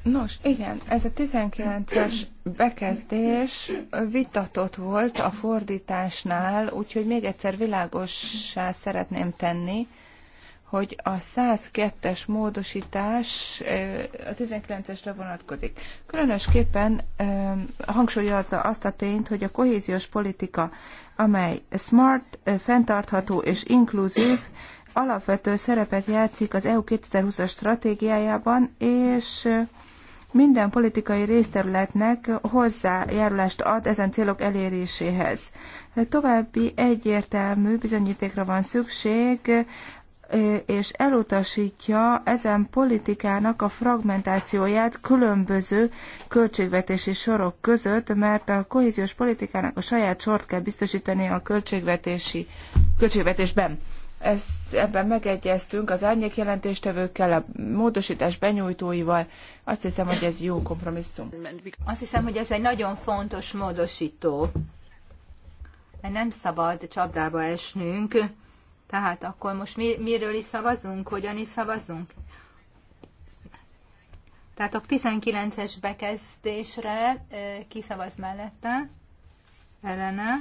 [SPEAKER 1] Nos, igen, ez a 19-es bekezdés vitatott volt a fordításnál, úgyhogy még egyszer világossá szeretném tenni, hogy a 102-es módosítás a 19-esre vonatkozik. Különösképpen hangsúlyozza azt a tényt, hogy a kohéziós politika, amely smart, fenntartható és inkluzív, alapvető szerepet játszik az EU 2020-as stratégiájában, és minden politikai részterületnek hozzájárulást ad ezen célok eléréséhez. További egyértelmű bizonyítékra van szükség és elutasítja ezen politikának a fragmentációját különböző költségvetési sorok között, mert a kohéziós politikának a saját sort kell biztosítani a költségvetési, költségvetésben. Ezt, ebben megegyeztünk az árnyék jelentéstevőkkel, a módosítás benyújtóival. Azt hiszem, hogy ez jó kompromisszum.
[SPEAKER 4] Azt hiszem, hogy ez egy nagyon fontos módosító. Mert nem szabad csapdába esnünk tehát akkor most mi, miről is szavazunk, hogyan is szavazunk? Tehát a 19-es bekezdésre kiszavaz mellette, ellene,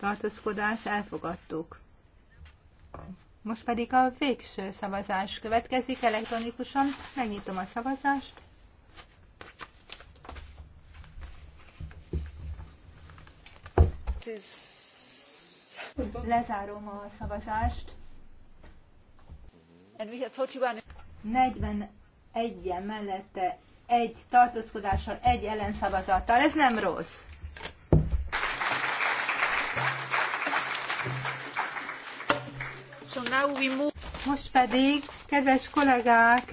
[SPEAKER 4] tartózkodás, elfogadtuk. Most pedig a végső szavazás következik elektronikusan. Megnyitom a szavazást.
[SPEAKER 1] Tis. Lezárom
[SPEAKER 4] a szavazást. 41-en mellette egy tartózkodással, egy ellenszavazattal. Ez nem rossz. Most pedig, kedves kollégák,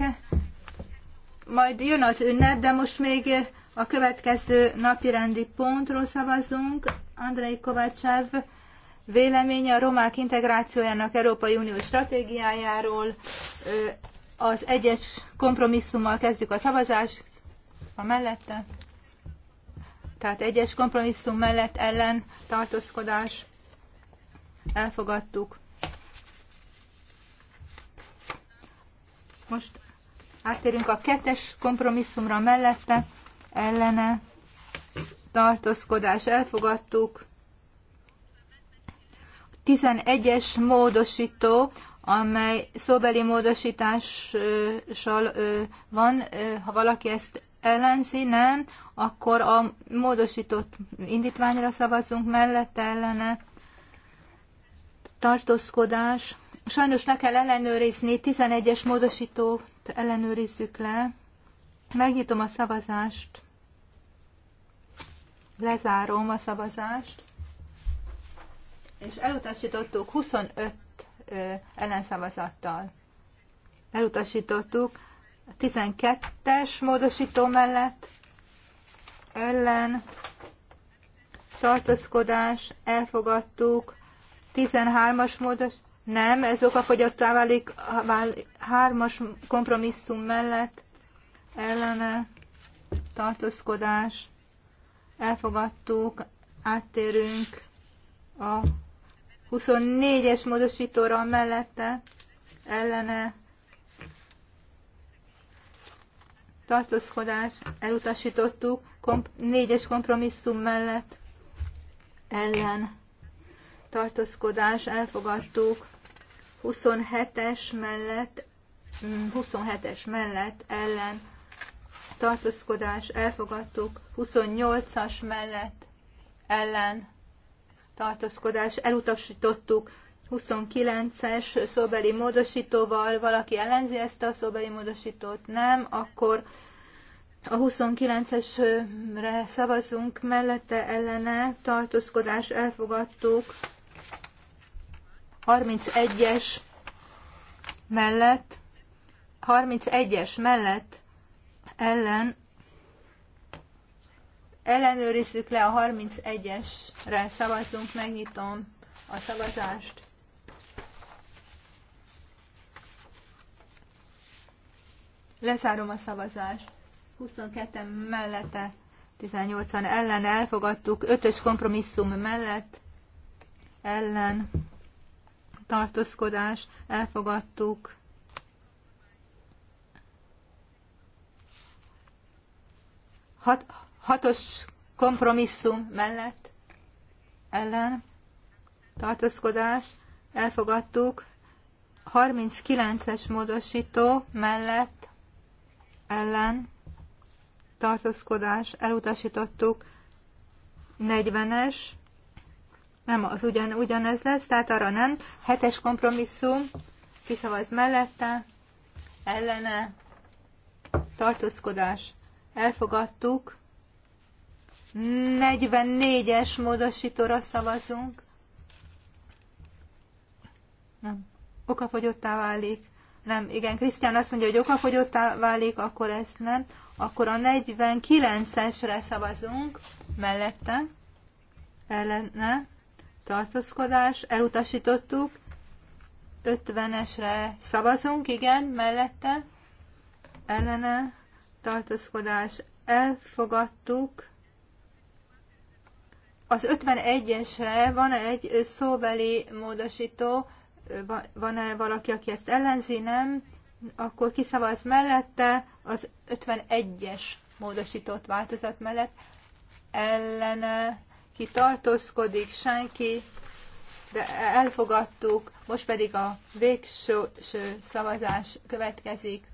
[SPEAKER 4] majd jön az ünnep, de most még a következő napirendi pontról szavazunk. Andrei Kovácsev véleménye a romák integrációjának Európai Uniós stratégiájáról. Az egyes kompromisszummal kezdjük a szavazást. A mellette. Tehát egyes kompromisszum mellett ellen tartózkodás. Elfogadtuk. Most áttérünk a kettes kompromisszumra mellette, ellene tartózkodás elfogadtuk. 11-es módosító, amely szóbeli módosítással van, ha valaki ezt ellenzi, nem, akkor a módosított indítványra szavazunk mellette ellene tartózkodás. Sajnos le kell ellenőrizni, 11-es módosítót ellenőrizzük le. Megnyitom a szavazást. Lezárom a szavazást és elutasítottuk 25 ellenszavazattal. Elutasítottuk 12-es módosító mellett ellen tartózkodás, elfogadtuk, 13-as módos, nem, ez okafogyottá válik, hármas kompromisszum mellett ellene tartózkodás, elfogadtuk, áttérünk a 24-es módosítóra mellette ellene tartózkodás elutasítottuk, komp- es kompromisszum mellett ellen tartózkodás elfogadtuk, 27-es mellett 27-es mm, mellett ellen tartózkodás elfogadtuk, 28-as mellett ellen tartózkodás elutasítottuk 29-es szóbeli módosítóval. Valaki ellenzi ezt a szóbeli módosítót? Nem, akkor a 29-esre szavazunk, mellette ellene tartózkodás elfogadtuk. 31-es mellett, 31-es mellett ellen ellenőrizzük le a 31-esre, szavazzunk, megnyitom a szavazást. Lezárom a szavazást. 22 mellette, 18-an ellen elfogadtuk, 5-ös kompromisszum mellett, ellen tartózkodás, elfogadtuk. Hat, hatos kompromisszum mellett ellen tartózkodás elfogadtuk, 39-es módosító mellett ellen tartózkodás elutasítottuk, 40-es, nem, az ugyan, ugyanez lesz, tehát arra nem, 7-es kompromisszum, kiszavaz mellette, ellene tartózkodás elfogadtuk, 44-es módosítóra szavazunk. Nem. Okafogyottá válik. Nem, igen, Krisztián azt mondja, hogy okafogyottá válik, akkor ezt nem. Akkor a 49-esre szavazunk mellette. Ellene. Tartózkodás. Elutasítottuk. 50-esre szavazunk, igen, mellette. Ellene. Tartózkodás. Elfogadtuk. Az 51-esre van egy szóbeli módosító, van-e valaki, aki ezt ellenzi, nem? Akkor kiszavaz mellette az 51-es módosított változat mellett ellene ki tartózkodik, senki, de elfogadtuk, most pedig a végső szavazás következik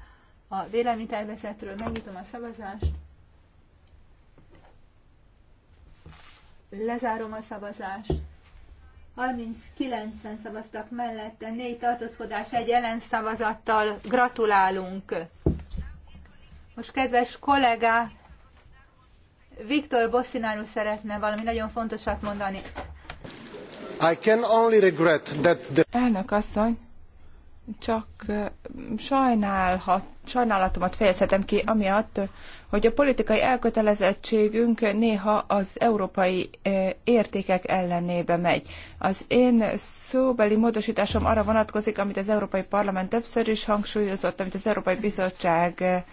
[SPEAKER 4] a véleménytervezetről. Megnyitom a szavazást. Lezárom a szavazást. 39-en szavaztak mellette, négy tartózkodás egy szavazattal. Gratulálunk! Most kedves kollégá, Viktor Bosszináru szeretne valami nagyon fontosat mondani.
[SPEAKER 1] I can only regret that the... Elnök asszony, csak sajnálhat, sajnálatomat fejezhetem ki, amiatt, hogy a politikai elkötelezettségünk néha az európai értékek ellenébe megy. Az én szóbeli módosításom arra vonatkozik, amit az Európai Parlament többször is hangsúlyozott, amit az Európai Bizottság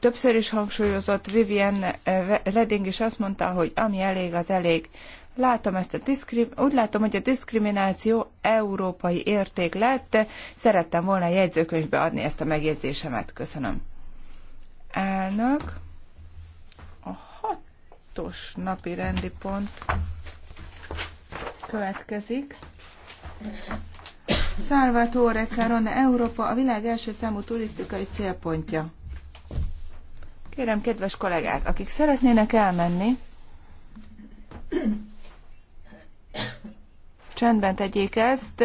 [SPEAKER 1] többször is hangsúlyozott, Vivian Redding is azt mondta, hogy ami elég, az elég. Látom ezt a diszkrim- úgy látom, hogy a diszkrimináció európai érték lett. Szerettem volna a jegyzőkönyvbe adni ezt a megjegyzésemet. Köszönöm. Elnök. A hatos napi rendi pont következik. Salvatore Caron, Európa a világ első számú turisztikai célpontja. Kérem, kedves kollégák, akik szeretnének elmenni, Csendben tegyék ezt.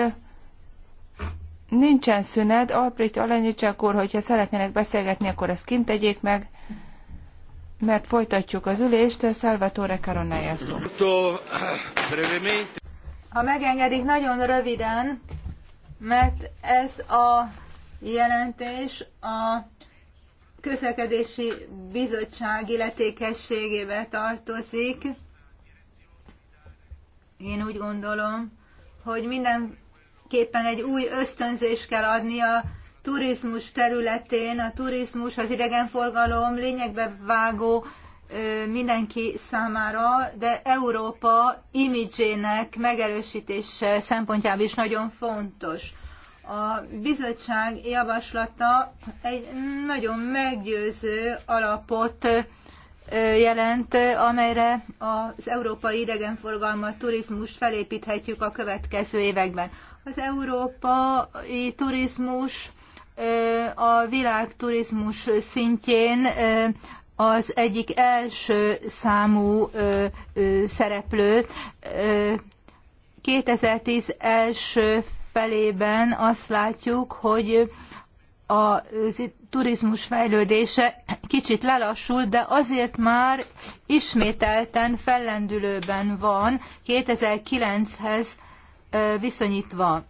[SPEAKER 1] Nincsen szünet. Alprit Alenyicsák úr, hogyha szeretnének beszélgetni, akkor ezt kint tegyék meg, mert folytatjuk az ülést. Salvatore Caronája szó. Ha
[SPEAKER 4] megengedik, nagyon röviden, mert ez a jelentés a közlekedési bizottság illetékességébe tartozik. Én úgy gondolom, hogy mindenképpen egy új ösztönzés kell adni a turizmus területén. A turizmus, az idegenforgalom lényegbe vágó mindenki számára, de Európa imidzsének megerősítése szempontjából is nagyon fontos. A bizottság javaslata egy nagyon meggyőző alapot jelent, amelyre az európai idegenforgalmat, turizmust felépíthetjük a következő években. Az európai turizmus a világ turizmus szintjén az egyik első számú szereplő. 2010 első felében azt látjuk, hogy az turizmus fejlődése kicsit lelassult, de azért már ismételten fellendülőben van 2009-hez viszonyítva.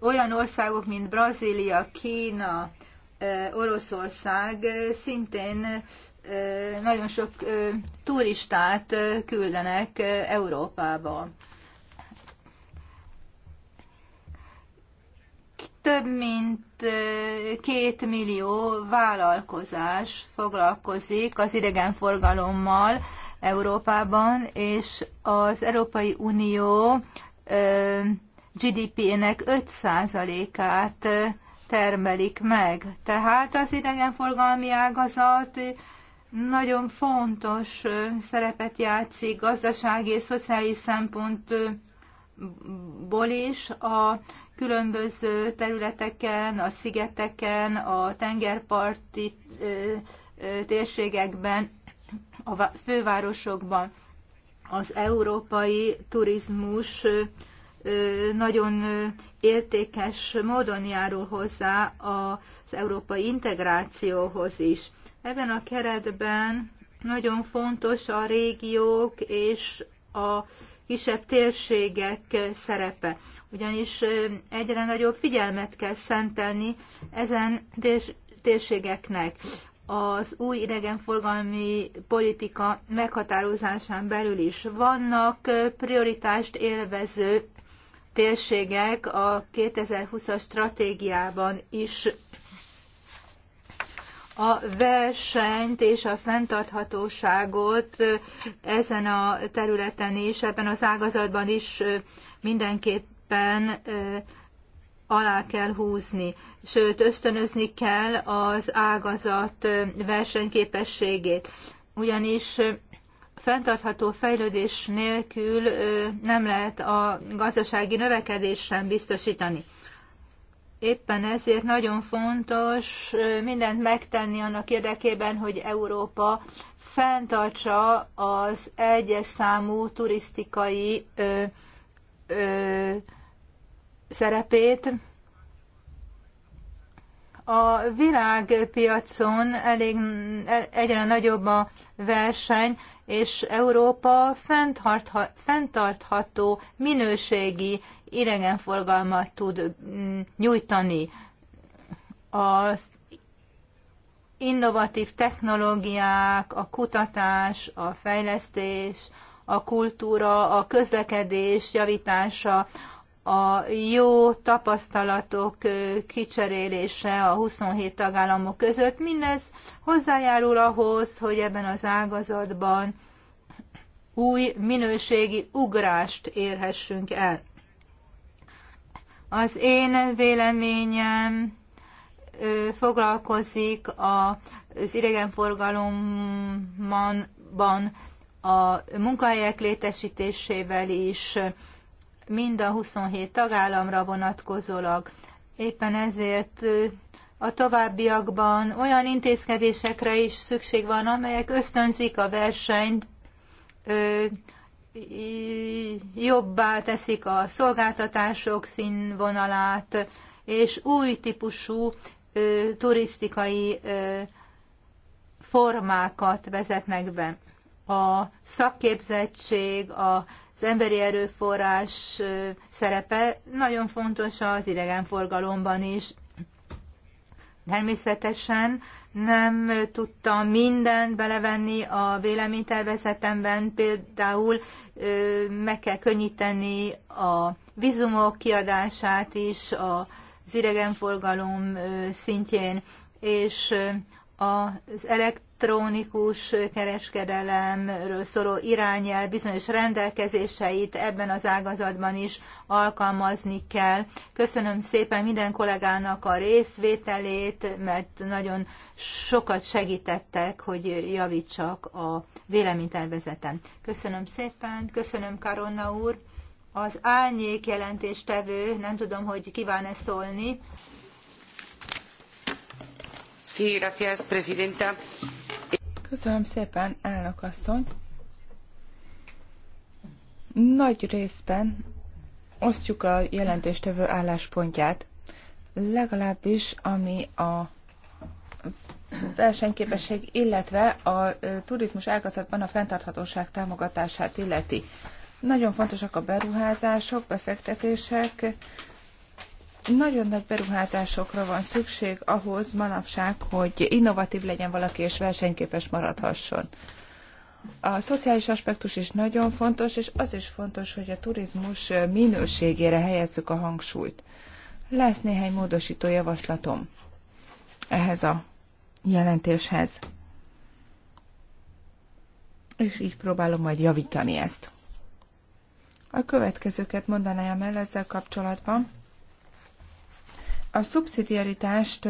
[SPEAKER 4] Olyan országok, mint Brazília, Kína, Oroszország szintén nagyon sok turistát küldenek Európába. több mint két millió vállalkozás foglalkozik az idegenforgalommal Európában, és az Európai Unió GDP-nek 5%-át termelik meg. Tehát az idegenforgalmi ágazat nagyon fontos szerepet játszik gazdasági és szociális szempontból is a különböző területeken, a szigeteken, a tengerparti térségekben, a fővárosokban. Az európai turizmus nagyon értékes módon járul hozzá az európai integrációhoz is. Ebben a keretben nagyon fontos a régiók és a kisebb térségek szerepe ugyanis egyre nagyobb figyelmet kell szentelni ezen térségeknek. Az új idegenforgalmi politika meghatározásán belül is vannak prioritást élvező térségek a 2020-as stratégiában is a versenyt és a fenntarthatóságot ezen a területen is, ebben az ágazatban is mindenképp mindenképpen alá kell húzni, sőt, ösztönözni kell az ágazat versenyképességét, ugyanis fenntartható fejlődés nélkül nem lehet a gazdasági növekedés sem biztosítani. Éppen ezért nagyon fontos mindent megtenni annak érdekében, hogy Európa fenntartsa az egyes számú turisztikai szerepét. A világpiacon elég e, egyre nagyobb a verseny, és Európa fenntartható minőségi idegenforgalmat tud mm, nyújtani. Az innovatív technológiák, a kutatás, a fejlesztés, a kultúra, a közlekedés javítása, a jó tapasztalatok kicserélése a 27 tagállamok között, mindez hozzájárul ahhoz, hogy ebben az ágazatban új minőségi ugrást érhessünk el. Az én véleményem foglalkozik az idegenforgalomban a munkahelyek létesítésével is, mind a 27 tagállamra vonatkozólag. Éppen ezért a továbbiakban olyan intézkedésekre is szükség van, amelyek ösztönzik a versenyt, jobbá teszik a szolgáltatások színvonalát, és új típusú turisztikai formákat vezetnek be a szakképzettség, az emberi erőforrás szerepe nagyon fontos az idegenforgalomban is. Természetesen nem tudtam mindent belevenni a véleménytervezetemben, például meg kell könnyíteni a vizumok kiadását is az idegenforgalom szintjén, és az elektronikus elektronikus kereskedelemről szóló irányel bizonyos rendelkezéseit ebben az ágazatban is alkalmazni kell. Köszönöm szépen minden kollégának a részvételét, mert nagyon sokat segítettek, hogy javítsak a véleménytervezeten. Köszönöm szépen, köszönöm Karonna úr. Az álnyék jelentéstevő, nem tudom, hogy kíván-e szólni.
[SPEAKER 1] Köszönöm szépen, elnök asszony. Nagy részben osztjuk a jelentéstevő álláspontját, legalábbis ami a versenyképesség, illetve a turizmus ágazatban a fenntarthatóság támogatását illeti. Nagyon fontosak a beruházások, befektetések, nagyon nagy beruházásokra van szükség ahhoz manapság, hogy innovatív legyen valaki és versenyképes maradhasson. A szociális aspektus is nagyon fontos, és az is fontos, hogy a turizmus minőségére helyezzük a hangsúlyt. Lesz néhány módosító javaslatom ehhez a jelentéshez. És így próbálom majd javítani ezt. A következőket mondanám el ezzel kapcsolatban. A szubszidiaritást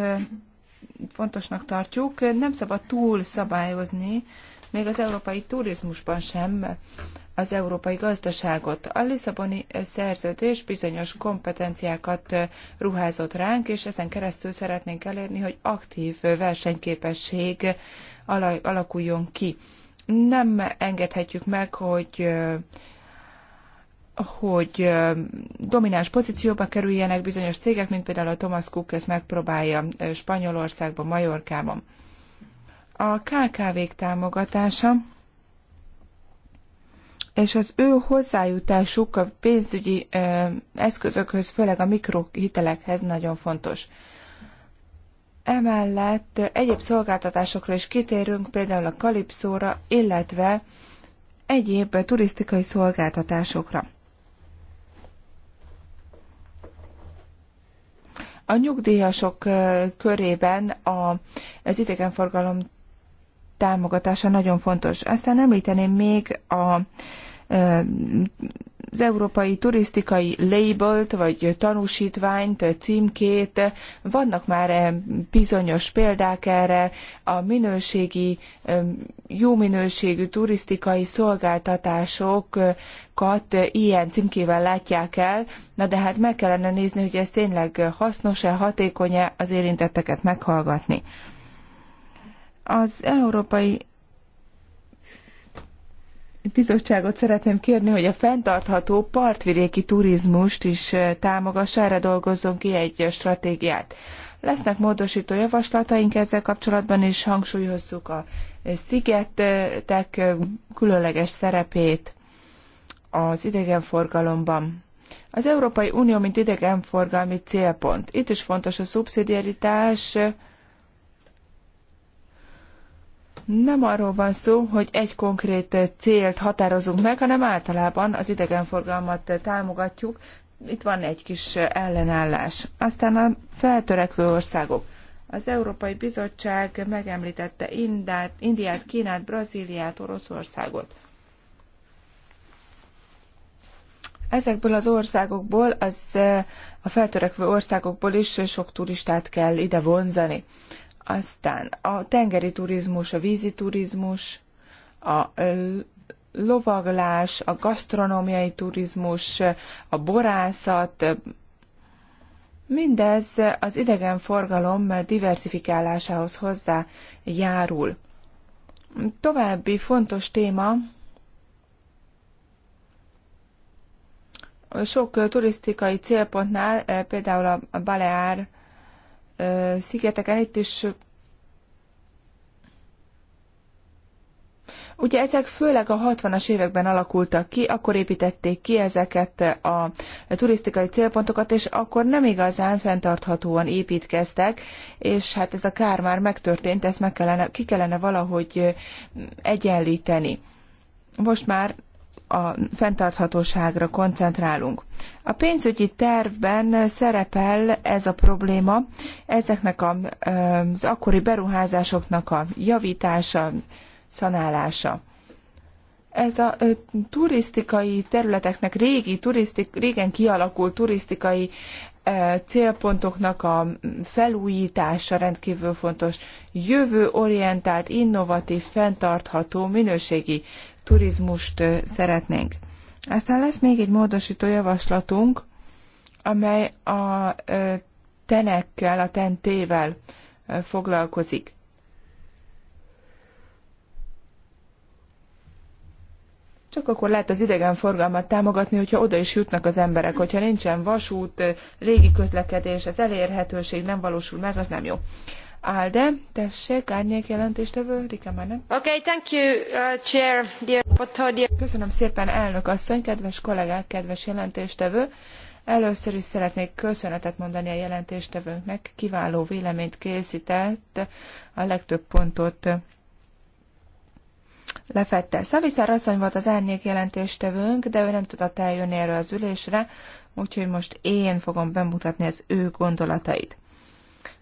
[SPEAKER 1] fontosnak tartjuk, nem szabad túl szabályozni, még az európai turizmusban sem az európai gazdaságot. A Lisszaboni szerződés bizonyos kompetenciákat ruházott ránk, és ezen keresztül szeretnénk elérni, hogy aktív versenyképesség alakuljon ki. Nem engedhetjük meg, hogy hogy domináns pozícióba kerüljenek bizonyos cégek, mint például a Thomas Cook ezt megpróbálja Spanyolországban, Majorkában. A KKV-k támogatása és az ő hozzájutásuk a pénzügyi eszközökhöz, főleg a mikrohitelekhez nagyon fontos. Emellett egyéb szolgáltatásokra is kitérünk, például a kalipszóra, illetve egyéb turisztikai szolgáltatásokra. A nyugdíjasok körében a, az idegenforgalom támogatása nagyon fontos. Aztán említeném még a az európai turisztikai labelt, vagy tanúsítványt, címkét. Vannak már eh, bizonyos példák erre, a minőségi, eh, jó minőségű turisztikai szolgáltatásokat ilyen címkével látják el, na de hát meg kellene nézni, hogy ez tényleg hasznos-e, hatékony-e az érintetteket meghallgatni. Az európai bizottságot szeretném kérni, hogy a fenntartható partvidéki turizmust is eh, támogassa, erre dolgozzon ki egy stratégiát. Lesznek módosító javaslataink ezzel kapcsolatban, és hangsúlyozzuk a szigetek eh, különleges szerepét az idegenforgalomban. Az Európai Unió, mint idegenforgalmi célpont. Itt is fontos a szubszidiaritás, eh, nem arról van szó, hogy egy konkrét célt határozunk meg, hanem általában az idegenforgalmat támogatjuk. Itt van egy kis ellenállás. Aztán a feltörekvő országok. Az Európai Bizottság megemlítette Indát, Indiát, Kínát, Brazíliát, Oroszországot. Ezekből az országokból, az, a feltörekvő országokból is sok turistát kell ide vonzani. Aztán a tengeri turizmus, a vízi turizmus, a lovaglás, a gasztronómiai turizmus, a borászat, mindez az idegenforgalom diversifikálásához hozzájárul. További fontos téma, sok turisztikai célpontnál, eh, például a Baleár szigeteken, itt is Ugye ezek főleg a 60-as években alakultak ki, akkor építették ki ezeket a turisztikai célpontokat, és akkor nem igazán fenntarthatóan építkeztek, és hát ez a kár már megtörtént, ezt meg kellene, ki kellene valahogy egyenlíteni. Most már a fenntarthatóságra koncentrálunk. A pénzügyi tervben szerepel ez a probléma, ezeknek a, az akkori beruházásoknak a javítása, szanálása. Ez a turisztikai területeknek, régi, turisztik, régen kialakult turisztikai célpontoknak a felújítása rendkívül fontos, jövőorientált, innovatív, fenntartható, minőségi turizmust szeretnénk. Aztán lesz még egy módosító javaslatunk, amely a tenekkel, a tentével foglalkozik. Csak akkor lehet az idegenforgalmat támogatni, hogyha oda is jutnak az emberek. Hogyha nincsen vasút, légi közlekedés, az elérhetőség nem valósul meg, az nem jó. Alde, tessék, árnyék jelentéstevő, Rika Oké, Okay, thank you, uh, chair, dear Köszönöm szépen, elnök asszony, kedves kollégák, kedves jelentéstevő. Először is szeretnék köszönetet mondani a jelentéstevőnknek, kiváló véleményt készített, a legtöbb pontot lefette. Szaviszár asszony volt az árnyék jelentéstevőnk, de ő nem tudott eljönni erre az ülésre, úgyhogy most én fogom bemutatni az ő gondolatait.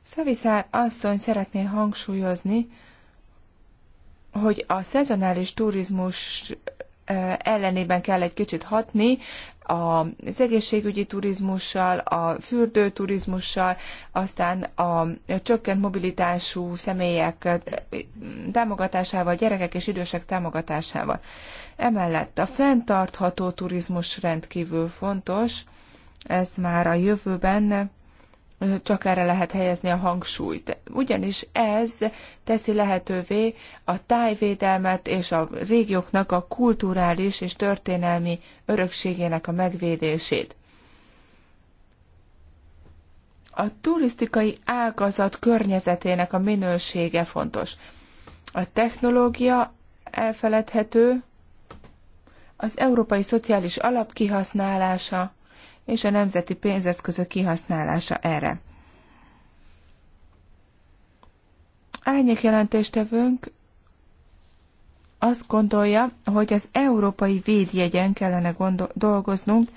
[SPEAKER 1] Szaviszár asszony szeretné hangsúlyozni, hogy a szezonális turizmus ellenében kell egy kicsit hatni, az egészségügyi turizmussal, a fürdőturizmussal, aztán a csökkent mobilitású személyek támogatásával, gyerekek és idősek támogatásával. Emellett a fenntartható turizmus rendkívül fontos, ez már a jövőben csak erre lehet helyezni a hangsúlyt. Ugyanis ez teszi lehetővé a tájvédelmet és a régióknak a kulturális és történelmi örökségének a megvédését. A turisztikai ágazat környezetének a minősége fontos. A technológia elfeledhető, az európai szociális alap kihasználása, és a nemzeti pénzeszközök kihasználása erre. Árnyék jelentéstevőnk azt gondolja, hogy az európai védjegyen kellene dolgoznunk,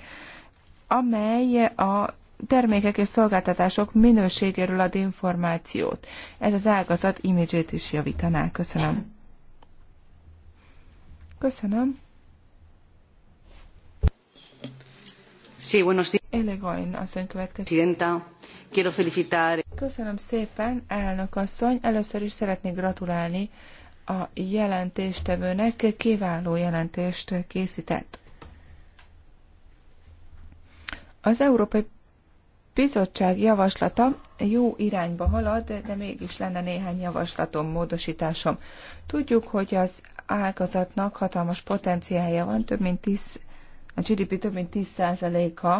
[SPEAKER 1] amely a termékek és szolgáltatások minőségéről ad információt. Ez az ágazat imidzsét is javítaná. Köszönöm. Köszönöm. Köszönöm szépen, elnök asszony. Először is szeretnék gratulálni a jelentéstevőnek. Kiváló jelentést készített. Az Európai Bizottság javaslata jó irányba halad, de mégis lenne néhány javaslatom, módosításom. Tudjuk, hogy az ágazatnak hatalmas potenciálja van, több mint 10 a GDP több mint 10%-a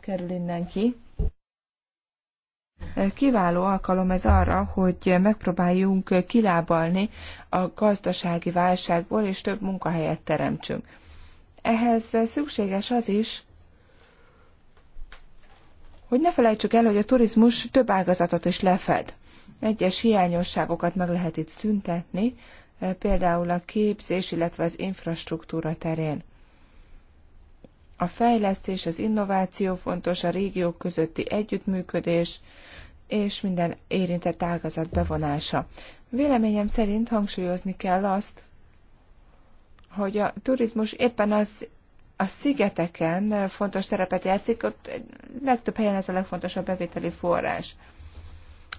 [SPEAKER 1] kerül innen ki. Kiváló alkalom ez arra, hogy megpróbáljunk kilábalni a gazdasági válságból, és több munkahelyet teremtsünk. Ehhez szükséges az is, hogy ne felejtsük el, hogy a turizmus több ágazatot is lefed. Egyes hiányosságokat meg lehet itt szüntetni, például a képzés, illetve az infrastruktúra terén. A fejlesztés, az innováció fontos, a régiók közötti együttműködés és minden érintett ágazat bevonása. Véleményem szerint hangsúlyozni kell azt, hogy a turizmus éppen az a szigeteken fontos szerepet játszik, ott legtöbb helyen ez a legfontosabb bevételi forrás.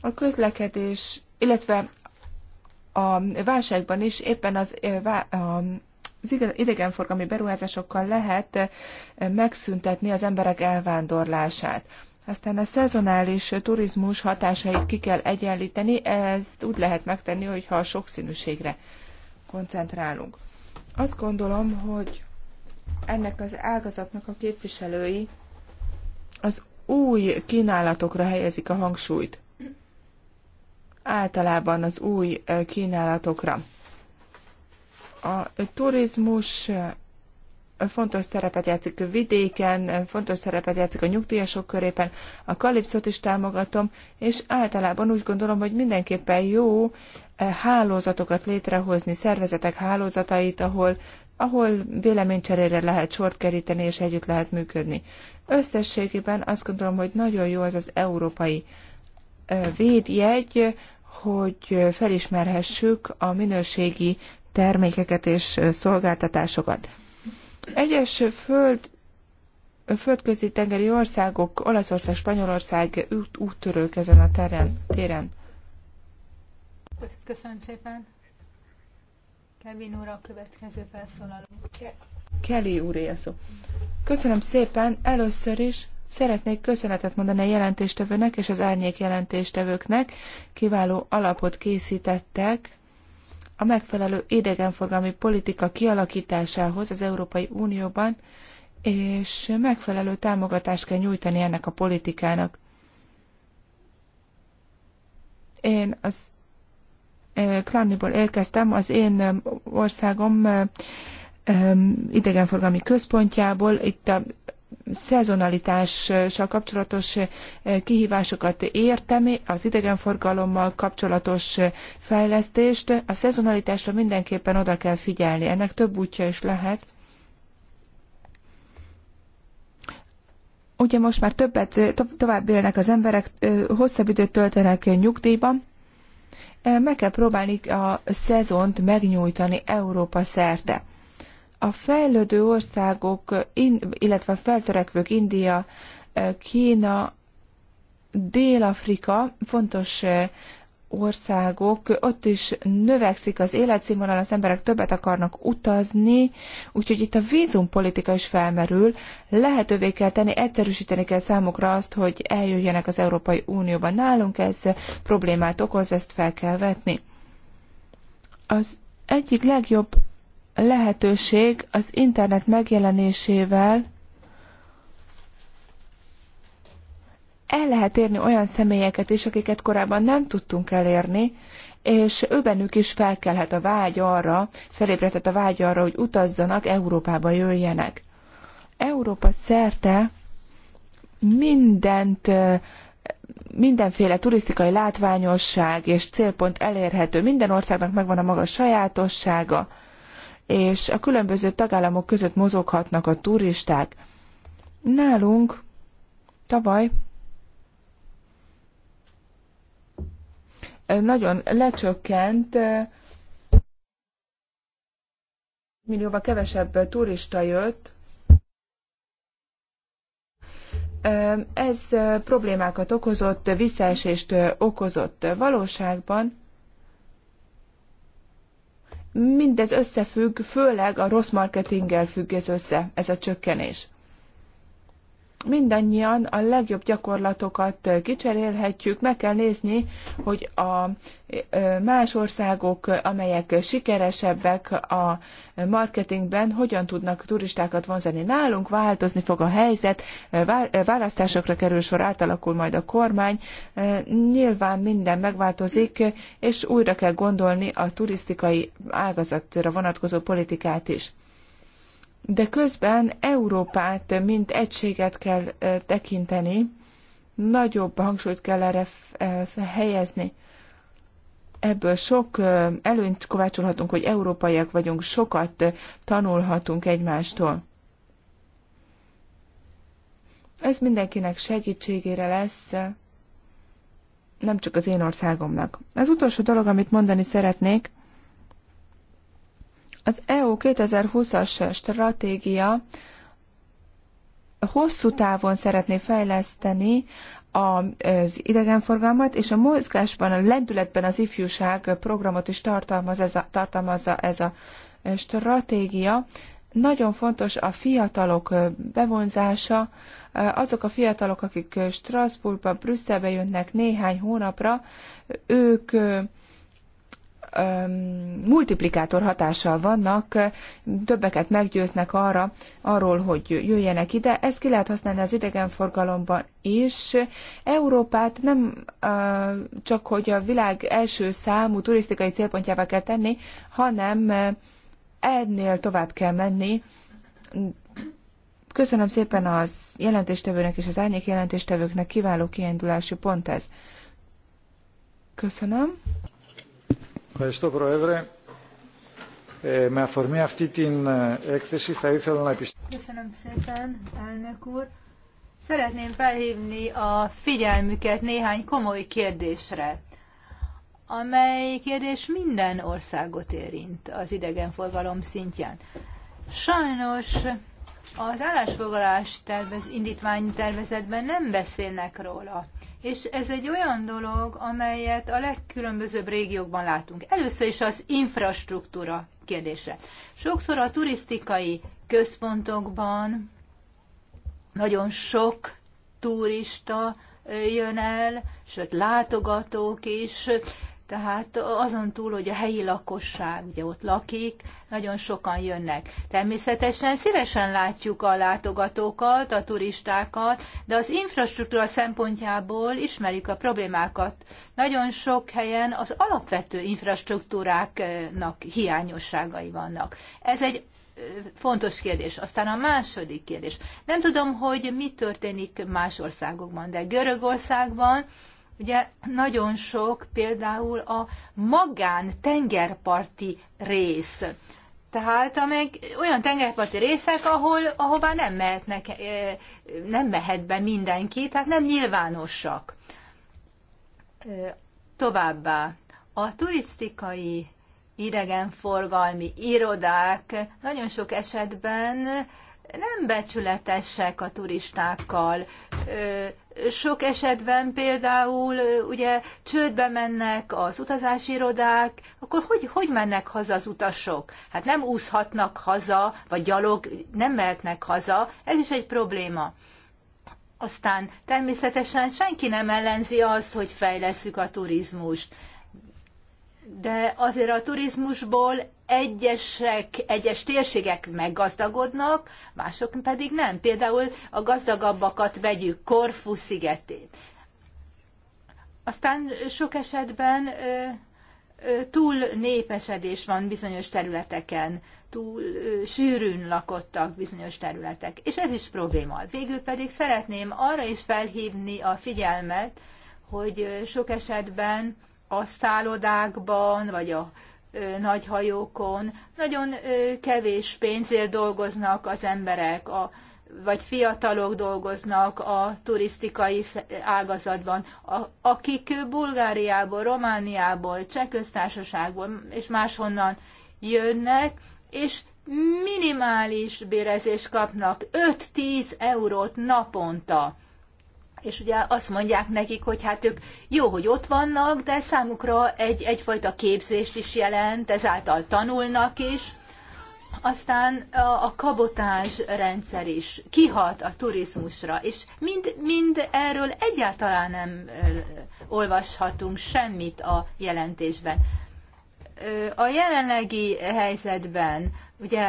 [SPEAKER 1] A közlekedés, illetve a válságban is éppen az, eh, a az idegenforgalmi beruházásokkal lehet eh, megszüntetni az emberek elvándorlását. Aztán a szezonális turizmus hatásait ki kell egyenlíteni, ezt úgy lehet megtenni, hogyha a sokszínűségre koncentrálunk. Azt gondolom, hogy ennek az ágazatnak a képviselői az új kínálatokra helyezik a hangsúlyt. Általában az új eh, kínálatokra. A turizmus fontos szerepet játszik a vidéken, fontos szerepet játszik a nyugdíjasok körében, a kalipszot is támogatom, és általában úgy gondolom, hogy mindenképpen jó eh, hálózatokat létrehozni, szervezetek hálózatait, ahol, ahol véleménycserére lehet sort keríteni, és együtt lehet működni. Összességében azt gondolom, hogy nagyon jó az az európai eh, védjegy, hogy felismerhessük a minőségi termékeket és szolgáltatásokat. Egyes föld földközi tengeri országok, Olaszország, Spanyolország út, úttörők ezen a teren, téren.
[SPEAKER 4] Köszönöm szépen. Kevin úr a következő felszólaló.
[SPEAKER 1] Kelly úr szó. Köszönöm szépen. Először is szeretnék köszönetet mondani a jelentéstevőnek és az árnyék jelentéstevőknek. Kiváló alapot készítettek a megfelelő idegenforgalmi politika kialakításához az Európai Unióban, és megfelelő támogatást kell nyújtani ennek a politikának. Én az Klarniból érkeztem, az én országom idegenforgalmi központjából, itt a szezonalitással kapcsolatos eh, kihívásokat értem, az idegenforgalommal kapcsolatos eh, fejlesztést. A szezonalitásra mindenképpen oda kell figyelni. Ennek több útja is lehet. Ugye most már többet eh, tovább élnek az emberek, hosszabb időt töltenek nyugdíjban. Meg kell próbálni a szezont megnyújtani Európa szerte a fejlődő országok, illetve a feltörekvők India, eh, Kína, Dél-Afrika fontos eh, országok, ott is növekszik az életszínvonal, az emberek többet akarnak utazni, úgyhogy itt a vízumpolitika is felmerül, lehetővé kell tenni, egyszerűsíteni kell számukra azt, hogy eljöjjenek az Európai Unióban nálunk, ez problémát okoz, ezt fel kell vetni. Az egyik legjobb lehetőség az internet megjelenésével el lehet érni olyan személyeket is, akiket korábban nem tudtunk elérni, és őbenük is felkelhet a vágy arra, felébredhet a vágy arra, hogy utazzanak, Európába jöjjenek. Európa szerte mindent mindenféle turisztikai látványosság és célpont elérhető. Minden országnak megvan a maga sajátossága és a különböző tagállamok között mozoghatnak a turisták. Nálunk tavaly nagyon lecsökkent, millióval kevesebb turista jött, ez problémákat okozott, visszaesést okozott valóságban. Mindez összefügg, főleg a rossz marketinggel függ ez össze, ez a csökkenés mindannyian a legjobb gyakorlatokat kicserélhetjük, meg kell nézni, hogy a más országok, amelyek sikeresebbek a marketingben, hogyan tudnak turistákat vonzani nálunk, változni fog a helyzet, választásokra kerül sor, átalakul majd a kormány, nyilván minden megváltozik, és újra kell gondolni a turisztikai ágazatra vonatkozó politikát is de közben Európát, mint egységet kell tekinteni, nagyobb hangsúlyt kell erre helyezni. Ebből sok előnyt kovácsolhatunk, hogy európaiak vagyunk, sokat tanulhatunk egymástól. Ez mindenkinek segítségére lesz, nem csak az én országomnak. Az utolsó dolog, amit mondani szeretnék, az EU 2020-as stratégia hosszú távon szeretné fejleszteni az idegenforgalmat, és a mozgásban, a lendületben az ifjúság programot is tartalmaz ez a, tartalmazza ez a stratégia. Nagyon fontos a fiatalok bevonzása, azok a fiatalok, akik Strasbourgban Brüsszelbe jönnek néhány hónapra, ők multiplikátor hatással vannak, többeket meggyőznek arra, arról, hogy jöjjenek ide. Ezt ki lehet használni az idegenforgalomban is. Európát nem csak, hogy a világ első számú turisztikai célpontjává kell tenni, hanem ennél tovább kell menni. Köszönöm szépen az jelentéstevőnek és az árnyék jelentéstevőknek, kiváló kiindulási pont ez. Köszönöm.
[SPEAKER 4] Ευχαριστώ, Πρόεδρε. Ε, με αφορμή
[SPEAKER 3] αυτή την έκθεση θα ήθελα να επιστρέψω.
[SPEAKER 4] Szeretném felhívni a figyelmüket néhány komoly kérdésre, amely kérdés minden országot érint az idegenforgalom szintjén. Sajnos az állásfoglalási tervez, indítvány tervezetben nem beszélnek róla. És ez egy olyan dolog, amelyet a legkülönbözőbb régiókban látunk. Először is az infrastruktúra kérdése. Sokszor a turisztikai központokban nagyon sok turista jön el, sőt látogatók is, tehát azon túl, hogy a helyi lakosság ugye ott lakik, nagyon sokan jönnek. Természetesen szívesen látjuk a látogatókat, a turistákat, de az infrastruktúra szempontjából ismerjük a problémákat. Nagyon sok helyen az alapvető infrastruktúráknak hiányosságai vannak. Ez egy fontos kérdés. Aztán a második kérdés. Nem tudom, hogy mi történik más országokban, de Görögországban Ugye nagyon sok például a magán tengerparti rész. Tehát amely olyan tengerparti részek, ahol, ahová nem, mehetnek, eh, nem mehet be mindenki, tehát nem nyilvánosak. Eh, továbbá a turisztikai idegenforgalmi irodák nagyon sok esetben nem becsületesek a turistákkal, eh, sok esetben például ugye csődbe mennek az utazási irodák, akkor hogy, hogy mennek haza az utasok? Hát nem úszhatnak haza, vagy gyalog, nem mehetnek haza, ez is egy probléma. Aztán természetesen senki nem ellenzi azt, hogy fejleszük a turizmust. De azért a turizmusból egyesek, egyes térségek meggazdagodnak, mások pedig nem. Például a gazdagabbakat vegyük Korfu szigetét. Aztán sok esetben túl népesedés van bizonyos területeken, túl sűrűn lakottak bizonyos területek, és ez is probléma. Végül pedig szeretném arra is felhívni a figyelmet, hogy sok esetben a szállodákban, vagy a nagy hajókon. Nagyon kevés pénzért dolgoznak az emberek, a, vagy fiatalok dolgoznak a turisztikai ágazatban, a, akik Bulgáriából, Romániából, Csehköztársaságból és máshonnan jönnek, és minimális bérezést kapnak, 5-10 eurót naponta és ugye azt mondják nekik, hogy hát ők jó, hogy ott vannak, de számukra egy, egyfajta képzést is jelent, ezáltal tanulnak is. Aztán a, a kabotás rendszer is kihat a turizmusra, és mind, mind erről egyáltalán nem olvashatunk semmit a jelentésben. A jelenlegi helyzetben Ugye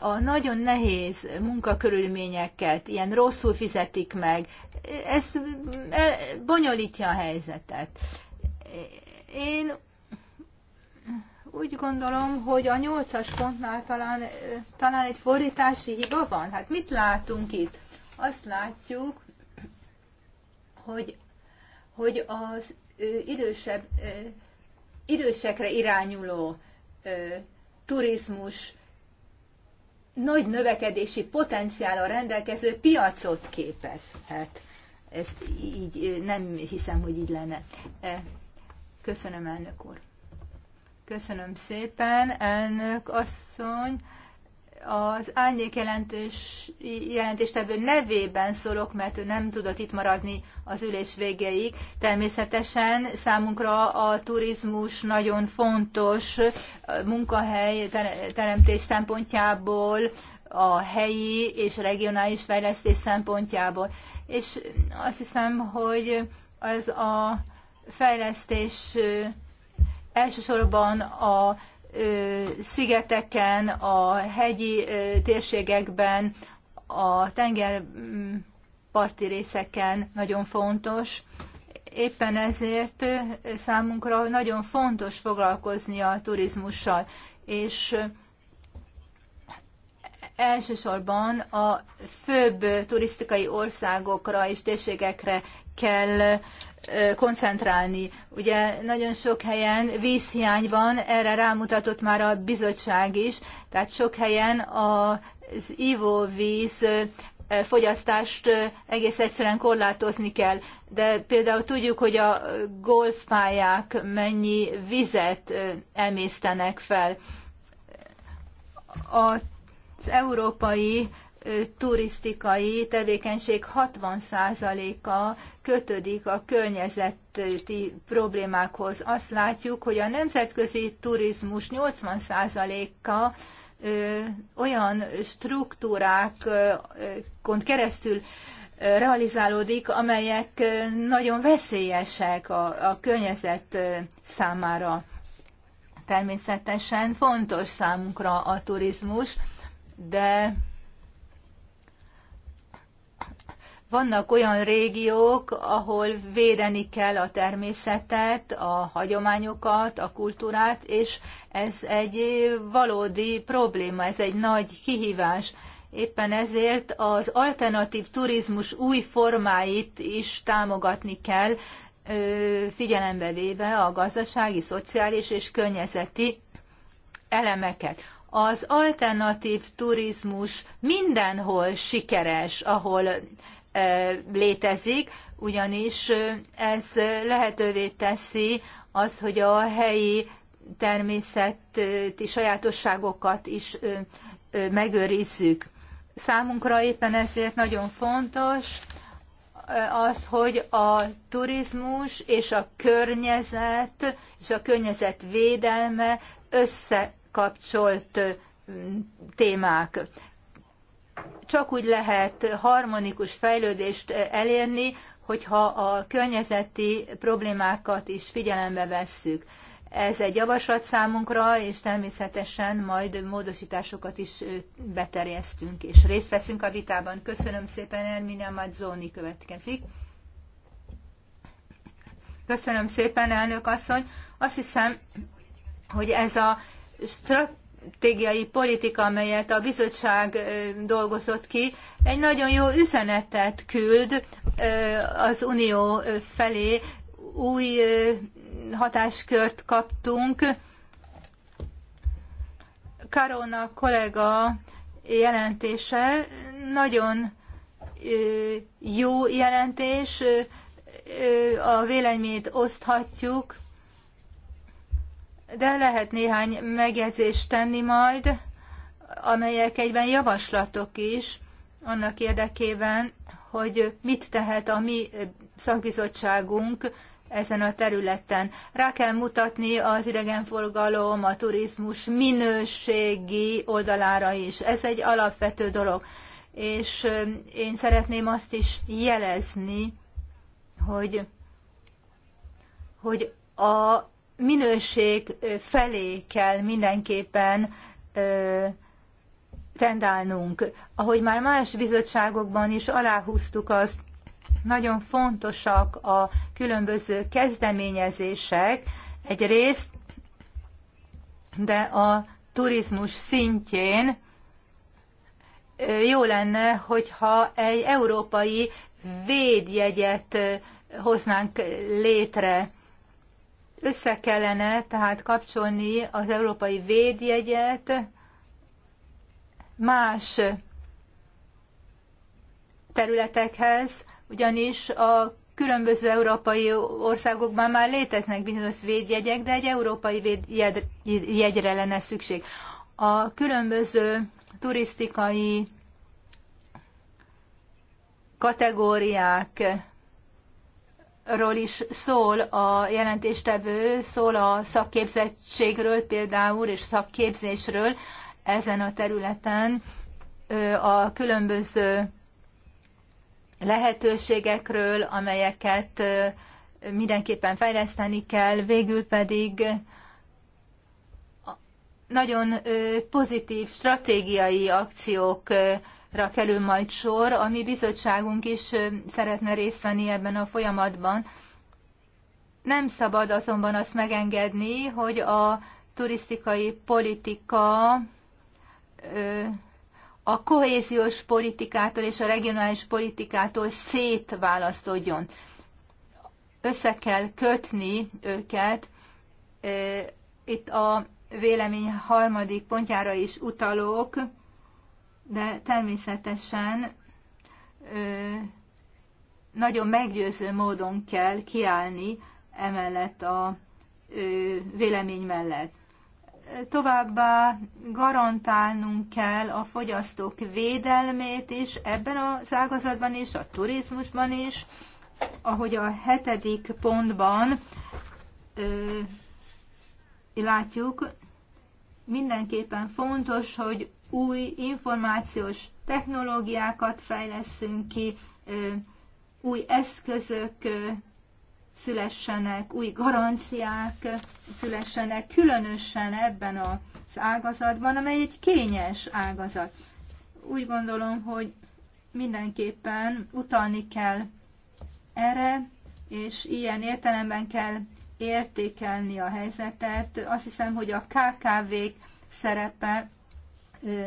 [SPEAKER 4] a nagyon nehéz munkakörülményeket ilyen rosszul fizetik meg, ez e, bonyolítja a helyzetet. Én úgy gondolom, hogy a nyolcas pontnál talán, talán egy fordítási hiba van. Hát mit látunk itt? Azt látjuk, hogy, hogy az idősebb, idősekre irányuló turizmus nagy növekedési potenciállal rendelkező piacot képezhet. ez így nem hiszem, hogy így lenne. E, köszönöm, elnök úr. Köszönöm szépen, elnök asszony az árnyék jelentős, jelentéstevő nevében szólok, mert ő nem tudott itt maradni az ülés végéig. Természetesen számunkra a turizmus nagyon fontos munkahely teremtés szempontjából, a helyi és regionális fejlesztés szempontjából. És azt hiszem, hogy az a fejlesztés elsősorban a szigeteken, a hegyi térségekben, a tengerparti mm, részeken nagyon fontos. Éppen ezért számunkra nagyon fontos foglalkozni a turizmussal, és elsősorban a főbb turisztikai országokra és térségekre kell koncentrálni. Ugye nagyon sok helyen vízhiány van, erre rámutatott már a bizottság is, tehát sok helyen az ivóvíz fogyasztást egész egyszerűen korlátozni kell. De például tudjuk, hogy a golfpályák mennyi vizet emésztenek fel. Az európai turisztikai tevékenység 60%-a kötődik a környezeti problémákhoz. Azt látjuk, hogy a nemzetközi turizmus 80%-a olyan struktúrákon keresztül realizálódik, amelyek nagyon veszélyesek a, a környezet számára. Természetesen fontos számunkra a turizmus, de Vannak olyan régiók, ahol védeni kell a természetet, a hagyományokat, a kultúrát, és ez egy valódi probléma, ez egy nagy kihívás. Éppen ezért az alternatív turizmus új formáit is támogatni kell, figyelembe véve a gazdasági, szociális és környezeti elemeket. Az alternatív turizmus mindenhol sikeres, ahol létezik, ugyanis ez lehetővé teszi az, hogy a helyi természeti sajátosságokat is megőrizzük. Számunkra éppen ezért nagyon fontos az, hogy a turizmus és a környezet és a környezet védelme összekapcsolt témák csak úgy lehet harmonikus fejlődést eh, elérni, hogyha a környezeti problémákat is figyelembe vesszük. Ez egy javaslat számunkra, és természetesen majd módosításokat is eh, beterjesztünk, és részt veszünk a vitában. Köszönöm szépen, Erminia Mazzoni következik. Köszönöm szépen, elnök asszony. Azt hiszem, hogy ez a strat stratégiai politika, amelyet a bizottság dolgozott ki, egy nagyon jó üzenetet küld az Unió felé, új hatáskört kaptunk. Karona kollega jelentése nagyon jó jelentés, a véleményt oszthatjuk, de lehet néhány megjegyzést tenni majd, amelyek egyben javaslatok is, annak érdekében, hogy mit tehet a mi szakbizottságunk ezen a területen. Rá kell mutatni az idegenforgalom, a turizmus minőségi oldalára is. Ez egy alapvető dolog. És én szeretném azt is jelezni, hogy, hogy a minőség felé kell mindenképpen tendálnunk. Ahogy már más bizottságokban is aláhúztuk azt, nagyon fontosak a különböző kezdeményezések egyrészt, de a turizmus szintjén jó lenne, hogyha egy európai védjegyet hoznánk létre össze kellene tehát kapcsolni az európai védjegyet más területekhez, ugyanis a különböző európai országokban már léteznek bizonyos védjegyek, de egy európai védjegyre lenne szükség. A különböző turisztikai kategóriák ról is szól a jelentéstevő, szól a szakképzettségről például, és szakképzésről ezen a területen, a különböző lehetőségekről, amelyeket mindenképpen fejleszteni kell, végül pedig nagyon pozitív stratégiai akciók kerül majd sor, ami bizottságunk is szeretne részt venni ebben a folyamatban. Nem szabad azonban azt megengedni, hogy a turisztikai politika a kohéziós politikától és a regionális politikától szétválasztódjon. Össze kell kötni őket. Itt a vélemény harmadik pontjára is utalok de természetesen nagyon meggyőző módon kell kiállni emellett a vélemény mellett. Továbbá garantálnunk kell a fogyasztók védelmét is ebben az ágazatban is, a turizmusban is, ahogy a hetedik pontban ö, látjuk, mindenképpen fontos, hogy új információs technológiákat fejleszünk ki, új eszközök szülessenek, új garanciák szülessenek, különösen ebben az ágazatban, amely egy kényes ágazat. Úgy gondolom, hogy mindenképpen utalni kell erre, és ilyen értelemben kell értékelni a helyzetet. Azt hiszem, hogy a KKV-k szerepe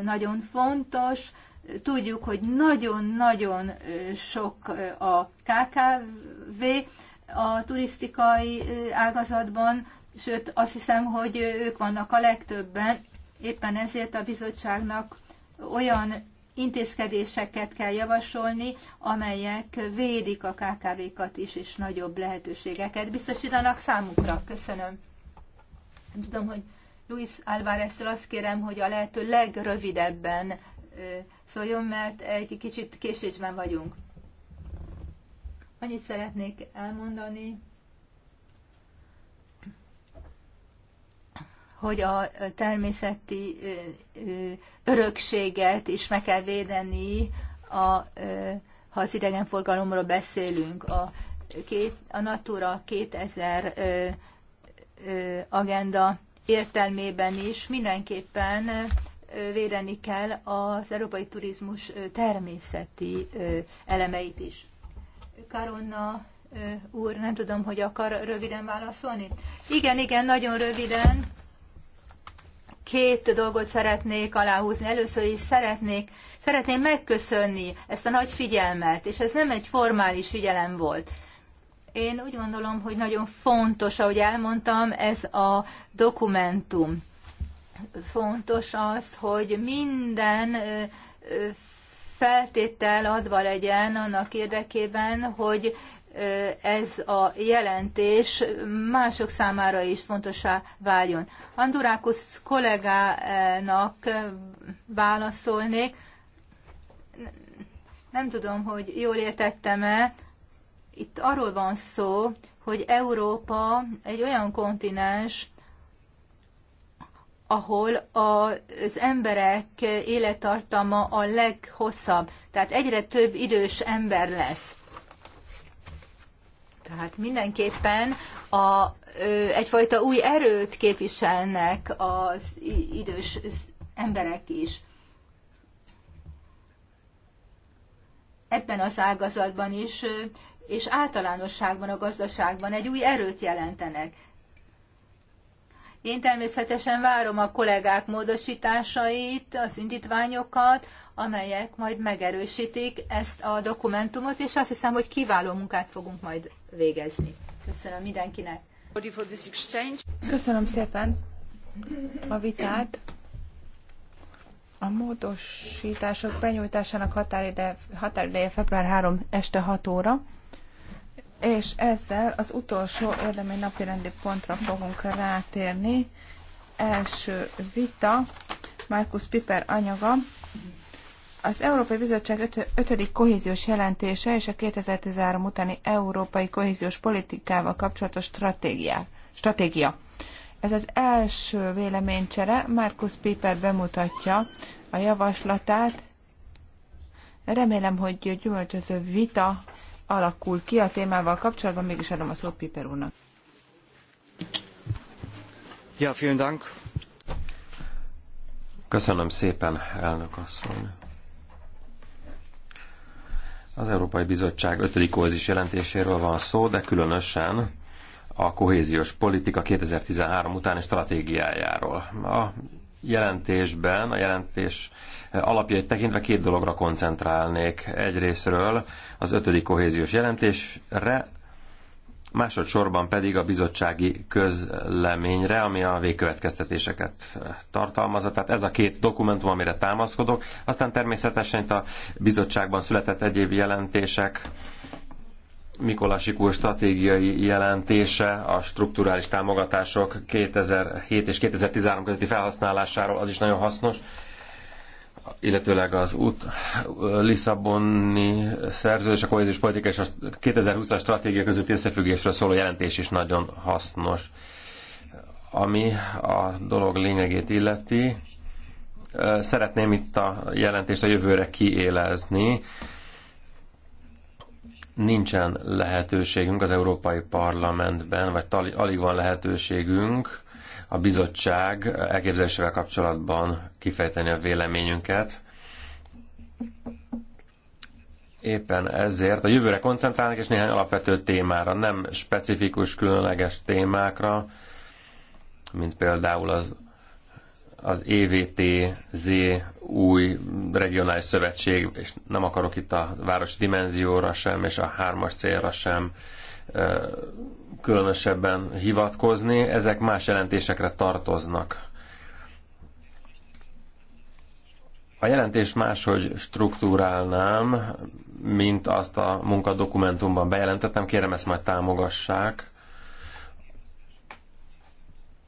[SPEAKER 4] nagyon fontos. Tudjuk, hogy nagyon-nagyon sok a KKV a turisztikai ágazatban, sőt azt hiszem, hogy ők vannak a legtöbben. Éppen ezért a bizottságnak olyan intézkedéseket kell javasolni, amelyek védik a KKV-kat is, és nagyobb lehetőségeket biztosítanak számukra. Köszönöm. Nem tudom, hogy Luis Álvarez-től azt kérem, hogy a lehető legrövidebben szóljon, mert egy kicsit késésben vagyunk. Annyit szeretnék elmondani, hogy a természeti örökséget is meg kell védeni, a, ha az idegenforgalomról beszélünk. A, két, a Natura 2000 agenda értelmében is mindenképpen védeni kell az európai turizmus természeti elemeit is. Karonna úr, nem tudom, hogy akar röviden válaszolni? Igen, igen, nagyon röviden. Két dolgot szeretnék aláhúzni. Először is szeretnék, szeretném megköszönni ezt a nagy figyelmet, és ez nem egy formális figyelem volt. Én úgy gondolom, hogy nagyon fontos, ahogy elmondtam, ez a dokumentum. Fontos az, hogy minden feltétel adva legyen annak érdekében, hogy ez a jelentés mások számára is fontosá váljon. Andurákusz kollégának válaszolnék. Nem tudom, hogy jól értettem-e itt arról van szó, hogy Európa egy olyan kontinens, ahol az emberek élettartama a leghosszabb. Tehát egyre több idős ember lesz. Tehát mindenképpen a, ö, egyfajta új erőt képviselnek az idős emberek is. Ebben az ágazatban is és általánosságban a gazdaságban egy új erőt jelentenek. Én természetesen várom a kollégák módosításait, az indítványokat, amelyek majd megerősítik ezt a dokumentumot, és azt hiszem, hogy kiváló munkát fogunk majd végezni. Köszönöm mindenkinek.
[SPEAKER 1] Köszönöm szépen a vitát. A módosítások benyújtásának határideje, február 3 este 6 óra. És ezzel az utolsó érdemi napirendi pontra fogunk rátérni. Első vita, Markus Piper anyaga, az Európai Bizottság 5. kohéziós jelentése és a 2013 utáni európai kohéziós politikával kapcsolatos stratégia. stratégia. Ez az első véleménycsere, Markus Piper bemutatja a javaslatát. Remélem, hogy gyümölcsöző vita alakul ki a témával kapcsolatban, mégis adom a szót Piper úrnak.
[SPEAKER 2] Ja, vielen Dank. Köszönöm szépen, elnök asszony. Az Európai Bizottság ötödik kohézis jelentéséről van szó, de különösen a kohéziós politika 2013 utáni stratégiájáról. A jelentésben, a jelentés alapjait tekintve két dologra koncentrálnék. Egyrésztről az ötödik kohéziós jelentésre, másodszorban pedig a bizottsági közleményre, ami a végkövetkeztetéseket tartalmazza. Tehát ez a két dokumentum, amire támaszkodok. Aztán természetesen itt a bizottságban született egyéb jelentések Mikolásik úr stratégiai jelentése a strukturális támogatások 2007 és 2013 közötti felhasználásáról, az is nagyon hasznos, illetőleg az út Lisszaboni szerződés, a kohéziós politika és a 2020-as stratégia közötti összefüggésről szóló jelentés is nagyon hasznos. Ami a dolog lényegét illeti, szeretném itt a jelentést a jövőre kiélezni nincsen lehetőségünk az Európai Parlamentben, vagy alig van lehetőségünk a bizottság elképzelésével kapcsolatban kifejteni a véleményünket. Éppen ezért a jövőre koncentrálnak, és néhány alapvető témára, nem specifikus, különleges témákra, mint például az az EVTZ új regionális szövetség, és nem akarok itt a város dimenzióra sem, és a hármas célra sem különösebben hivatkozni. Ezek más jelentésekre tartoznak. A jelentés máshogy struktúrálnám, mint azt a munkadokumentumban bejelentettem, kérem ezt majd támogassák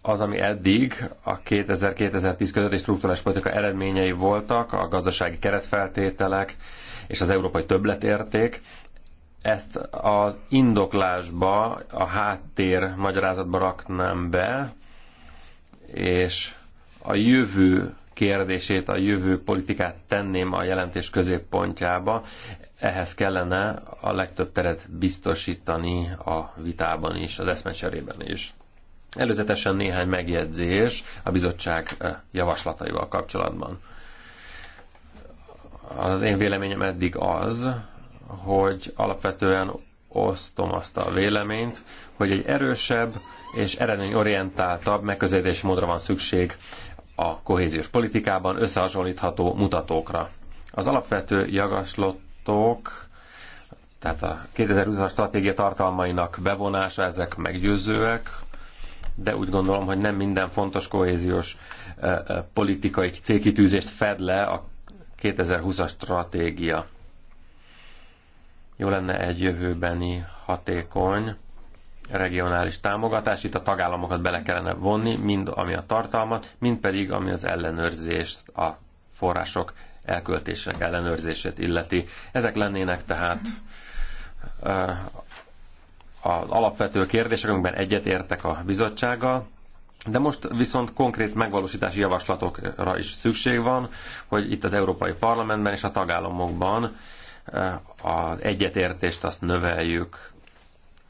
[SPEAKER 2] az, ami eddig a 2000-2010 közötti struktúrális politika eredményei voltak, a gazdasági keretfeltételek és az európai többletérték, ezt az indoklásba, a háttér magyarázatba raknám be, és a jövő kérdését, a jövő politikát tenném a jelentés középpontjába. Ehhez kellene a legtöbb teret biztosítani a vitában is, az eszmecserében is. Előzetesen néhány megjegyzés a bizottság eh, javaslataival kapcsolatban. Az én véleményem eddig az, hogy alapvetően osztom azt a véleményt, hogy egy erősebb és eredményorientáltabb megközelítésmódra van szükség a kohéziós politikában összehasonlítható mutatókra. Az alapvető javaslatok tehát a 2020-as stratégia tartalmainak bevonása, ezek meggyőzőek, de úgy gondolom, hogy nem minden fontos kohéziós eh, eh, politikai célkitűzést fed le a 2020-as stratégia. Jó lenne egy jövőbeni hatékony regionális támogatás. Itt a tagállamokat bele kellene vonni, mind ami a tartalmat, mind pedig ami az ellenőrzést, a források elköltések ellenőrzését illeti. Ezek lennének tehát eh, az alapvető kérdések, amikben egyet értek a bizottsággal, de most viszont konkrét megvalósítási javaslatokra is szükség van, hogy itt az Európai Parlamentben és a tagállamokban eh, az egyetértést azt növeljük.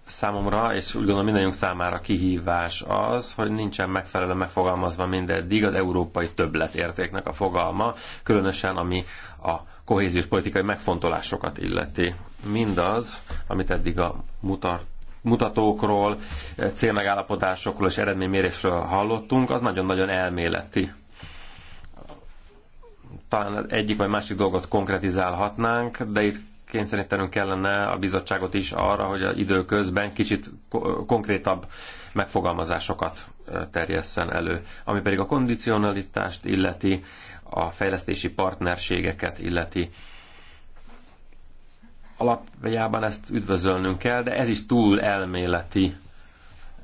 [SPEAKER 2] Számomra, és úgy gondolom mindannyiunk számára kihívás az, hogy nincsen megfelelő megfogalmazva mindeddig az európai többletértéknek a fogalma, különösen ami a kohéziós politikai megfontolásokat illeti. Mindaz, amit eddig a mutat mutatókról, célmegállapodásokról és eredménymérésről hallottunk, az nagyon-nagyon elméleti. Talán egyik vagy másik dolgot konkretizálhatnánk, de itt kényszerítenünk kellene a bizottságot is arra, hogy az időközben kicsit konkrétabb megfogalmazásokat terjesszen elő. Ami pedig a kondicionalitást illeti, a fejlesztési partnerségeket illeti, alapjában ezt üdvözölnünk kell, de ez is túl elméleti.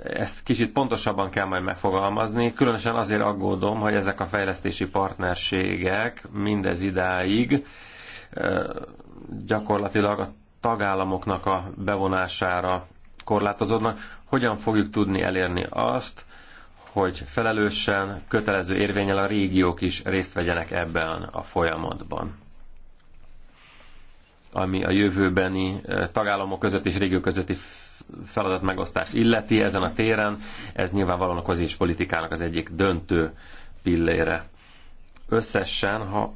[SPEAKER 2] Ezt kicsit pontosabban kell majd megfogalmazni. Különösen azért aggódom, hogy ezek a fejlesztési partnerségek mindez idáig gyakorlatilag a tagállamoknak a bevonására korlátozódnak. Hogyan fogjuk tudni elérni azt, hogy felelősen, kötelező érvényel a régiók is részt vegyenek ebben a folyamatban? ami a jövőbeni eh, tagállamok között és régió közötti feladatmegosztást illeti ezen a téren, ez nyilvánvalóan a kozis politikának az egyik döntő pillére. Összesen, ha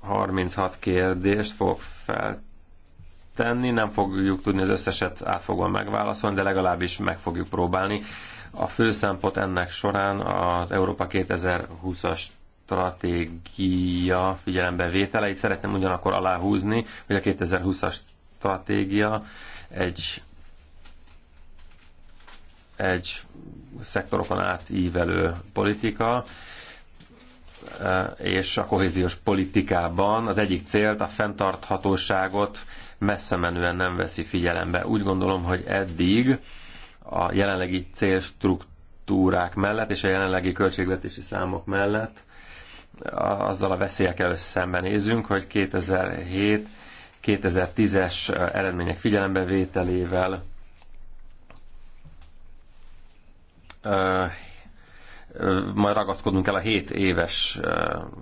[SPEAKER 2] 36 kérdést fog feltenni, nem fogjuk tudni az összeset átfogóan megválaszolni, de legalábbis meg fogjuk próbálni. A fő szempont ennek során az Európa 2020-as stratégia figyelembe vételeit. Szeretném ugyanakkor aláhúzni, hogy a 2020-as stratégia egy egy szektorokon átívelő politika, eh, és a kohéziós politikában az egyik célt, a fenntarthatóságot messze menően nem veszi figyelembe. Úgy gondolom, hogy eddig a jelenlegi célstruktúrák mellett és a jelenlegi költségvetési számok mellett azzal a veszélyekkel szembenézünk, hogy 2007-2010-es eredmények figyelembevételével majd ragaszkodnunk el a 7 éves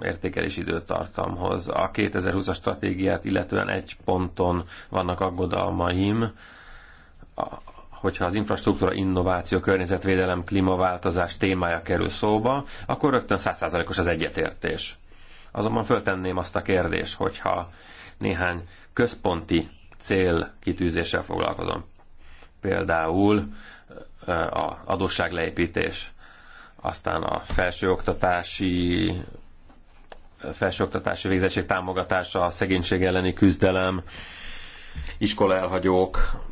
[SPEAKER 2] értékelési időtartamhoz. A 2020-as stratégiát illetően egy ponton vannak aggodalmaim, hogyha az infrastruktúra, innováció, környezetvédelem, klímaváltozás témája kerül szóba, akkor rögtön százszázalékos az egyetértés. Azonban föltenném azt a kérdést, hogyha néhány központi cél kitűzéssel foglalkozom. Például a adósságleépítés, aztán a felsőoktatási felsőoktatási végzettség támogatása, a szegénység elleni küzdelem, iskola elhagyók,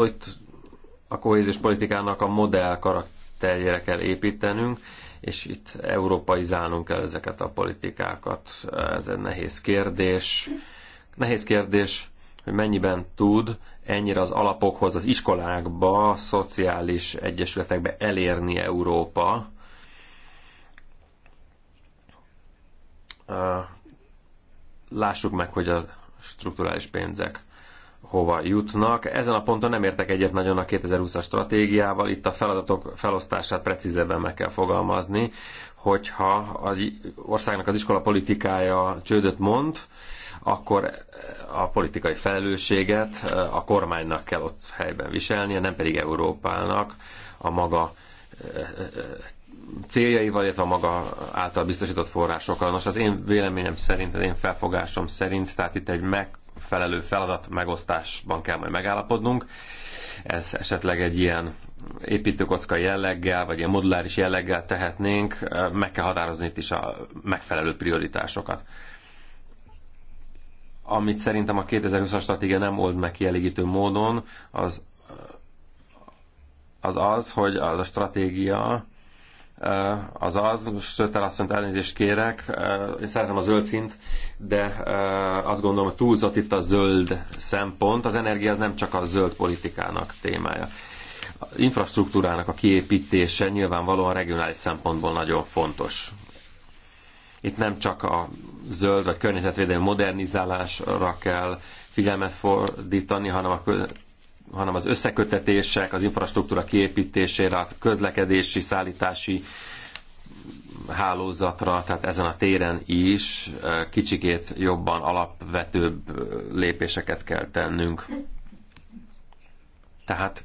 [SPEAKER 2] itt a kohéziós politikának a modell karakterjére kell építenünk, és itt európai zálnunk kell ezeket a politikákat. Ez egy nehéz kérdés. Nehéz kérdés, hogy mennyiben tud ennyire az alapokhoz, az iskolákba, a szociális egyesületekbe elérni Európa. Lássuk meg, hogy a strukturális pénzek hova jutnak. Ezen a ponton nem értek egyet nagyon a 2020-as stratégiával, itt a feladatok felosztását precízebben meg kell fogalmazni, hogyha az országnak az iskola politikája csődöt mond, akkor a politikai felelősséget eh, a kormánynak kell ott helyben viselnie, nem pedig Európának a maga eh, céljaival, illetve a maga által biztosított forrásokkal. Nos, az én véleményem szerint, az én felfogásom szerint, tehát itt egy meg megfelelő feladat megosztásban kell majd megállapodnunk. Ez esetleg egy ilyen építőkocka jelleggel, vagy ilyen moduláris jelleggel tehetnénk, meg kell határozni itt is a megfelelő prioritásokat. Amit szerintem a 2020-as stratégia nem old meg kielégítő módon, az az, az hogy az a stratégia az az, Söter azt mondta, elnézést kérek, én szeretem a zöld szint, de azt gondolom, hogy túlzott itt a zöld szempont. Az energia az nem csak a zöld politikának témája. A infrastruktúrának a kiépítése nyilvánvalóan regionális szempontból nagyon fontos. Itt nem csak a zöld vagy környezetvédelmi modernizálásra kell figyelmet fordítani, hanem a hanem az összekötetések, az infrastruktúra kiépítésére, a közlekedési, szállítási hálózatra, tehát ezen a téren is kicsikét jobban alapvetőbb lépéseket kell tennünk. Tehát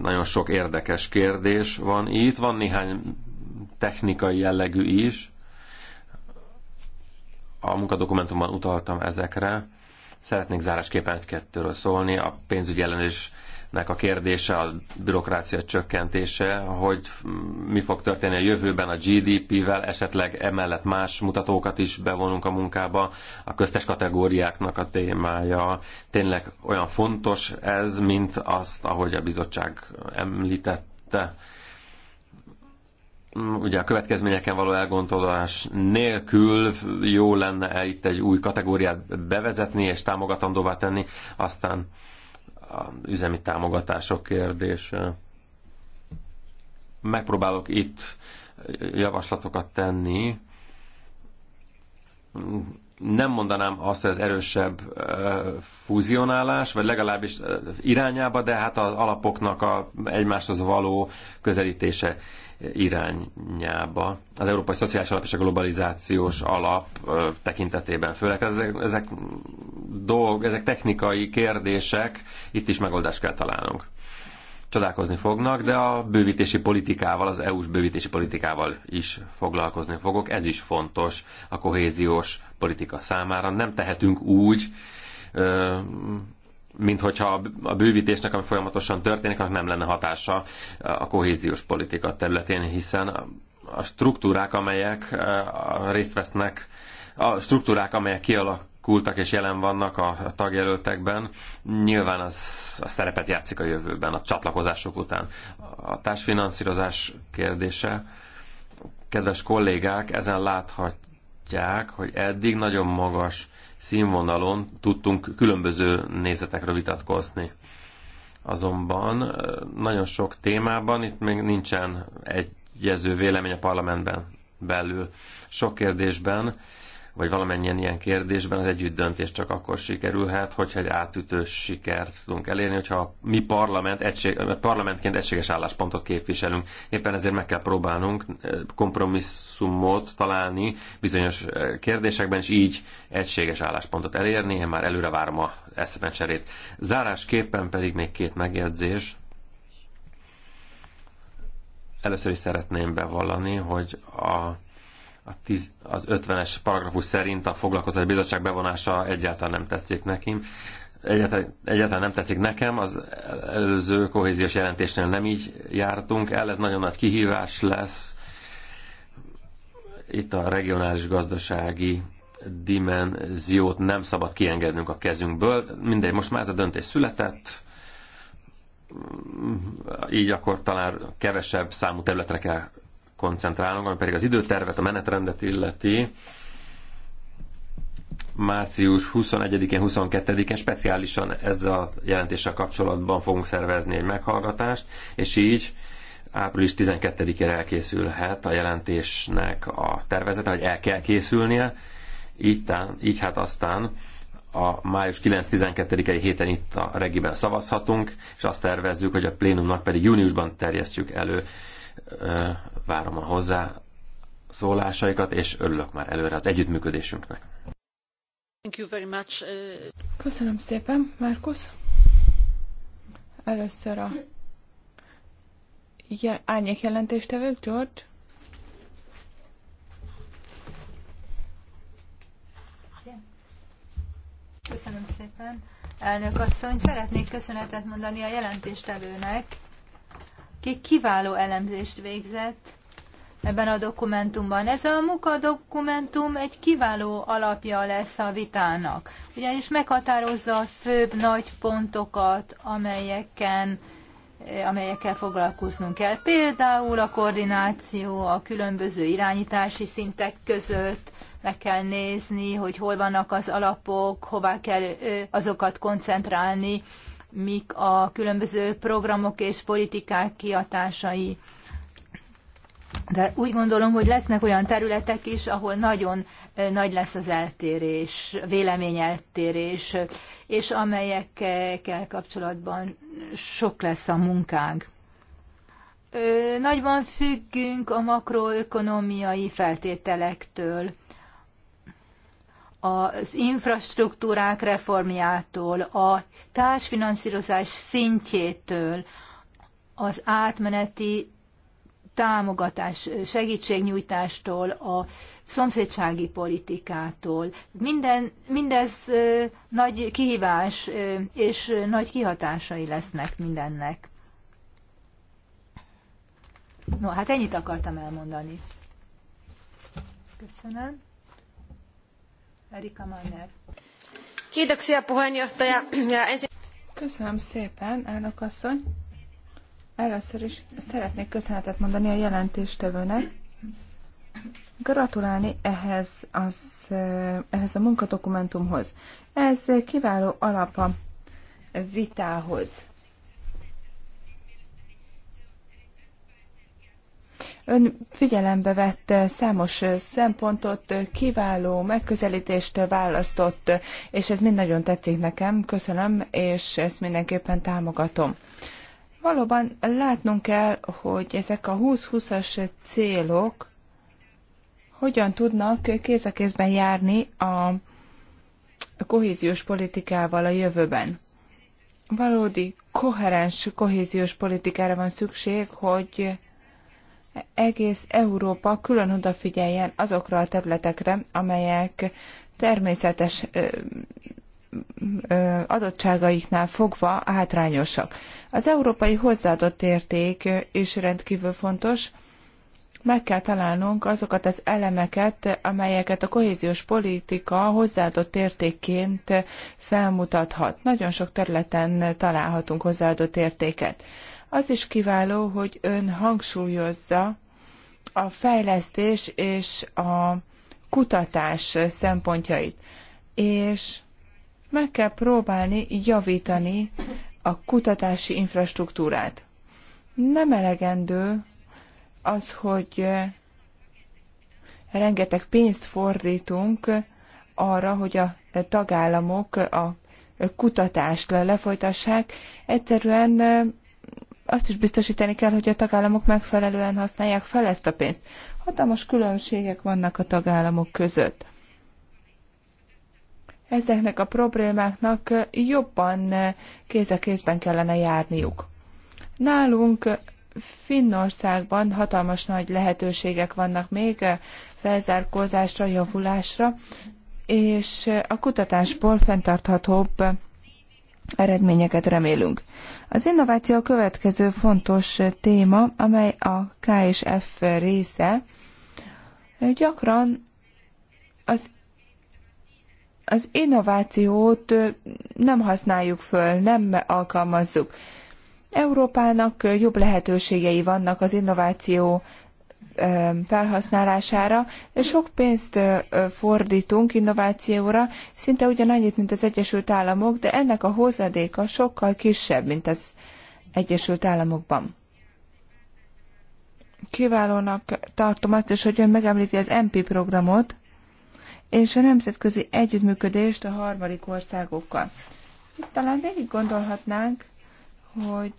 [SPEAKER 2] nagyon sok érdekes kérdés van itt, van néhány technikai jellegű is. A munkadokumentumban utaltam ezekre. Szeretnék zárásképpen egy-kettőről szólni. A pénzügyi ellenőrzésnek a kérdése, a bürokrácia csökkentése, hogy mi fog történni a jövőben a GDP-vel, esetleg emellett más mutatókat is bevonunk a munkába, a köztes kategóriáknak a témája. Tényleg olyan fontos ez, mint azt, ahogy a bizottság említette ugye a következményeken való elgondolás nélkül jó lenne -e itt egy új kategóriát bevezetni és támogatandóvá tenni, aztán a üzemi támogatások kérdése. Megpróbálok itt javaslatokat tenni, nem mondanám azt, hogy az erősebb fúzionálás, vagy legalábbis irányába, de hát az alapoknak a egymáshoz való közelítése irányába. Az Európai Szociális Alap és a Globalizációs Alap tekintetében főleg. Ezek, ezek, dolg, ezek technikai kérdések, itt is megoldást kell találnunk. Csodálkozni fognak, de a bővítési politikával, az EU-s bővítési politikával is foglalkozni fogok. Ez is fontos a kohéziós politika számára. Nem tehetünk úgy, mint hogyha a bővítésnek, ami folyamatosan történik, annak nem lenne hatása a kohéziós politika területén, hiszen a struktúrák, amelyek részt vesznek, a struktúrák, amelyek kialakultak és jelen vannak a tagjelöltekben, nyilván az a szerepet játszik a jövőben, a csatlakozások után. A társfinanszírozás kérdése, kedves kollégák, ezen láthatjuk, mutatják, hogy eddig nagyon magas színvonalon tudtunk különböző nézetekről vitatkozni. Azonban nagyon sok témában itt még nincsen egyező vélemény a parlamentben belül. Sok kérdésben vagy valamennyien ilyen kérdésben az együttdöntés csak akkor sikerülhet, hogyha egy átütő sikert tudunk elérni, hogyha mi parlament egység, parlamentként egységes álláspontot képviselünk. Éppen ezért meg kell próbálnunk eh, kompromisszumot találni bizonyos eh, kérdésekben, és így egységes álláspontot elérni. Én már előre várom a eszmecserét. Zárásképpen pedig még két megjegyzés először is szeretném bevallani, hogy a a tíz, az 50-es paragrafus szerint a foglalkozás bizottság bevonása egyáltalán nem tetszik nekem. Egyáltalán, egyáltalán nem tetszik nekem, az előző kohéziós jelentésnél nem így jártunk el, ez nagyon nagy kihívás lesz. Itt a regionális gazdasági dimenziót nem szabad kiengednünk a kezünkből. Mindegy, most már ez a döntés született, így akkor talán kevesebb számú területre kell koncentrálunk, ami pedig az időtervet, a menetrendet illeti. Március 21-én, 22-én speciálisan ezzel a jelentéssel kapcsolatban fogunk szervezni egy meghallgatást, és így április 12-ére elkészülhet a jelentésnek a tervezete, hogy el kell készülnie, így, tán, így hát aztán a május 9-12-i héten itt a regiben szavazhatunk, és azt tervezzük, hogy a plénumnak pedig júniusban terjesztjük elő várom a hozzá szólásaikat, és örülök már előre az együttműködésünknek.
[SPEAKER 1] Thank you very much. Köszönöm szépen, Markus. Először a ja, árnyék jelentéstevők, George.
[SPEAKER 4] Köszönöm szépen. Elnök asszony, szeretnék köszönetet mondani a jelentéstevőnek aki kiváló elemzést végzett ebben a dokumentumban. Ez a dokumentum egy kiváló alapja lesz a vitának, ugyanis meghatározza a főbb nagy pontokat, amelyeken eh, amelyekkel foglalkoznunk kell. Például a koordináció a különböző irányítási szintek között, meg kell nézni, hogy hol vannak az alapok, hová kell eh, azokat koncentrálni, mik a különböző programok és politikák kiatásai. De úgy gondolom, hogy lesznek olyan területek is, ahol nagyon nagy lesz az eltérés, véleményeltérés, és amelyekkel kapcsolatban sok lesz a munkánk. Nagyban függünk a makroökonomiai feltételektől az infrastruktúrák reformjától, a társfinanszírozás szintjétől, az átmeneti támogatás, segítségnyújtástól, a szomszédsági politikától. Minden, mindez nagy kihívás és nagy kihatásai lesznek mindennek. No, hát ennyit akartam elmondani. Köszönöm. Erika Manner.
[SPEAKER 1] Kiitoksia puheenjohtaja. Köszönöm szépen, elnök asszony. Először is szeretnék köszönetet mondani a jelentéstevőnek. Gratulálni ehhez, az, ehhez a munkadokumentumhoz. Ez kiváló alap a vitához. Ön figyelembe vett számos szempontot, kiváló megközelítést választott, és ez mind nagyon tetszik nekem, köszönöm, és ezt mindenképpen támogatom. Valóban látnunk kell, hogy ezek a 20-20-as célok hogyan tudnak kéz a kézben járni a kohéziós politikával a jövőben. Valódi koherens kohéziós politikára van szükség, hogy egész Európa külön odafigyeljen azokra a területekre, amelyek természetes adottságaiknál fogva hátrányosak. Az európai hozzáadott érték is rendkívül fontos. Meg kell találnunk azokat az elemeket, amelyeket a kohéziós politika hozzáadott értékként felmutathat. Nagyon sok területen találhatunk hozzáadott értéket. Az is kiváló, hogy ön hangsúlyozza a fejlesztés és a kutatás szempontjait, és meg kell próbálni javítani a kutatási infrastruktúrát. Nem elegendő az, hogy rengeteg pénzt fordítunk arra, hogy a tagállamok a kutatást lefolytassák. Egyszerűen azt is biztosítani kell, hogy a tagállamok megfelelően használják fel ezt a pénzt. Hatalmas különbségek vannak a tagállamok között. Ezeknek a problémáknak jobban kéz a kézben kellene járniuk. Nálunk Finnországban hatalmas nagy lehetőségek vannak még felzárkózásra, javulásra, és a kutatásból fenntarthatóbb eredményeket remélünk. Az innováció a következő fontos téma, amely a K és F része. Gyakran az az innovációt nem használjuk föl, nem alkalmazzuk. Európának jobb lehetőségei vannak az innováció felhasználására. Sok pénzt fordítunk innovációra, szinte ugyanannyit, mint az Egyesült Államok, de ennek a hozadéka sokkal kisebb, mint az Egyesült Államokban. Kiválónak tartom azt is, hogy ön megemlíti az MP programot és a nemzetközi együttműködést a harmadik országokkal. Itt talán végig gondolhatnánk, hogy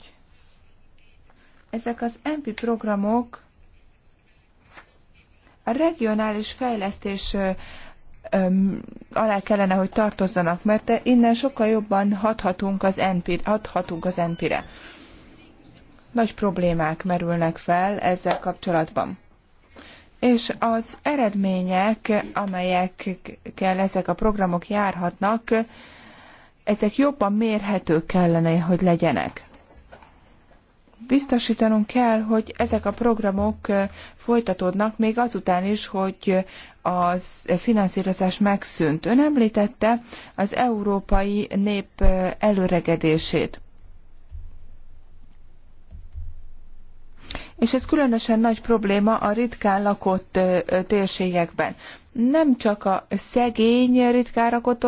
[SPEAKER 1] ezek az MP programok a regionális fejlesztés alá kellene, hogy tartozzanak, mert innen sokkal jobban hathatunk az NP, hathatunk az NP-re. Nagy problémák merülnek fel ezzel kapcsolatban. És az eredmények, amelyekkel ezek a programok járhatnak, ezek jobban mérhetők kellene, hogy legyenek biztosítanunk kell, hogy ezek a programok folytatódnak még azután is, hogy a finanszírozás megszűnt. Ön említette az európai nép előregedését. És ez különösen nagy probléma a ritkán lakott térségekben. Nem csak a szegény, ritkán lakott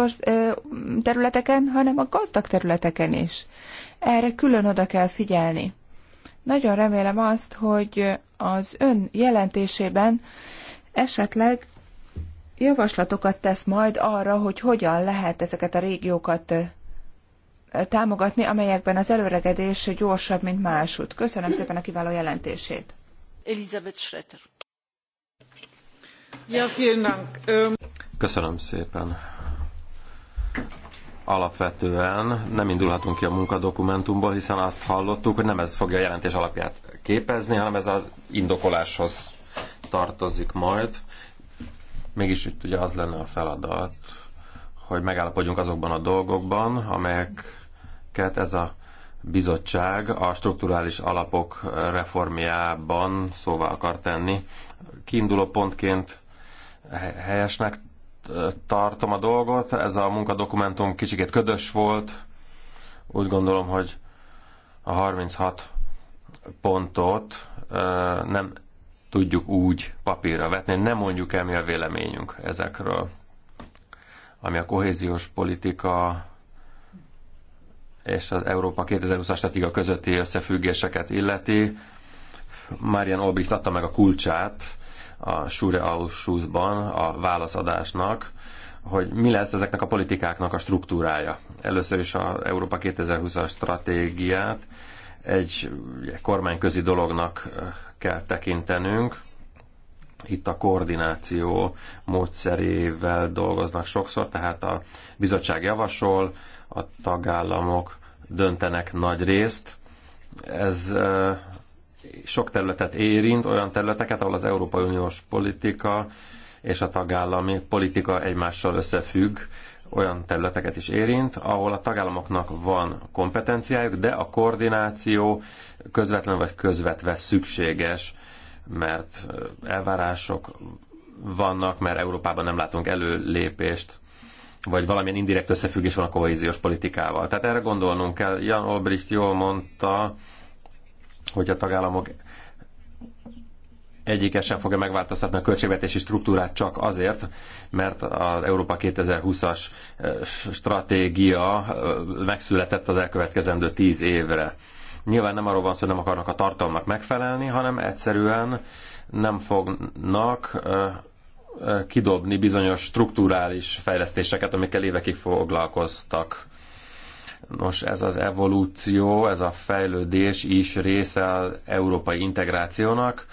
[SPEAKER 1] területeken, hanem a gazdag területeken is. Erre külön oda kell figyelni. Nagyon remélem azt, hogy az ön jelentésében esetleg javaslatokat tesz majd arra, hogy hogyan lehet ezeket a régiókat támogatni, amelyekben az előregedés gyorsabb, mint másút. Köszönöm szépen a kiváló jelentését.
[SPEAKER 4] Elizabeth Schroeder.
[SPEAKER 3] Ja, vielen Dank.
[SPEAKER 2] Köszönöm szépen alapvetően nem indulhatunk ki a munkadokumentumból, hiszen azt hallottuk, hogy nem ez fogja a jelentés alapját képezni, hanem ez az indokoláshoz tartozik majd. Mégis itt ugye az lenne a feladat, hogy megállapodjunk azokban a dolgokban, amelyeket ez a bizottság a strukturális alapok reformjában szóvá akar tenni. Kiinduló pontként helyesnek tartom a dolgot. Ez a munkadokumentum kicsikét ködös volt. Úgy gondolom, hogy a 36 pontot nem tudjuk úgy papírra vetni, nem mondjuk el mi a véleményünk ezekről. Ami a kohéziós politika és az Európa 2020-as a közötti összefüggéseket illeti, Marian Olbricht adta meg a kulcsát a Sure Ausschussban a válaszadásnak, hogy mi lesz ezeknek a politikáknak a struktúrája. Először is a Európa 2020-as stratégiát egy kormányközi dolognak kell tekintenünk. Itt a koordináció módszerével dolgoznak sokszor, tehát a bizottság javasol, a tagállamok döntenek nagy részt. Ez sok területet érint, olyan területeket, ahol az Európai Uniós politika és a tagállami politika egymással összefügg, olyan területeket is érint, ahol a tagállamoknak van kompetenciájuk, de a koordináció közvetlen vagy közvetve szükséges, mert elvárások vannak, mert Európában nem látunk előlépést, vagy valamilyen indirekt összefüggés van a kohéziós politikával. Tehát erre gondolnunk kell. Jan Olbricht jól mondta, hogy a tagállamok egyike sem fogja megváltoztatni a költségvetési struktúrát csak azért, mert az Európa 2020-as eh, stratégia eh, megszületett az elkövetkezendő tíz évre. Nyilván nem arról van szó, hogy nem akarnak a tartalmak megfelelni, hanem egyszerűen nem fognak eh, kidobni bizonyos strukturális fejlesztéseket, amikkel évekig foglalkoztak. Nos, ez az evolúció, ez a fejlődés is része az európai integrációnak.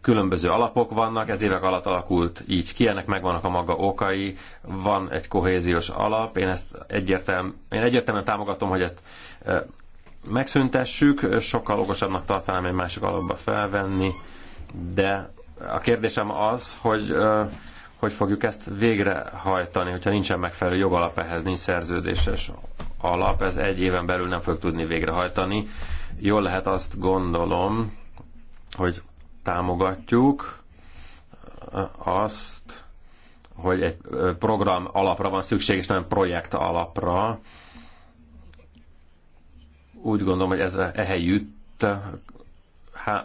[SPEAKER 2] Különböző alapok vannak, ez évek alatt alakult így ki, ennek megvannak a maga okai, van egy kohéziós alap, én ezt egyértelműen, én egyértelműen támogatom, hogy ezt megszüntessük, sokkal okosabbnak tartanám egy másik alapba felvenni, de a kérdésem az, hogy hogy fogjuk ezt végrehajtani, hogyha nincsen megfelelő jogalap ehhez, nincs szerződéses alap, ez egy éven belül nem fogjuk tudni végrehajtani. Jól lehet azt gondolom, hogy támogatjuk azt, hogy egy program alapra van szükség, és nem projekt alapra. Úgy gondolom, hogy ez e-, ehelyütt,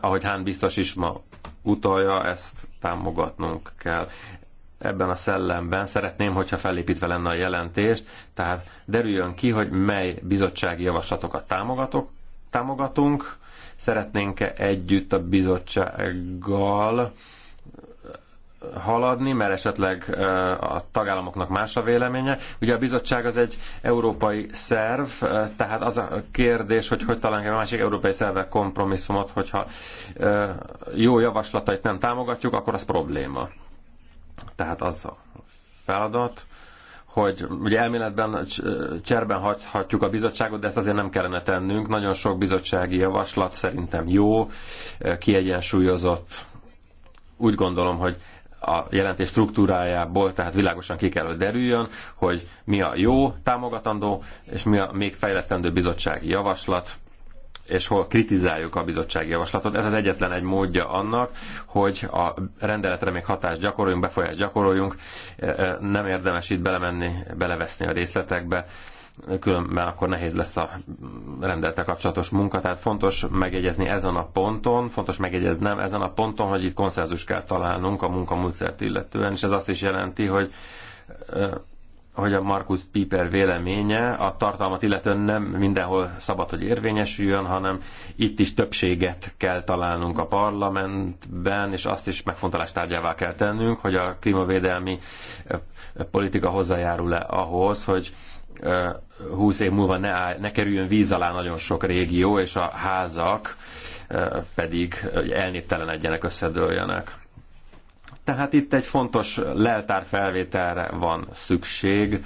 [SPEAKER 2] ahogy Hán biztos is ma utalja, ezt támogatnunk kell ebben a szellemben szeretném, hogyha felépítve lenne a jelentést, tehát derüljön ki, hogy mely bizottsági javaslatokat támogatok, támogatunk, szeretnénk-e együtt a bizottsággal haladni, mert esetleg a tagállamoknak más a véleménye. Ugye a bizottság az egy európai szerv, tehát az a kérdés, hogy hogy találunk egy másik európai szervek kompromisszumot, hogyha jó javaslatait nem támogatjuk, akkor az probléma. Tehát az a feladat, hogy ugye elméletben cserben hagyhatjuk a bizottságot, de ezt azért nem kellene tennünk. Nagyon sok bizottsági javaslat szerintem jó, kiegyensúlyozott. Úgy gondolom, hogy a jelentés struktúrájából, tehát világosan ki kell, hogy derüljön, hogy mi a jó, támogatandó, és mi a még fejlesztendő bizottsági javaslat és hol kritizáljuk a bizottsági javaslatot. Ez az egyetlen egy módja annak, hogy a rendeletre még hatást gyakoroljunk, befolyást gyakoroljunk, e, e, nem érdemes itt belemenni, beleveszni a részletekbe, különben akkor nehéz lesz a rendeltel kapcsolatos munka, tehát fontos megjegyezni ezen a ponton, fontos nem ezen a ponton, hogy itt konszenzus kell találnunk a munkamódszert illetően, és ez azt is jelenti, hogy e, hogy a Markus Piper véleménye a tartalmat illetően nem mindenhol szabad, hogy érvényesüljön, hanem itt is többséget kell találnunk a parlamentben, és azt is megfontolás tárgyává kell tennünk, hogy a klímavédelmi politika hozzájárul-e ahhoz, hogy 20 év múlva ne, áll, ne kerüljön víz alá nagyon sok régió, és a házak pedig elnéptelenedjenek, összedőljenek tehát itt egy fontos leltárfelvételre van szükség.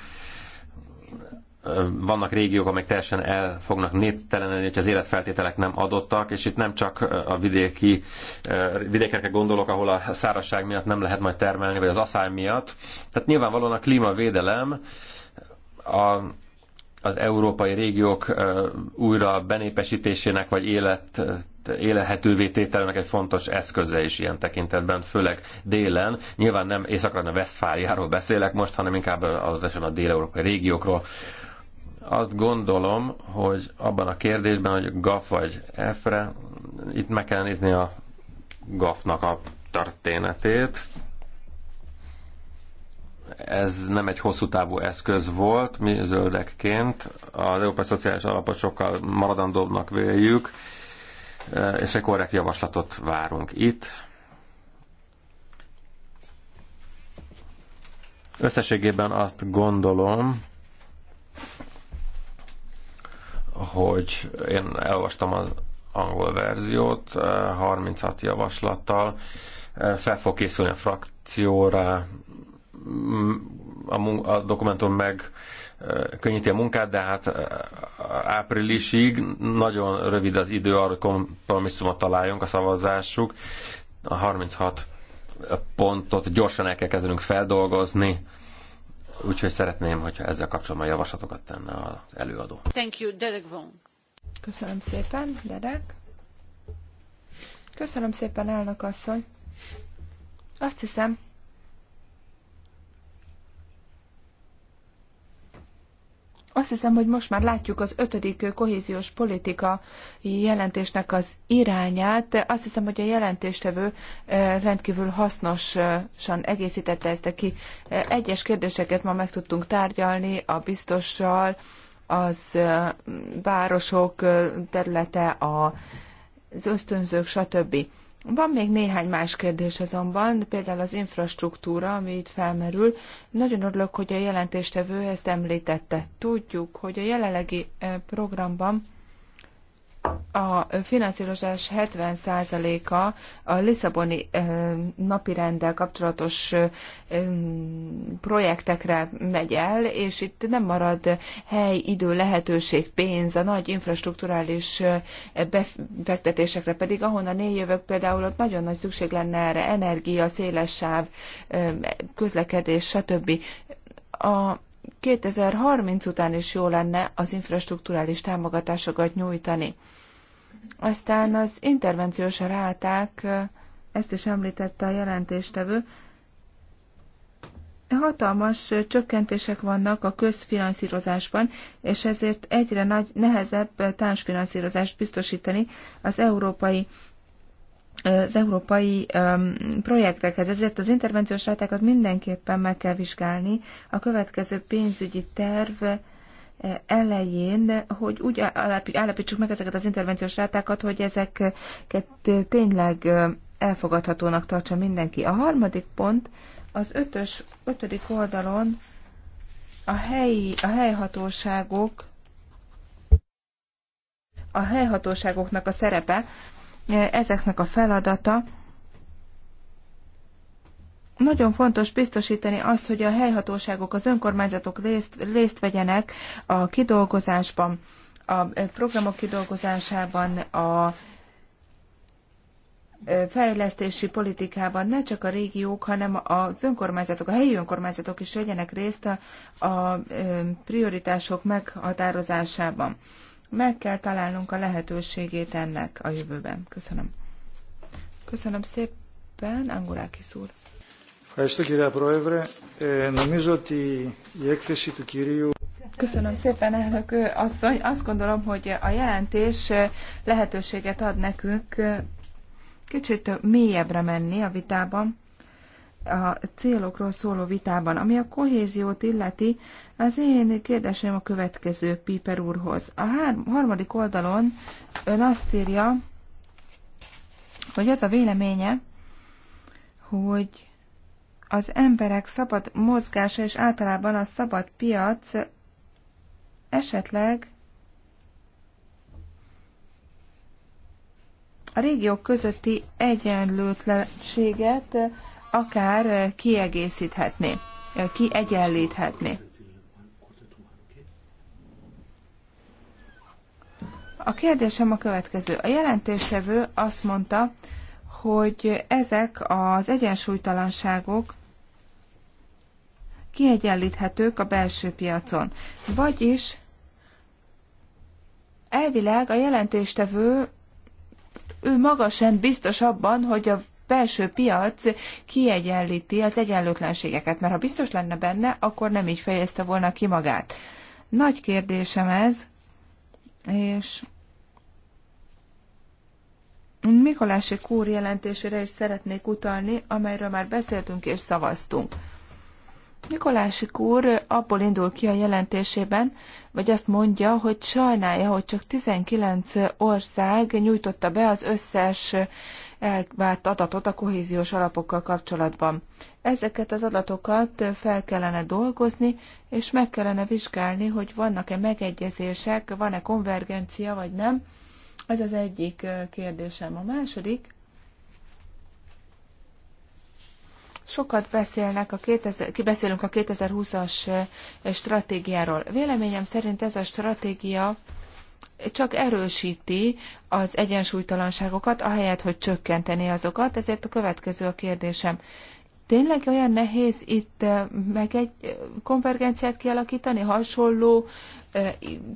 [SPEAKER 2] Vannak régiók, amelyek teljesen el fognak néptelenedni, hogy az életfeltételek nem adottak, és itt nem csak a vidéki vidékekre gondolok, ahol a szárazság miatt nem lehet majd termelni, vagy az asszály miatt. Tehát nyilvánvalóan a klímavédelem a az európai régiók újra benépesítésének vagy élet élehetővé tételnek egy fontos eszköze is ilyen tekintetben, főleg délen. Nyilván nem északra, nem Westfáliáról beszélek most, hanem inkább az esetben a dél-európai régiókról. Azt gondolom, hogy abban a kérdésben, hogy GAF vagy EFRE, itt meg kell nézni a GAF-nak a történetét ez nem egy hosszú távú eszköz volt, mi zöldekként a Európai Szociális Alapot sokkal maradandóbbnak véljük, eh, és egy korrekt javaslatot várunk itt. Összességében azt gondolom, hogy én elolvastam az angol verziót 36 eh, javaslattal, eh, fel fog készülni a frakcióra a, a dokumentum meg könnyíti a munkát, de hát áprilisig nagyon rövid az idő arra, hogy kompromisszumot találjunk a szavazásuk. A 36 pontot gyorsan el kell kezdenünk feldolgozni, úgyhogy szeretném, hogyha ezzel kapcsolatban javaslatokat tenne az előadó.
[SPEAKER 1] Thank you, Derek Vong. Köszönöm szépen, Derek. Köszönöm szépen, elnök asszony. Azt hiszem, Azt hiszem, hogy most már látjuk az ötödik kohéziós politika jelentésnek az irányát. Azt hiszem, hogy a jelentéstevő eh, rendkívül hasznosan egészítette ezt ki. Eh, egyes kérdéseket ma meg tudtunk tárgyalni a biztossal, az eh, városok területe, az ösztönzők, stb. Van még néhány más kérdés azonban, például az infrastruktúra, ami itt felmerül. Nagyon örülök, hogy a jelentéstevő ezt említette. Tudjuk, hogy a jelenlegi eh, programban a finanszírozás 70%-a a Lisszaboni napirenddel kapcsolatos projektekre megy el, és itt nem marad hely, idő, lehetőség, pénz a nagy infrastruktúrális befektetésekre, pedig ahonnan én jövök például, ott nagyon nagy szükség lenne erre, energia, széles sáv, közlekedés, stb. A 2030 után is jó lenne az infrastruktúrális támogatásokat nyújtani. Aztán az intervenciós ráták, ezt is említette a jelentéstevő, hatalmas csökkentések vannak a közfinanszírozásban, és ezért egyre nagy, nehezebb társfinanszírozást biztosítani az európai az európai um, projektekhez. Ezért az intervenciós rátákat mindenképpen meg kell vizsgálni. A következő pénzügyi terv elején, hogy úgy állapítsuk meg ezeket az intervenciós rátákat, hogy ezeket tényleg elfogadhatónak tartsa mindenki. A harmadik pont az ötös, ötödik oldalon a helyi, a helyhatóságok a helyhatóságoknak a szerepe, ezeknek a feladata, nagyon fontos biztosítani azt, hogy a helyhatóságok, az önkormányzatok részt, részt vegyenek a kidolgozásban, a programok kidolgozásában, a fejlesztési politikában ne csak a régiók, hanem az önkormányzatok, a helyi önkormányzatok is vegyenek részt a, a prioritások meghatározásában. Meg kell találnunk a lehetőségét ennek a jövőben. Köszönöm. Köszönöm szépen, Angurákis úr.
[SPEAKER 3] Ευχαριστώ Πρόεδρε. Ε, νομίζω ότι η έκθεση του κυρίου
[SPEAKER 1] Köszönöm szépen, elnök asszony. Azt gondolom, hogy a jelentés lehetőséget ad nekünk kicsit mélyebbre menni a vitában, a célokról szóló vitában. Ami a kohéziót illeti, az én kérdésem a következő Piper úrhoz. A harmadik oldalon ön azt írja, hogy az a véleménye, hogy az emberek szabad mozgása és általában a szabad piac esetleg a régiók közötti egyenlőtlenséget akár kiegészíthetné, kiegyenlíthetné. A kérdésem a következő. A jelentéstevő azt mondta, hogy ezek az egyensúlytalanságok kiegyenlíthetők a belső piacon. Vagyis elvileg a jelentéstevő ő maga sem biztos abban, hogy a belső piac kiegyenlíti az egyenlőtlenségeket, mert ha biztos lenne benne, akkor nem így fejezte volna ki magát. Nagy kérdésem ez, és Mikolási Kúr jelentésére is szeretnék utalni, amelyről már beszéltünk és szavaztunk. Nikolási úr abból indul ki a jelentésében, vagy azt mondja, hogy sajnálja, hogy csak 19 ország nyújtotta be az összes elvárt adatot a kohéziós alapokkal kapcsolatban. Ezeket az adatokat fel kellene dolgozni, és meg kellene vizsgálni, hogy vannak-e megegyezések, van-e konvergencia, vagy nem. Ez az egyik kérdésem. A második, Sokat beszélnek a 2000, beszélünk a 2020-as eh, stratégiáról. Véleményem szerint ez a stratégia csak erősíti az egyensúlytalanságokat, ahelyett, hogy csökkenteni azokat, ezért a következő a kérdésem. Tényleg olyan nehéz itt eh, meg egy eh, konvergenciát kialakítani, hasonló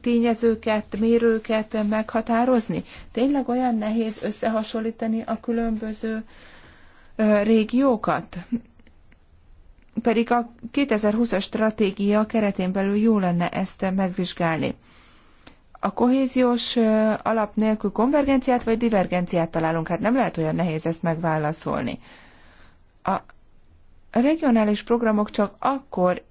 [SPEAKER 1] tényezőket, mérőket meghatározni? Tényleg olyan nehéz összehasonlítani a különböző régiókat. Pedig a 2020-as stratégia keretén belül jó lenne ezt megvizsgálni. A kohéziós alap nélkül konvergenciát vagy divergenciát találunk? Hát nem lehet olyan nehéz ezt megválaszolni. A regionális programok csak akkor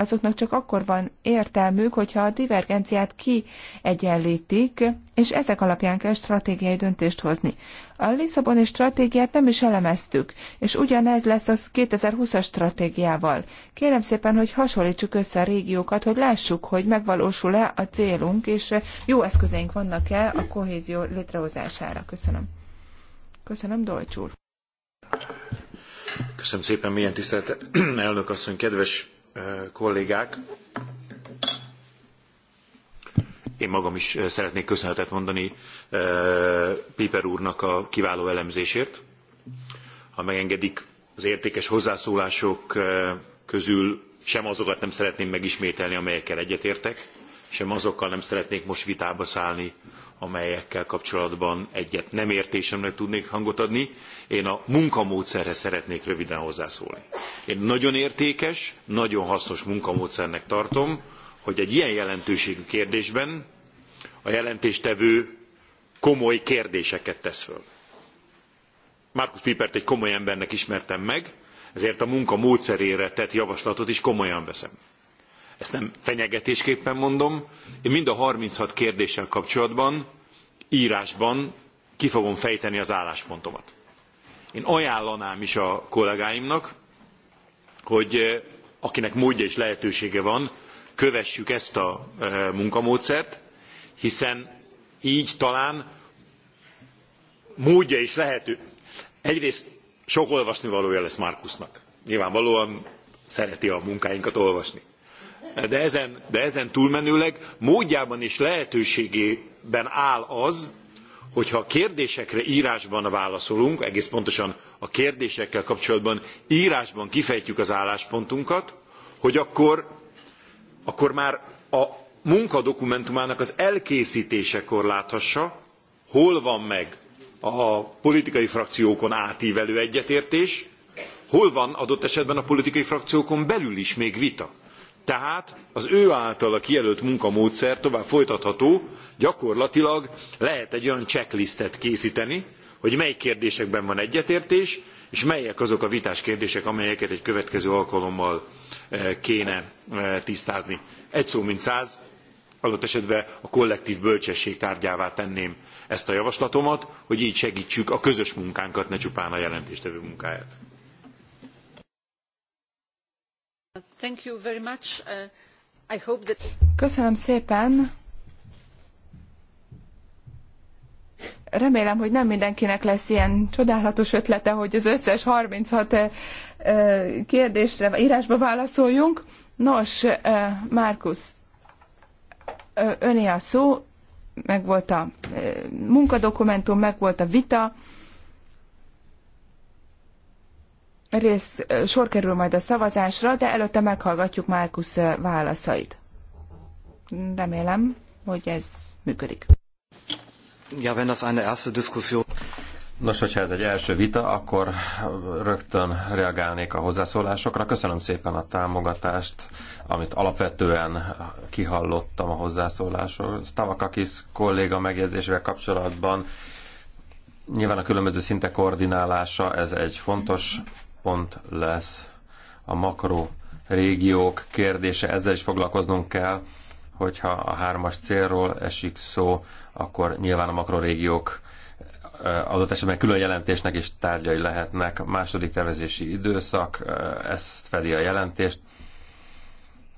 [SPEAKER 1] azoknak csak akkor van értelmük, hogyha a divergenciát kiegyenlítik, és ezek alapján kell stratégiai döntést hozni. A Lisszaboni stratégiát nem is elemeztük, és ugyanez lesz az 2020-as stratégiával. Kérem szépen, hogy hasonlítsuk össze a régiókat, hogy lássuk, hogy megvalósul-e a célunk, és jó eszközeink vannak-e a kohézió létrehozására. Köszönöm. Köszönöm, Dolcsúr. úr.
[SPEAKER 3] Köszönöm szépen, milyen tisztelt elnök asszony, kedves kollégák! Én magam is szeretnék köszönetet mondani Piper úrnak a kiváló elemzésért. Ha megengedik, az értékes hozzászólások közül sem azokat nem szeretném megismételni, amelyekkel egyetértek, sem azokkal nem szeretnék most vitába szállni, amelyekkel kapcsolatban egyet nem értésemre tudnék hangot adni. Én a munkamódszerhez szeretnék röviden hozzászólni. Én nagyon értékes, nagyon hasznos munkamódszernek tartom, hogy egy ilyen jelentőségű kérdésben a jelentéstevő komoly kérdéseket tesz föl. Markus Pipert egy komoly embernek ismertem meg, ezért a munka módszerére tett javaslatot is komolyan veszem ezt nem fenyegetésképpen mondom, én mind a 36 kérdéssel kapcsolatban írásban ki fogom fejteni az álláspontomat. Én ajánlanám is a kollégáimnak, hogy eh, akinek módja és lehetősége van, kövessük ezt a eh, munkamódszert, hiszen így talán módja is lehető. Egyrészt sok olvasnivalója lesz Márkusznak. Nyilvánvalóan szereti a munkáinkat olvasni de ezen, de ezen túlmenőleg módjában és lehetőségében áll az, hogyha a kérdésekre írásban válaszolunk, egész pontosan a kérdésekkel kapcsolatban írásban kifejtjük az álláspontunkat, hogy akkor, akkor már a munka dokumentumának az elkészítésekor láthassa, hol van meg a politikai frakciókon átívelő egyetértés, hol van adott esetben a politikai frakciókon belül is még vita tehát az ő általa kijelölt munkamódszer tovább folytatható gyakorlatilag lehet egy olyan checklistet készteni hogy mely kérdésekben van egyetértés és melyek azok a vitás kérdések amelyeket egy következő alkalommal eh, kéne eh, tisztázni. egy szó mint száz adott esetben a kollektv bölcsesség tárgyává tenném ezt a javaslatomat hogy gy segtsük a közös munkánkat ne csupán a jelentéstevő munkáját.
[SPEAKER 1] Uh, Köszönöm szépen. Remélem, hogy nem mindenkinek lesz ilyen csodálatos ötlete, hogy az összes 36 kérdésre írásba válaszoljunk. Nos, Markus, öné a szó, meg a munkadokumentum, megvolt a vita, rész, sor kerül majd a szavazásra, de előtte meghallgatjuk Márkusz válaszait. Remélem, hogy ez működik.
[SPEAKER 2] Ja, wenn das eine erste Diskussion... Nos, hogyha ez egy első vita, akkor rögtön reagálnék a hozzászólásokra. Köszönöm szépen a támogatást, amit alapvetően kihallottam a hozzászólásról. Stavakakis kolléga megjegyzésével kapcsolatban nyilván a különböző szintek koordinálása, ez egy fontos pont lesz a makro régiók kérdése, ezzel is foglalkoznunk kell, hogyha a hármas célról esik szó, akkor nyilván a makrorégiók adott esetben külön jelentésnek is tárgyai lehetnek. A második tervezési időszak, ezt fedi a jelentést.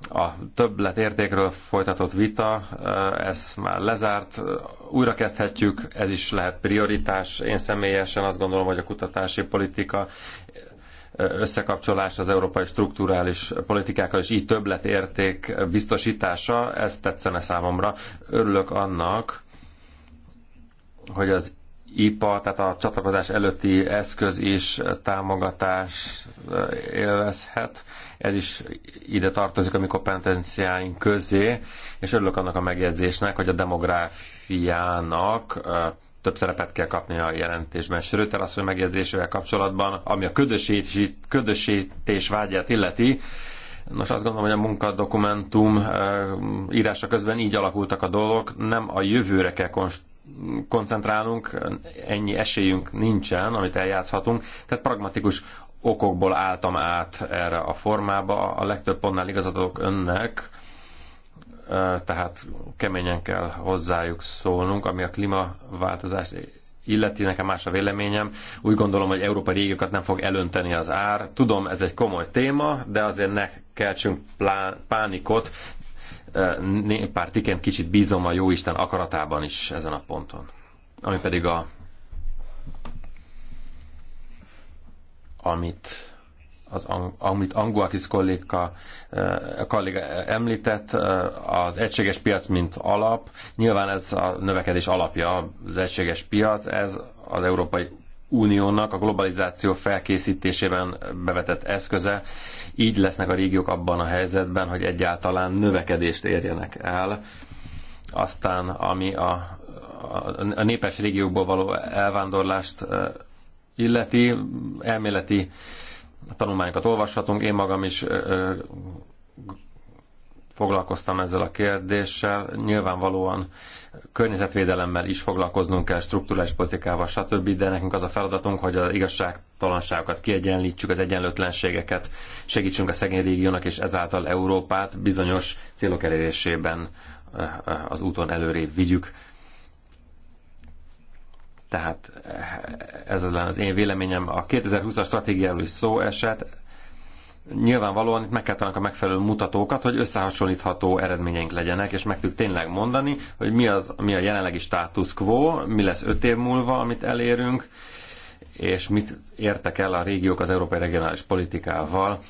[SPEAKER 2] A többlet értékről folytatott vita, ez már lezárt, újra kezdhetjük, ez is lehet prioritás. Én személyesen azt gondolom, hogy a kutatási politika összekapcsolás az európai strukturális politikákkal, és így többletérték biztosítása, ez tetszene számomra. Örülök annak, hogy az IPA, tehát a csatlakozás előtti eszköz is támogatás eh, élvezhet. Ez is ide tartozik a mi kompetenciáink közé, és örülök annak a megjegyzésnek, hogy a demográfiának eh, több szerepet kell kapni a jelentésben. Söröter asszony megjegyzésével kapcsolatban, ami a ködösítés, vágyát illeti, Nos, azt gondolom, hogy a munkadokumentum írása közben így alakultak a dolgok, nem a jövőre kell konst- koncentrálunk, ennyi esélyünk nincsen, amit eljátszhatunk, tehát pragmatikus okokból álltam át erre a formába. A legtöbb pontnál igazatok önnek, tehát keményen kell hozzájuk szólnunk, ami a klímaváltozást illeti, nekem más a véleményem. Úgy gondolom, hogy Európa régiókat nem fog elönteni az ár. Tudom, ez egy komoly téma, de azért ne keltsünk plán, pánikot. Néppártiként kicsit bízom a jóisten akaratában is ezen a ponton. Ami pedig a amit az, amit Anguakis kolléga, eh, kolléga említett, eh, az egységes piac, mint alap. Nyilván ez a növekedés alapja, az egységes piac, ez az Európai Uniónak a globalizáció felkészítésében bevetett eszköze. Így lesznek a régiók abban a helyzetben, hogy egyáltalán növekedést érjenek el. Aztán, ami a, a népes régiókból való elvándorlást eh, illeti, elméleti a tanulmányokat olvashatunk. Én magam is foglalkoztam ezzel a kérdéssel. Nyilvánvalóan környezetvédelemmel is foglalkoznunk kell, strukturális politikával, stb., de nekünk az a feladatunk, hogy az igazságtalanságokat kiegyenlítsük, az egyenlőtlenségeket, segítsünk a szegény régiónak és ezáltal Európát bizonyos célok elérésében az úton előrébb vigyük. Tehát eh, ez lenne az én véleményem. A 2020-as stratégiáról is szó esett. Nyilvánvalóan itt meg kell találnunk a megfelelő mutatókat, hogy összehasonlítható eredményeink legyenek, és meg tudjuk tényleg mondani, hogy mi, az, mi a jelenlegi status quo, mi lesz öt év múlva, amit elérünk, és mit értek el a régiók az európai regionális politikával.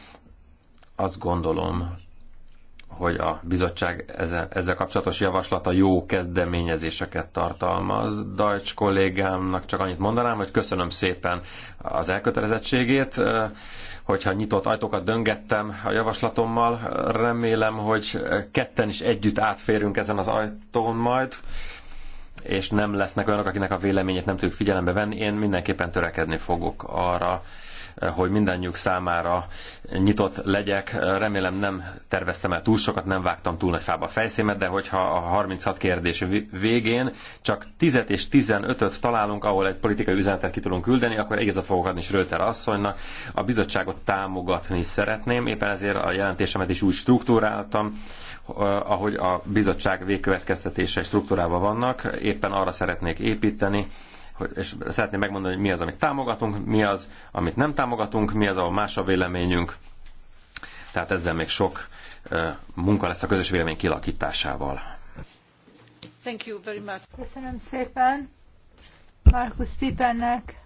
[SPEAKER 2] Azt gondolom, hogy a bizottság ezzel, ezzel kapcsolatos javaslata jó kezdeményezéseket tartalmaz. Dajcs kollégámnak csak annyit mondanám, hogy köszönöm szépen az elkötelezettségét, hogyha nyitott ajtókat döngettem a javaslatommal, remélem, hogy ketten is együtt átférünk ezen az ajtón majd és nem lesznek olyanok, akinek a véleményét nem tudjuk figyelembe venni. Én mindenképpen törekedni fogok arra, hogy mindannyiuk számára nyitott legyek. Remélem nem terveztem el túl sokat, nem vágtam túl nagy fába a fejszémet, de hogyha a 36 kérdés végén csak 10 és 15-öt találunk, ahol egy politikai üzenetet ki tudunk küldeni, akkor igazat fogok adni Schröter asszonynak. A bizottságot támogatni szeretném, éppen ezért a jelentésemet is úgy struktúráltam, eh, ahogy a bizottság végkövetkeztetése struktúrában vannak. Éppen arra szeretnék építeni, hogy, és szeretném megmondani, hogy mi az, amit támogatunk, mi az, amit nem támogatunk, mi az, ahol más a véleményünk. Tehát ezzel még sok munka lesz a közös vélemény kilakításával.
[SPEAKER 4] Thank you very much. Köszönöm szépen Markus Pipennek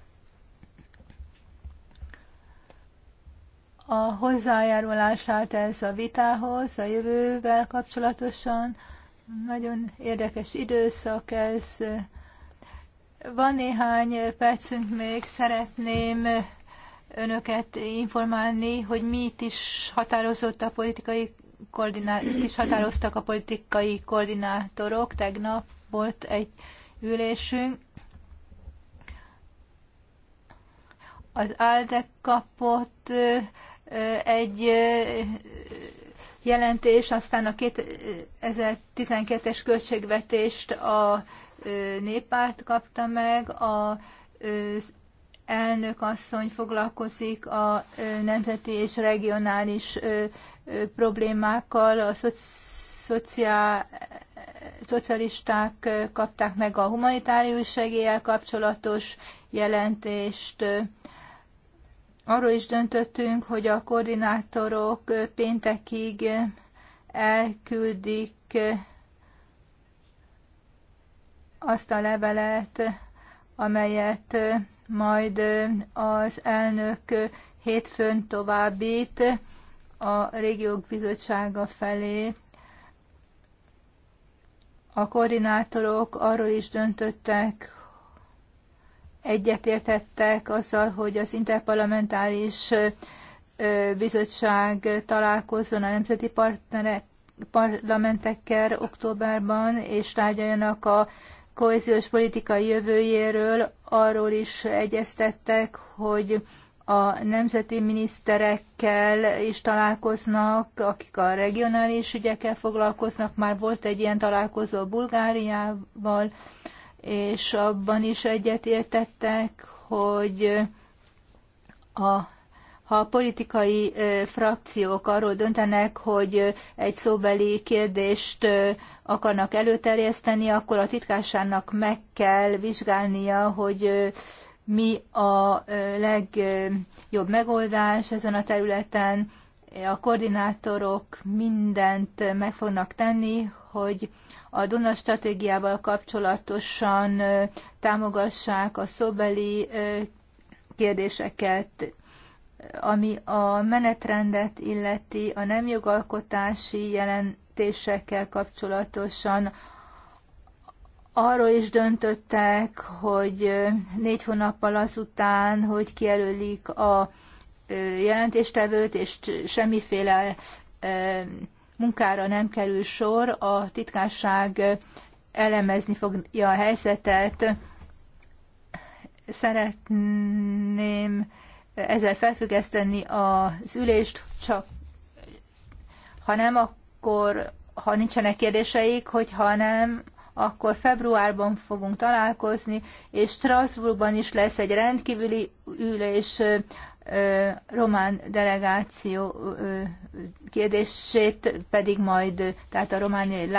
[SPEAKER 4] a hozzájárulását ez a vitához, a jövővel kapcsolatosan. Nagyon érdekes időszak ez, van néhány percünk még, szeretném önöket informálni, hogy mit is határozott a politikai koordinátorok, is határoztak a politikai koordinátorok. Tegnap volt egy ülésünk. Az ALDE kapott egy jelentés, aztán a 2012-es költségvetést a néppárt kapta meg, a elnök asszony foglalkozik a nemzeti és regionális problémákkal, a szociál, szocialisták kapták meg a humanitárius segéllyel kapcsolatos jelentést. Arról is döntöttünk, hogy a koordinátorok péntekig elküldik azt a levelet, amelyet majd az elnök hétfőn továbbít a régiók bizottsága felé. A koordinátorok arról is döntöttek, egyetértettek azzal, hogy az interparlamentáris bizottság találkozzon a nemzeti partnerek, parlamentekkel októberben és tárgyaljanak a kohéziós politika jövőjéről arról is egyeztettek, hogy a nemzeti miniszterekkel is találkoznak, akik a regionális ügyekkel foglalkoznak. Már volt egy ilyen találkozó Bulgáriával, és abban is egyetértettek, hogy a ha a politikai frakciók arról döntenek, hogy egy szóbeli kérdést akarnak előterjeszteni, akkor a titkársának meg kell vizsgálnia, hogy mi a legjobb megoldás ezen a területen. A koordinátorok mindent meg fognak tenni, hogy a Duna stratégiával kapcsolatosan támogassák a szóbeli kérdéseket ami a menetrendet illeti, a nem jogalkotási jelentésekkel kapcsolatosan arról is döntöttek, hogy négy hónappal azután, hogy kijelölik a jelentéstevőt, és semmiféle munkára nem kerül sor, a titkárság elemezni fogja a helyzetet. Szeretném ezzel felfüggeszteni az ülést, csak ha nem, akkor ha nincsenek kérdéseik, hogyha nem, akkor februárban fogunk találkozni, és Strasbourgban is lesz egy rendkívüli ülés román delegáció kérdését pedig majd, tehát a romániai